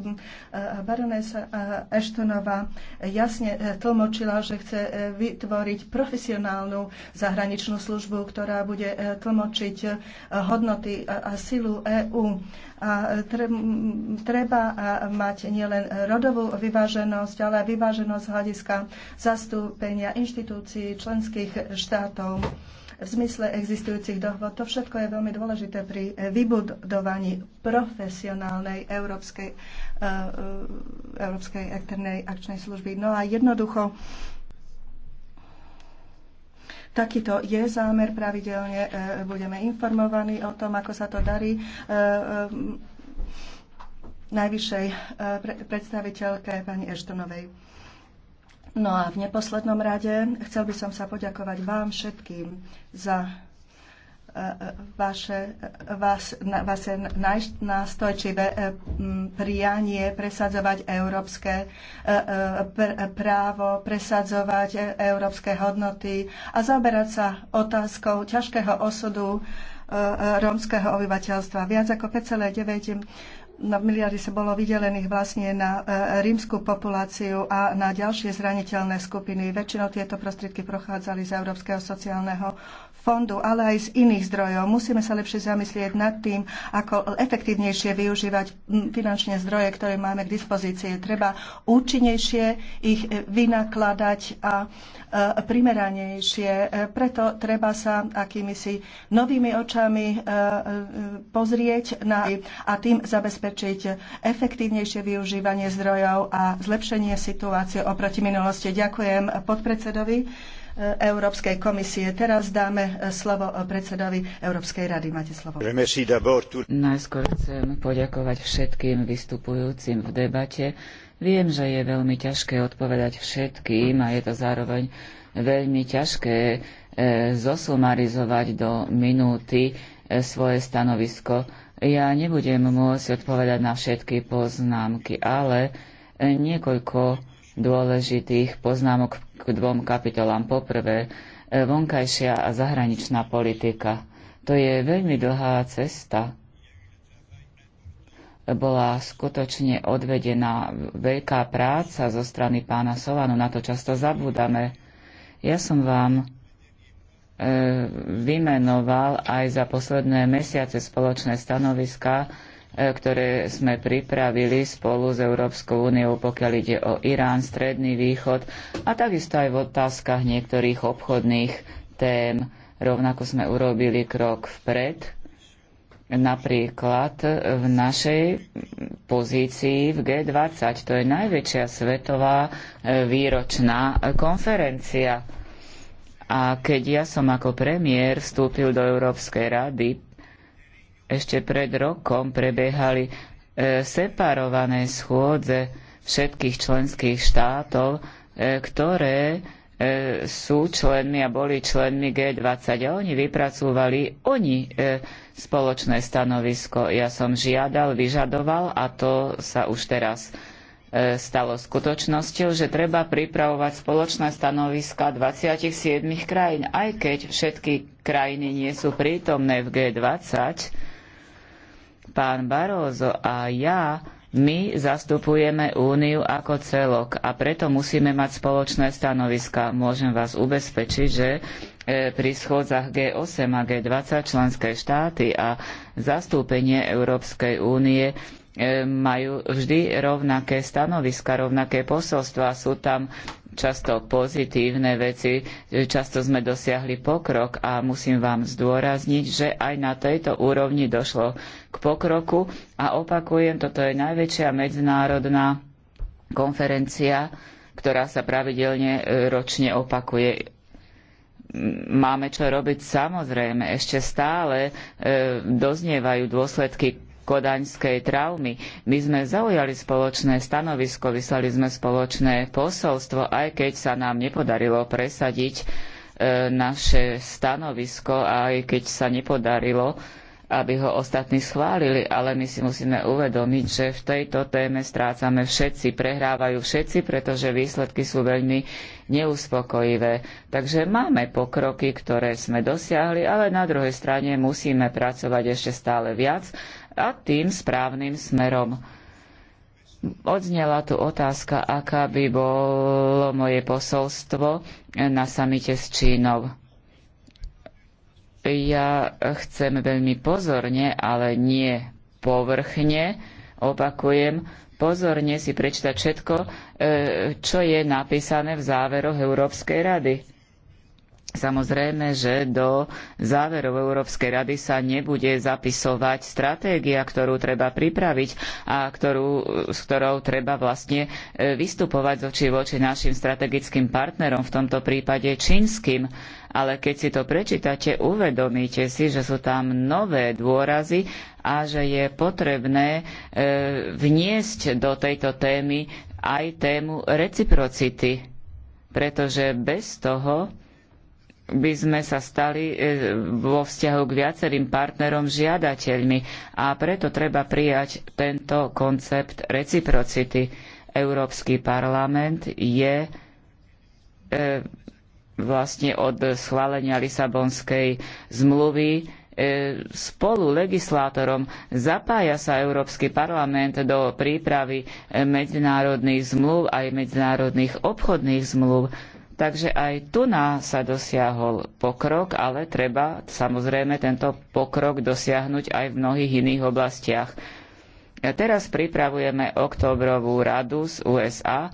baronesa Eštonova jasne tlmočila, že chce vytvoriť profesionálnu zahraničnú službu, ktorá bude tlmočiť hodnoty a silu EÚ EÚ. A treba mať nielen rodovú vyváženosť, ale aj vyváženosť hľadiska zastúpenia inštitúcií členských štátov v zmysle existujúcich dohod. To všetko je veľmi dôležité pri vybudovaní profesionálnej európskej, e, e, európskej akčnej služby. No a jednoducho Takýto je zámer, pravidelne e, budeme informovaní o tom, ako sa to darí e, e, najvyššej predstaviteľke pani Eštonovej. No a v neposlednom rade chcel by som sa poďakovať vám všetkým za vaše, vás, vaše eh, prianie presadzovať európske eh, eh, právo, presadzovať európske hodnoty a zaberať sa otázkou ťažkého osudu rómskeho obyvateľstva. Viac ako 5,9 na no, miliardy sa bolo vydelených vlastne na rímsku populáciu a na ďalšie zraniteľné skupiny. Väčšinou tieto prostriedky prochádzali z Európskeho sociálneho fondu, ale aj z iných zdrojov. Musíme sa lepšie zamyslieť nad tým, ako efektívnejšie využívať finančné zdroje, ktoré máme k dispozícii. Treba účinnejšie ich e, vynakladať a e, primeranejšie. E, preto treba sa akýmisi novými očami pozrieť na a tým zabezpečiť efektívnejšie využívanie zdrojov a zlepšenie situácie oproti minulosti. Ďakujem podpredsedovi. E, Európskej komisie. Teraz dáme e, slovo e, predsedovi Európskej rady. Máte slovo. Najskôr chcem poďakovať všetkým vystupujúcim v debate. Viem, že je veľmi ťažké odpovedať všetkým a je to zároveň veľmi ťažké zosumarizovať do minúty svoje stanovisko. Ja nebudem môcť odpovedať na všetky poznámky, ale niekoľko dôležitých poznámok k dvom kapitolám. Poprvé, e, vonkajšia a zahraničná politika. To je veľmi dlhá cesta. Bola skutočne odvedená veľká práca zo strany pána Solanu, na to často zabúdame. Ja som vám e, vymenoval aj za posledné mesiace spoločné stanoviska. E, ktoré sme pripravili spolu s Európskou úniou, pokiaľ ide o Irán, Stredný východ a takisto aj v otázkach niektorých obchodných tém. Rovnako sme urobili krok vpred, napríklad v našej pozícii v G20. To je najväčšia svetová e, výročná konferencia. A keď ja som ako premiér vstúpil do Európskej rady ešte pred rokom prebiehali e, separované schôdze všetkých členských štátov, e, ktoré e, sú členmi a boli členmi G20 a oni vypracúvali oni spoločné stanovisko. Ja som žiadal, vyžadoval a to sa už teraz stalo skutočnosťou, že treba pripravovať spoločné stanoviska 27 krajín, aj keď všetky krajiny nie sú prítomné v G20 Pán Barózo a ja, my zastupujeme Úniu ako celok a preto musíme mať spoločné stanoviska. Môžem vás ubezpečiť, že e, pri schôdzach G8 a G20 členské štáty a zastúpenie Európskej únie E, majú vždy rovnaké stanoviska, rovnaké posolstva. Sú tam často pozitívne veci, e, často sme dosiahli pokrok a musím vám zdôrazniť, že aj na tejto úrovni došlo k pokroku a opakujem, toto je najväčšia medzinárodná konferencia, ktorá sa pravidelne e, ročne opakuje máme čo robiť, samozrejme, ešte stále e, doznievajú dôsledky kodaňskej traumy. My sme zaujali spoločné stanovisko, vyslali sme spoločné posolstvo, aj keď sa nám nepodarilo presadiť e, naše stanovisko, aj keď sa nepodarilo, aby ho ostatní schválili, ale my si musíme uvedomiť, že v tejto téme strácame všetci, prehrávajú všetci, pretože výsledky sú veľmi neuspokojivé. Takže máme pokroky, ktoré sme dosiahli, ale na druhej strane musíme pracovať ešte stále viac a tým správnym smerom. Odznela tu otázka, aká by bolo moje posolstvo na samite s Čínou. Ja chcem veľmi pozorne, ale nie povrchne, opakujem, pozorne si prečítať všetko, e, čo je napísané v záveroch Európskej rady Samozrejme, že do záverov Európskej rady sa nebude zapisovať stratégia, ktorú treba pripraviť a ktorú, s ktorou treba vlastne e, vystupovať zoči voči našim strategickým partnerom, v tomto prípade čínskym. Ale keď si to prečítate, uvedomíte si, že sú tam nové dôrazy a že je potrebné e, vniesť do tejto témy aj tému reciprocity. Pretože bez toho by sme sa stali e, vo vzťahu k viacerým partnerom žiadateľmi a preto treba prijať tento koncept reciprocity. Európsky parlament je e, vlastne od schválenia Lisabonskej zmluvy e, spolu legislátorom zapája sa Európsky parlament do prípravy medzinárodných zmluv aj medzinárodných obchodných zmluv Takže aj tu na sa dosiahol pokrok, ale treba samozrejme tento pokrok dosiahnuť aj v mnohých iných oblastiach. A teraz pripravujeme oktobrovú radu z USA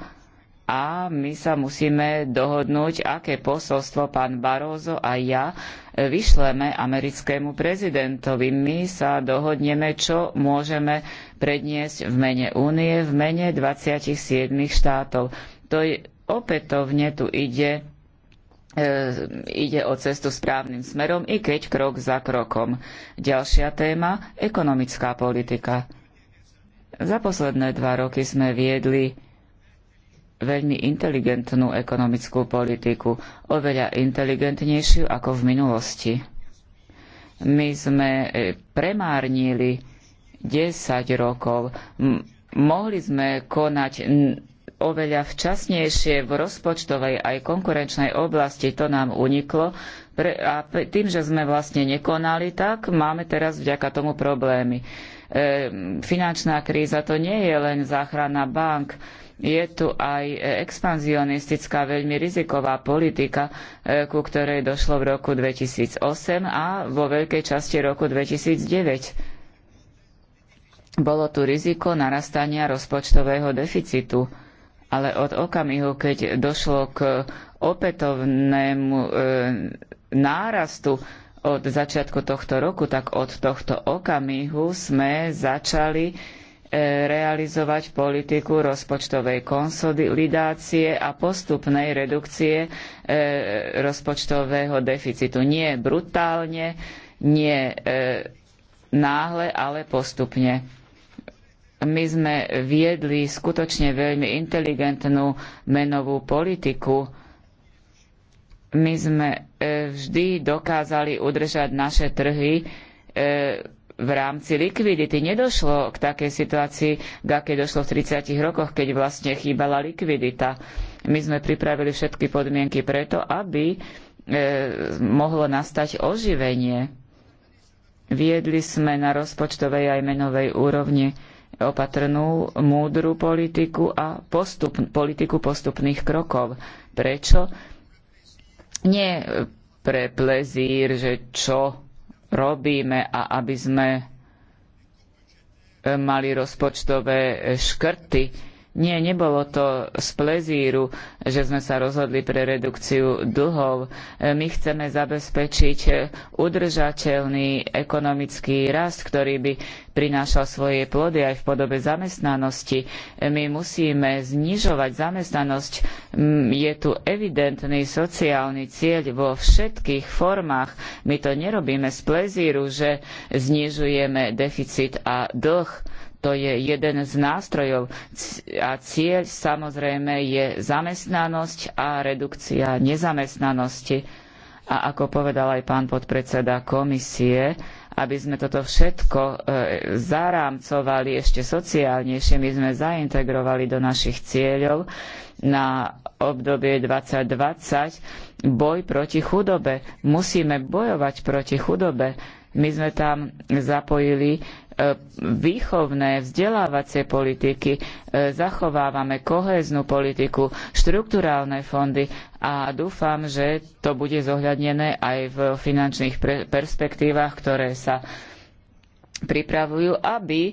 a my sa musíme dohodnúť, aké posolstvo pán Barózo a ja vyšleme americkému prezidentovi. My sa dohodneme, čo môžeme predniesť v mene únie, v mene 27 štátov. To je, opätovne tu ide, e, ide o cestu správnym smerom, i keď krok za krokom. Ďalšia téma, ekonomická politika. Za posledné dva roky sme viedli veľmi inteligentnú ekonomickú politiku, oveľa inteligentnejšiu ako v minulosti. My sme e, premárnili 10 rokov. M mohli sme konať oveľa včasnejšie v rozpočtovej aj konkurenčnej oblasti. To nám uniklo. a tým, že sme vlastne nekonali tak, máme teraz vďaka tomu problémy. E, finančná kríza to nie je len záchrana bank je tu aj expanzionistická, veľmi riziková politika, e, ku ktorej došlo v roku 2008 a vo veľkej časti roku 2009. Bolo tu riziko narastania rozpočtového deficitu ale od okamihu, keď došlo k opätovnému e, nárastu od začiatku tohto roku, tak od tohto okamihu sme začali e, realizovať politiku rozpočtovej konsolidácie a postupnej redukcie e, rozpočtového deficitu. Nie brutálne, nie e, náhle, ale postupne my sme viedli skutočne veľmi inteligentnú menovú politiku. My sme e, vždy dokázali udržať naše trhy e, v rámci likvidity. Nedošlo k takej situácii, k akej došlo v 30 rokoch, keď vlastne chýbala likvidita. My sme pripravili všetky podmienky preto, aby e, mohlo nastať oživenie. Viedli sme na rozpočtovej aj menovej úrovni opatrnú, múdru politiku a postup, politiku postupných krokov. Prečo? Nie pre plezír, že čo robíme a aby sme mali rozpočtové škrty, nie, nebolo to z plezíru, že sme sa rozhodli pre redukciu dlhov. E, my chceme zabezpečiť e, udržateľný ekonomický rast, ktorý by prinášal svoje plody aj v podobe zamestnanosti. E, my musíme znižovať zamestnanosť. Je tu evidentný sociálny cieľ vo všetkých formách. My to nerobíme z plezíru, že znižujeme deficit a dlh to je jeden z nástrojov a cieľ samozrejme je zamestnanosť a redukcia nezamestnanosti. A ako povedal aj pán podpredseda komisie, aby sme toto všetko e, zarámcovali ešte sociálnejšie, my sme zaintegrovali do našich cieľov na obdobie 2020 boj proti chudobe. Musíme bojovať proti chudobe. My sme tam zapojili výchovné, vzdelávacie politiky, e, zachovávame kohéznu politiku, štrukturálne fondy a dúfam, že to bude zohľadnené aj v finančných perspektívach, ktoré sa pripravujú, aby e,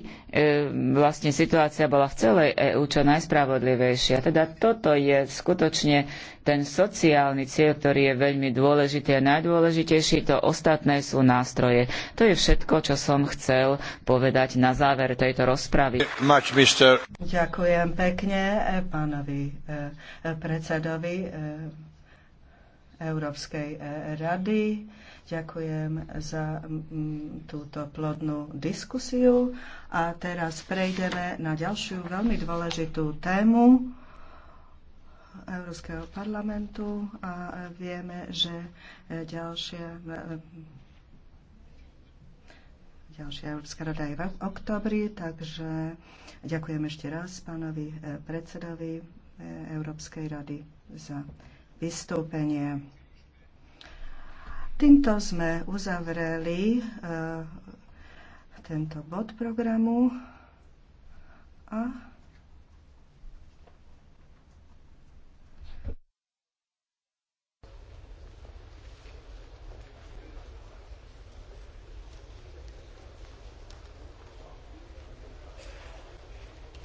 vlastne situácia bola v celej EÚ čo najspravodlivejšia. Teda toto je skutočne ten sociálny cieľ, ktorý je veľmi dôležitý a najdôležitejší. To ostatné sú nástroje. To je všetko, čo som chcel povedať na záver tejto rozpravy. Much, Ďakujem pekne e, pánovi e, predsedovi e, Európskej rady. Ďakujem za mm, túto plodnú diskusiu a teraz prejdeme na ďalšiu veľmi dôležitú tému Európskeho parlamentu a vieme, že e, ďalšia, e, ďalšia Európska rada je v oktobri, takže ďakujem ešte raz pánovi e, predsedovi Európskej rady za vystúpenie. Týmto sme uzavreli eh, tento bod programu a